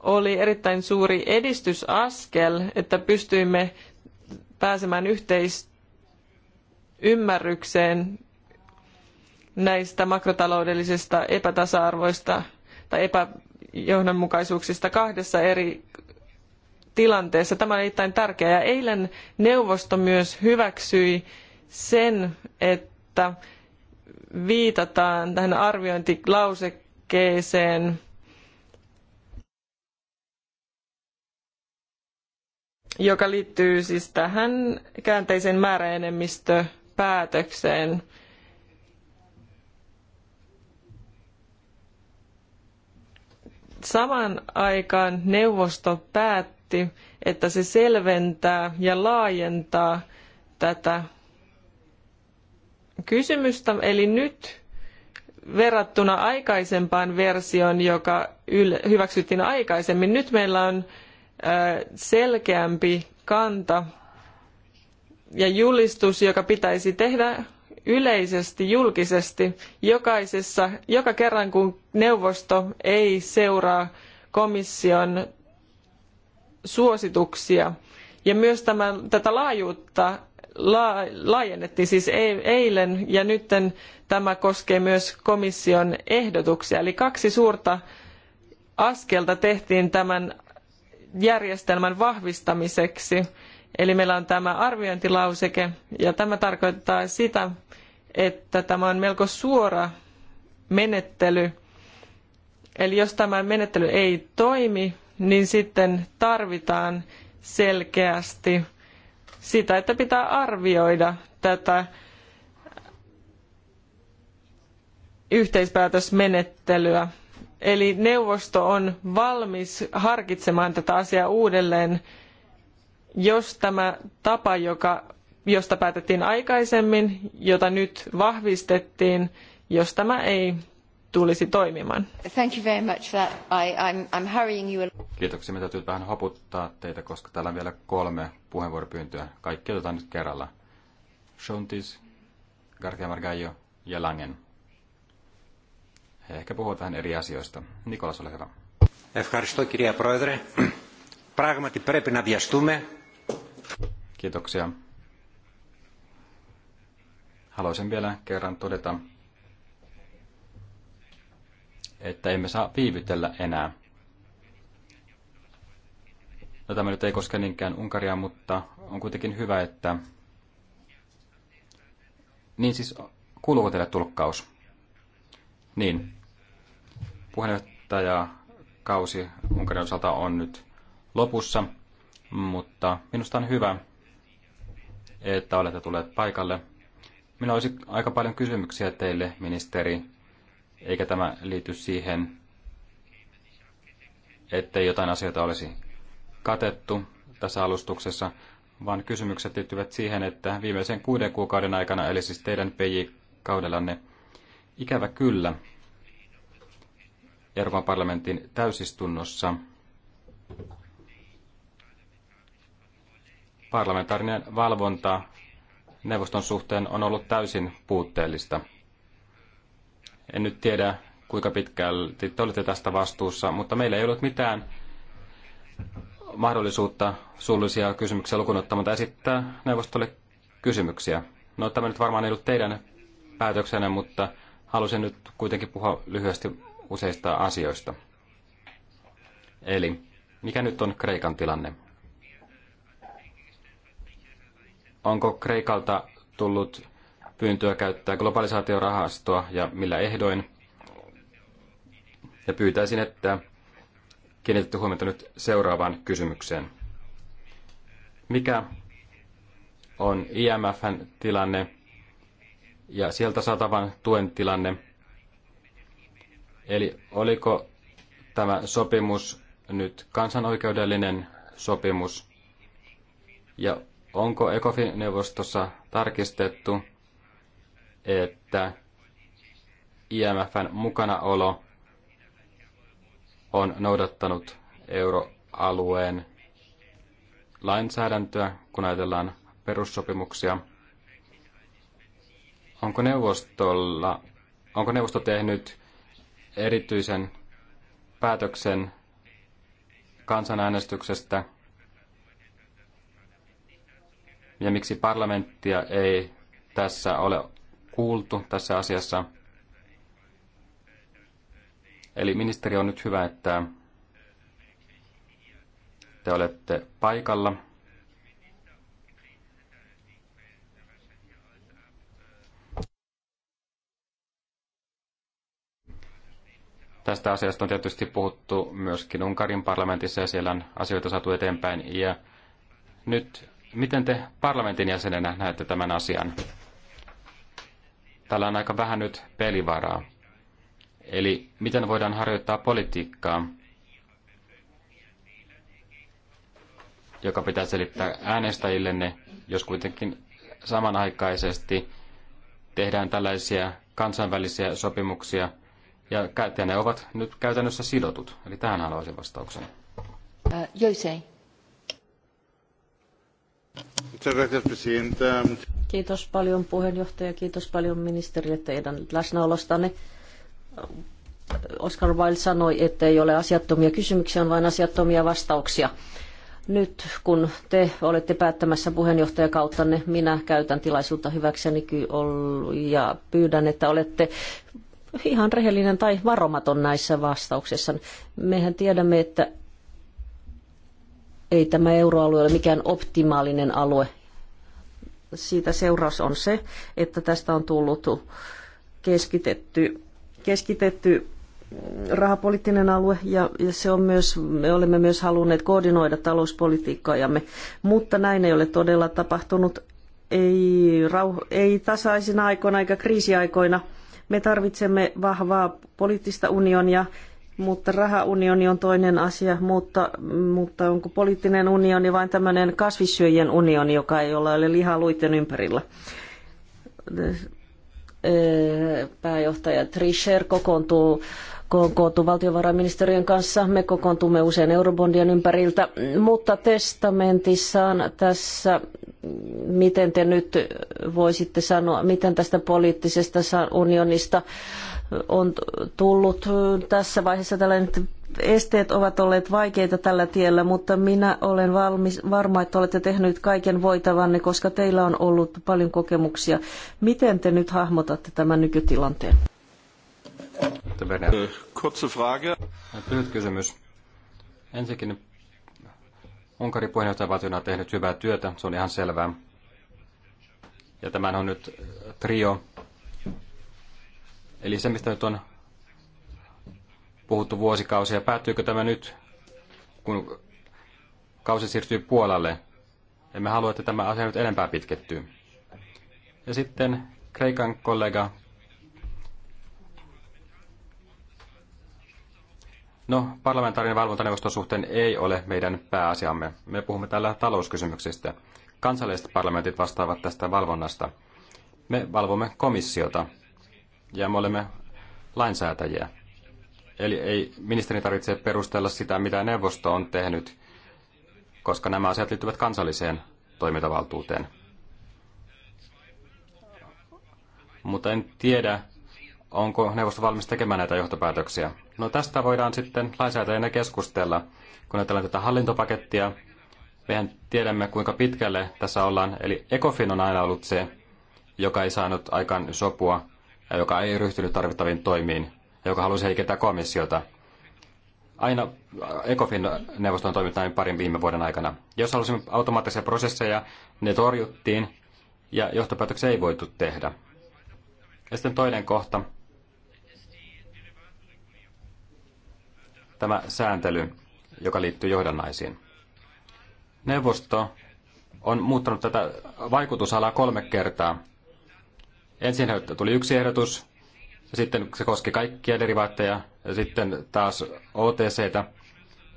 oli erittäin suuri edistysaskel, että pystyimme pääsemään yhteistyöhön ymmärrykseen näistä makrotaloudellisista epätasa-arvoista tai epäjohdonmukaisuuksista kahdessa eri tilanteessa. Tämä on erittäin tärkeää. Ja eilen neuvosto myös hyväksyi sen, että viitataan tähän arviointilausekkeeseen, joka liittyy siis tähän käänteisen määräenemmistö päätökseen. Saman aikaan neuvosto päätti, että se selventää ja laajentaa tätä kysymystä. Eli nyt verrattuna aikaisempaan versioon, joka hyväksyttiin aikaisemmin, nyt meillä on selkeämpi kanta ja julistus, joka pitäisi tehdä yleisesti, julkisesti, jokaisessa, joka kerran kun neuvosto ei seuraa komission suosituksia. Ja myös tämän, tätä laajuutta la, laajennettiin siis eilen ja nyt tämä koskee myös komission ehdotuksia. Eli kaksi suurta askelta tehtiin tämän järjestelmän vahvistamiseksi Eli meillä on tämä arviointilauseke, ja tämä tarkoittaa sitä, että tämä on melko suora menettely. Eli jos tämä menettely ei toimi, niin sitten tarvitaan selkeästi sitä, että pitää arvioida tätä yhteispäätösmenettelyä. Eli neuvosto on valmis harkitsemaan tätä asiaa uudelleen jos tämä tapa, joka, josta päätettiin aikaisemmin, jota nyt vahvistettiin, jos tämä ei tulisi toimimaan. Thank you very much that. I, I'm, I'm hurrying you. Kiitoksia. Me täytyy vähän hoputtaa teitä, koska täällä on vielä kolme puheenvuoropyyntöä. Kaikki otetaan nyt kerralla. Shontis, García Margallo ja Langen. He ehkä puhuvat vähän eri asioista. Nikolas, ole hyvä. Ευχαριστώ κυρία Πρόεδρε. Πράγματι πρέπει να βιαστούμε Kiitoksia. Haluaisin vielä kerran todeta, että emme saa viivytellä enää. No, tämä nyt ei koske niinkään Unkaria, mutta on kuitenkin hyvä, että... Niin siis, kuuluuko teille tulkkaus? Niin. Puheenjohtaja kausi Unkarin osalta on nyt lopussa mutta minusta on hyvä, että olette tulleet paikalle. Minulla olisi aika paljon kysymyksiä teille, ministeri, eikä tämä liity siihen, ettei jotain asioita olisi katettu tässä alustuksessa, vaan kysymykset liittyvät siihen, että viimeisen kuuden kuukauden aikana, eli siis teidän PJ-kaudellanne, ikävä kyllä, Euroopan parlamentin täysistunnossa parlamentaarinen valvonta neuvoston suhteen on ollut täysin puutteellista. En nyt tiedä, kuinka pitkälti te olette tästä vastuussa, mutta meillä ei ollut mitään mahdollisuutta suullisia kysymyksiä lukunottamatta esittää neuvostolle kysymyksiä. No tämä nyt varmaan ei ollut teidän päätöksenne, mutta halusin nyt kuitenkin puhua lyhyesti useista asioista. Eli mikä nyt on Kreikan tilanne? Onko Kreikalta tullut pyyntöä käyttää globalisaatiorahastoa ja millä ehdoin? Ja pyytäisin, että kiinnitetty huomiota nyt seuraavaan kysymykseen. Mikä on IMFn tilanne ja sieltä saatavan tuen tilanne? Eli oliko tämä sopimus nyt kansanoikeudellinen sopimus ja Onko ECOFIN-neuvostossa tarkistettu, että IMFn mukanaolo on noudattanut euroalueen lainsäädäntöä, kun ajatellaan perussopimuksia. Onko, neuvostolla, onko neuvosto tehnyt erityisen päätöksen kansanäänestyksestä – ja miksi parlamenttia ei tässä ole kuultu tässä asiassa. Eli ministeri on nyt hyvä, että te olette paikalla. Tästä asiasta on tietysti puhuttu myöskin Unkarin parlamentissa ja siellä on asioita saatu eteenpäin. Ja nyt Miten te parlamentin jäsenenä näette tämän asian? Täällä on aika vähän nyt pelivaraa. Eli miten voidaan harjoittaa politiikkaa, joka pitää selittää äänestäjillenne, jos kuitenkin samanaikaisesti tehdään tällaisia kansainvälisiä sopimuksia, ja ne ovat nyt käytännössä sidotut. Eli tähän haluaisin vastauksen. Uh, äh, Kiitos paljon puheenjohtaja, kiitos paljon ministerille teidän läsnäolostanne. Oscar Wilde sanoi, että ei ole asiattomia kysymyksiä, on vain asiattomia vastauksia. Nyt kun te olette päättämässä puheenjohtajakauttanne, minä käytän tilaisuutta hyväkseni ja pyydän, että olette ihan rehellinen tai varomaton näissä vastauksissa. Mehän tiedämme, että ei tämä euroalue ole mikään optimaalinen alue. Siitä seuraus on se, että tästä on tullut keskitetty, keskitetty mm, rahapoliittinen alue ja, ja se on myös, me olemme myös halunneet koordinoida talouspolitiikkaamme, mutta näin ei ole todella tapahtunut ei, rauh- ei tasaisina aikoina eikä kriisiaikoina. Me tarvitsemme vahvaa poliittista unionia mutta rahaunioni on toinen asia, mutta, mutta onko poliittinen unioni vain tämmöinen kasvissyöjien unioni, joka ei ole, ole lihaa luiden ympärillä? Pääjohtaja Trisher kokoontuu kokoontuu valtiovarainministeriön kanssa. Me kokoontumme usein eurobondien ympäriltä, mutta testamentissaan tässä, miten te nyt voisitte sanoa, miten tästä poliittisesta unionista on tullut tässä vaiheessa tällainen, että esteet ovat olleet vaikeita tällä tiellä, mutta minä olen valmis, varma, että olette tehnyt kaiken voitavanne, koska teillä on ollut paljon kokemuksia. Miten te nyt hahmotatte tämän nykytilanteen? Äh, kurze Frage. Lyhyt kysymys. Ensinnäkin Unkarin puheenjohtajavaltiona on tehnyt hyvää työtä, se on ihan selvää. Ja tämän on nyt trio Eli se, mistä nyt on puhuttu vuosikausia, päättyykö tämä nyt, kun kausi siirtyy Puolalle? Emme halua, että tämä asia nyt enempää pitkettyy. Ja sitten Kreikan kollega. No, parlamentaarinen valvontaneuvoston suhteen ei ole meidän pääasiamme. Me puhumme täällä talouskysymyksistä. Kansalliset parlamentit vastaavat tästä valvonnasta. Me valvomme komissiota ja me olemme lainsäätäjiä. Eli ei ministerin tarvitse perustella sitä, mitä neuvosto on tehnyt, koska nämä asiat liittyvät kansalliseen toimintavaltuuteen. Mutta en tiedä, onko neuvosto valmis tekemään näitä johtopäätöksiä. No tästä voidaan sitten lainsäätäjänä keskustella, kun ajatellaan tätä hallintopakettia. Mehän tiedämme, kuinka pitkälle tässä ollaan. Eli ECOFIN on aina ollut se, joka ei saanut aikaan sopua ja joka ei ryhtynyt tarvittaviin toimiin, ja joka halusi heikentää komissiota. Aina ECOFIN-neuvosto on toiminut näin parin viime vuoden aikana. Jos halusimme automaattisia prosesseja, ne torjuttiin ja johtopäätöksiä ei voitu tehdä. Ja sitten toinen kohta, tämä sääntely, joka liittyy johdannaisiin. Neuvosto on muuttanut tätä vaikutusalaa kolme kertaa – Ensin tuli yksi ehdotus, ja sitten se koski kaikkia derivaatteja, ja sitten taas OTCtä.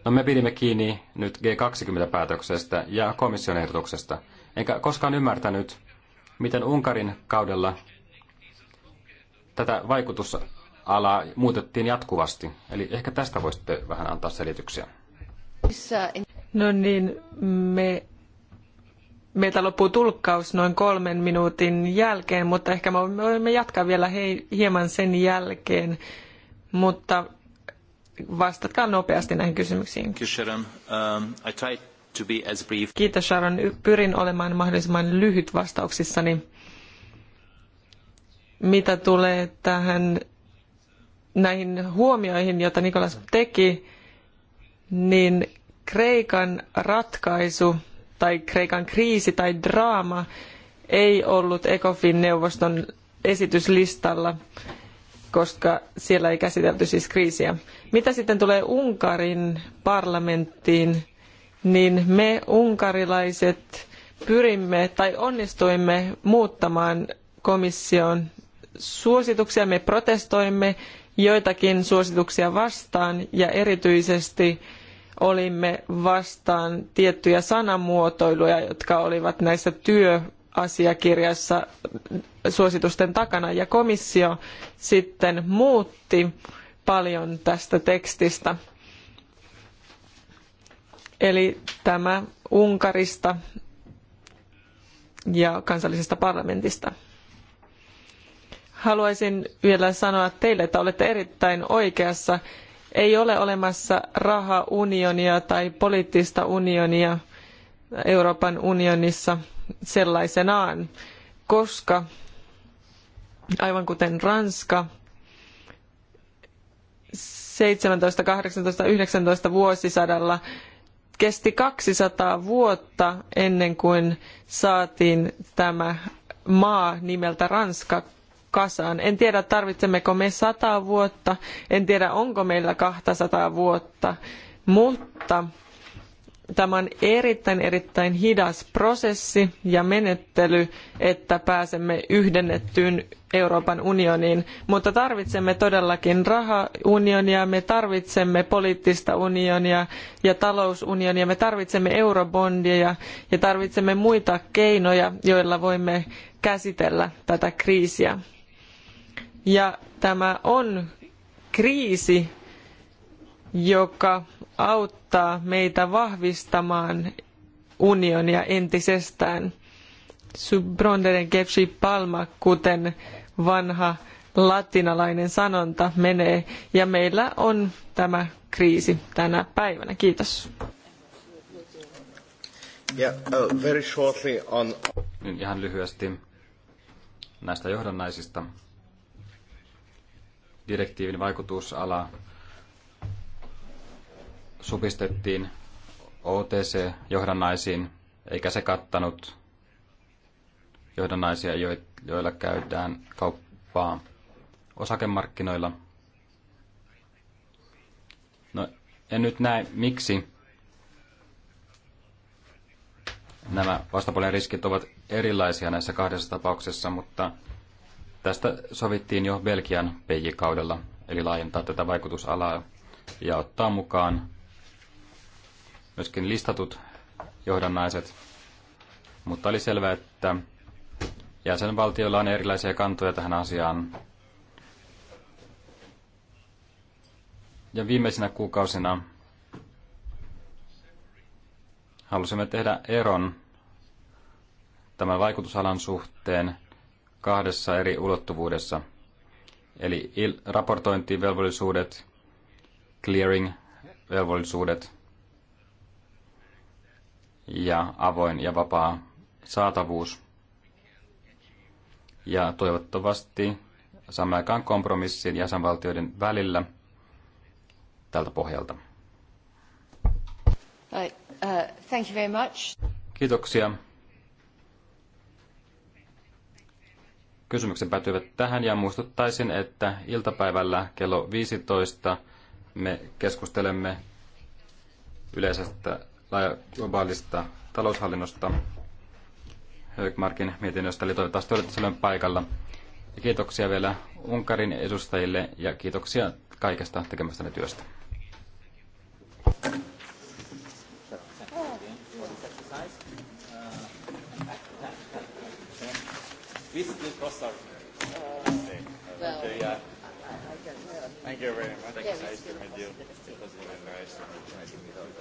No me pidimme kiinni nyt G20-päätöksestä ja komission ehdotuksesta. Enkä koskaan ymmärtänyt, miten Unkarin kaudella tätä vaikutusalaa muutettiin jatkuvasti. Eli ehkä tästä voisitte vähän antaa selityksiä. No niin, me Meiltä loppuu tulkkaus noin kolmen minuutin jälkeen, mutta ehkä me voimme jatkaa vielä hieman sen jälkeen. Mutta vastatkaa nopeasti näihin kysymyksiin. Um, Kiitos Sharon. Pyrin olemaan mahdollisimman lyhyt vastauksissani. Mitä tulee tähän näihin huomioihin, joita Nikolas teki, niin Kreikan ratkaisu – tai Kreikan kriisi tai draama ei ollut ECOFIN-neuvoston esityslistalla, koska siellä ei käsitelty siis kriisiä. Mitä sitten tulee Unkarin parlamenttiin, niin me unkarilaiset pyrimme tai onnistuimme muuttamaan komission suosituksia. Me protestoimme joitakin suosituksia vastaan ja erityisesti olimme vastaan tiettyjä sanamuotoiluja, jotka olivat näissä työasiakirjassa suositusten takana. Ja komissio sitten muutti paljon tästä tekstistä. Eli tämä Unkarista ja kansallisesta parlamentista. Haluaisin vielä sanoa teille, että olette erittäin oikeassa ei ole olemassa rahaunionia tai poliittista unionia Euroopan unionissa sellaisenaan, koska aivan kuten Ranska 17, 18, 19 vuosisadalla kesti 200 vuotta ennen kuin saatiin tämä maa nimeltä Ranska kasaan. En tiedä, tarvitsemmeko me sata vuotta, en tiedä, onko meillä 200 vuotta, mutta tämä on erittäin, erittäin hidas prosessi ja menettely, että pääsemme yhdennettyyn Euroopan unioniin. Mutta tarvitsemme todellakin rahaunionia, me tarvitsemme poliittista unionia ja talousunionia, me tarvitsemme eurobondia ja tarvitsemme muita keinoja, joilla voimme käsitellä tätä kriisiä. Ja tämä on kriisi, joka auttaa meitä vahvistamaan unionia entisestään. Subbronderen kepsi palma, kuten vanha latinalainen sanonta menee. Ja meillä on tämä kriisi tänä päivänä. Kiitos. Yeah, uh, very shortly on... Ihan lyhyesti näistä johdannaisista direktiivin vaikutusala supistettiin OTC-johdannaisiin, eikä se kattanut johdannaisia, joilla käytetään kauppaa osakemarkkinoilla. No, en nyt näe, miksi nämä vastapuolen riskit ovat erilaisia näissä kahdessa tapauksessa, mutta Tästä sovittiin jo Belgian peijikaudella, eli laajentaa tätä vaikutusalaa ja ottaa mukaan myöskin listatut johdannaiset. Mutta oli selvää, että jäsenvaltioilla on erilaisia kantoja tähän asiaan. Ja viimeisinä kuukausina halusimme tehdä eron tämän vaikutusalan suhteen kahdessa eri ulottuvuudessa. Eli il- raportointivelvollisuudet, clearing-velvollisuudet ja avoin ja vapaa saatavuus. Ja toivottavasti saamme aikaan kompromissin jäsenvaltioiden välillä tältä pohjalta. Right. Uh, thank you very much. Kiitoksia. kysymyksen päätyivät tähän ja muistuttaisin, että iltapäivällä kello 15 me keskustelemme yleisestä globaalista taloushallinnosta Högmarkin mietinnöstä, eli toivottavasti olette silloin paikalla. Ja kiitoksia vielä Unkarin edustajille ja kiitoksia kaikesta tekemästäni työstä. Visst, det kostar. Uh, well, okay, yeah. I, I don't know. Thank you very much. Yeah, nice to meet you. It was very nice to meet you.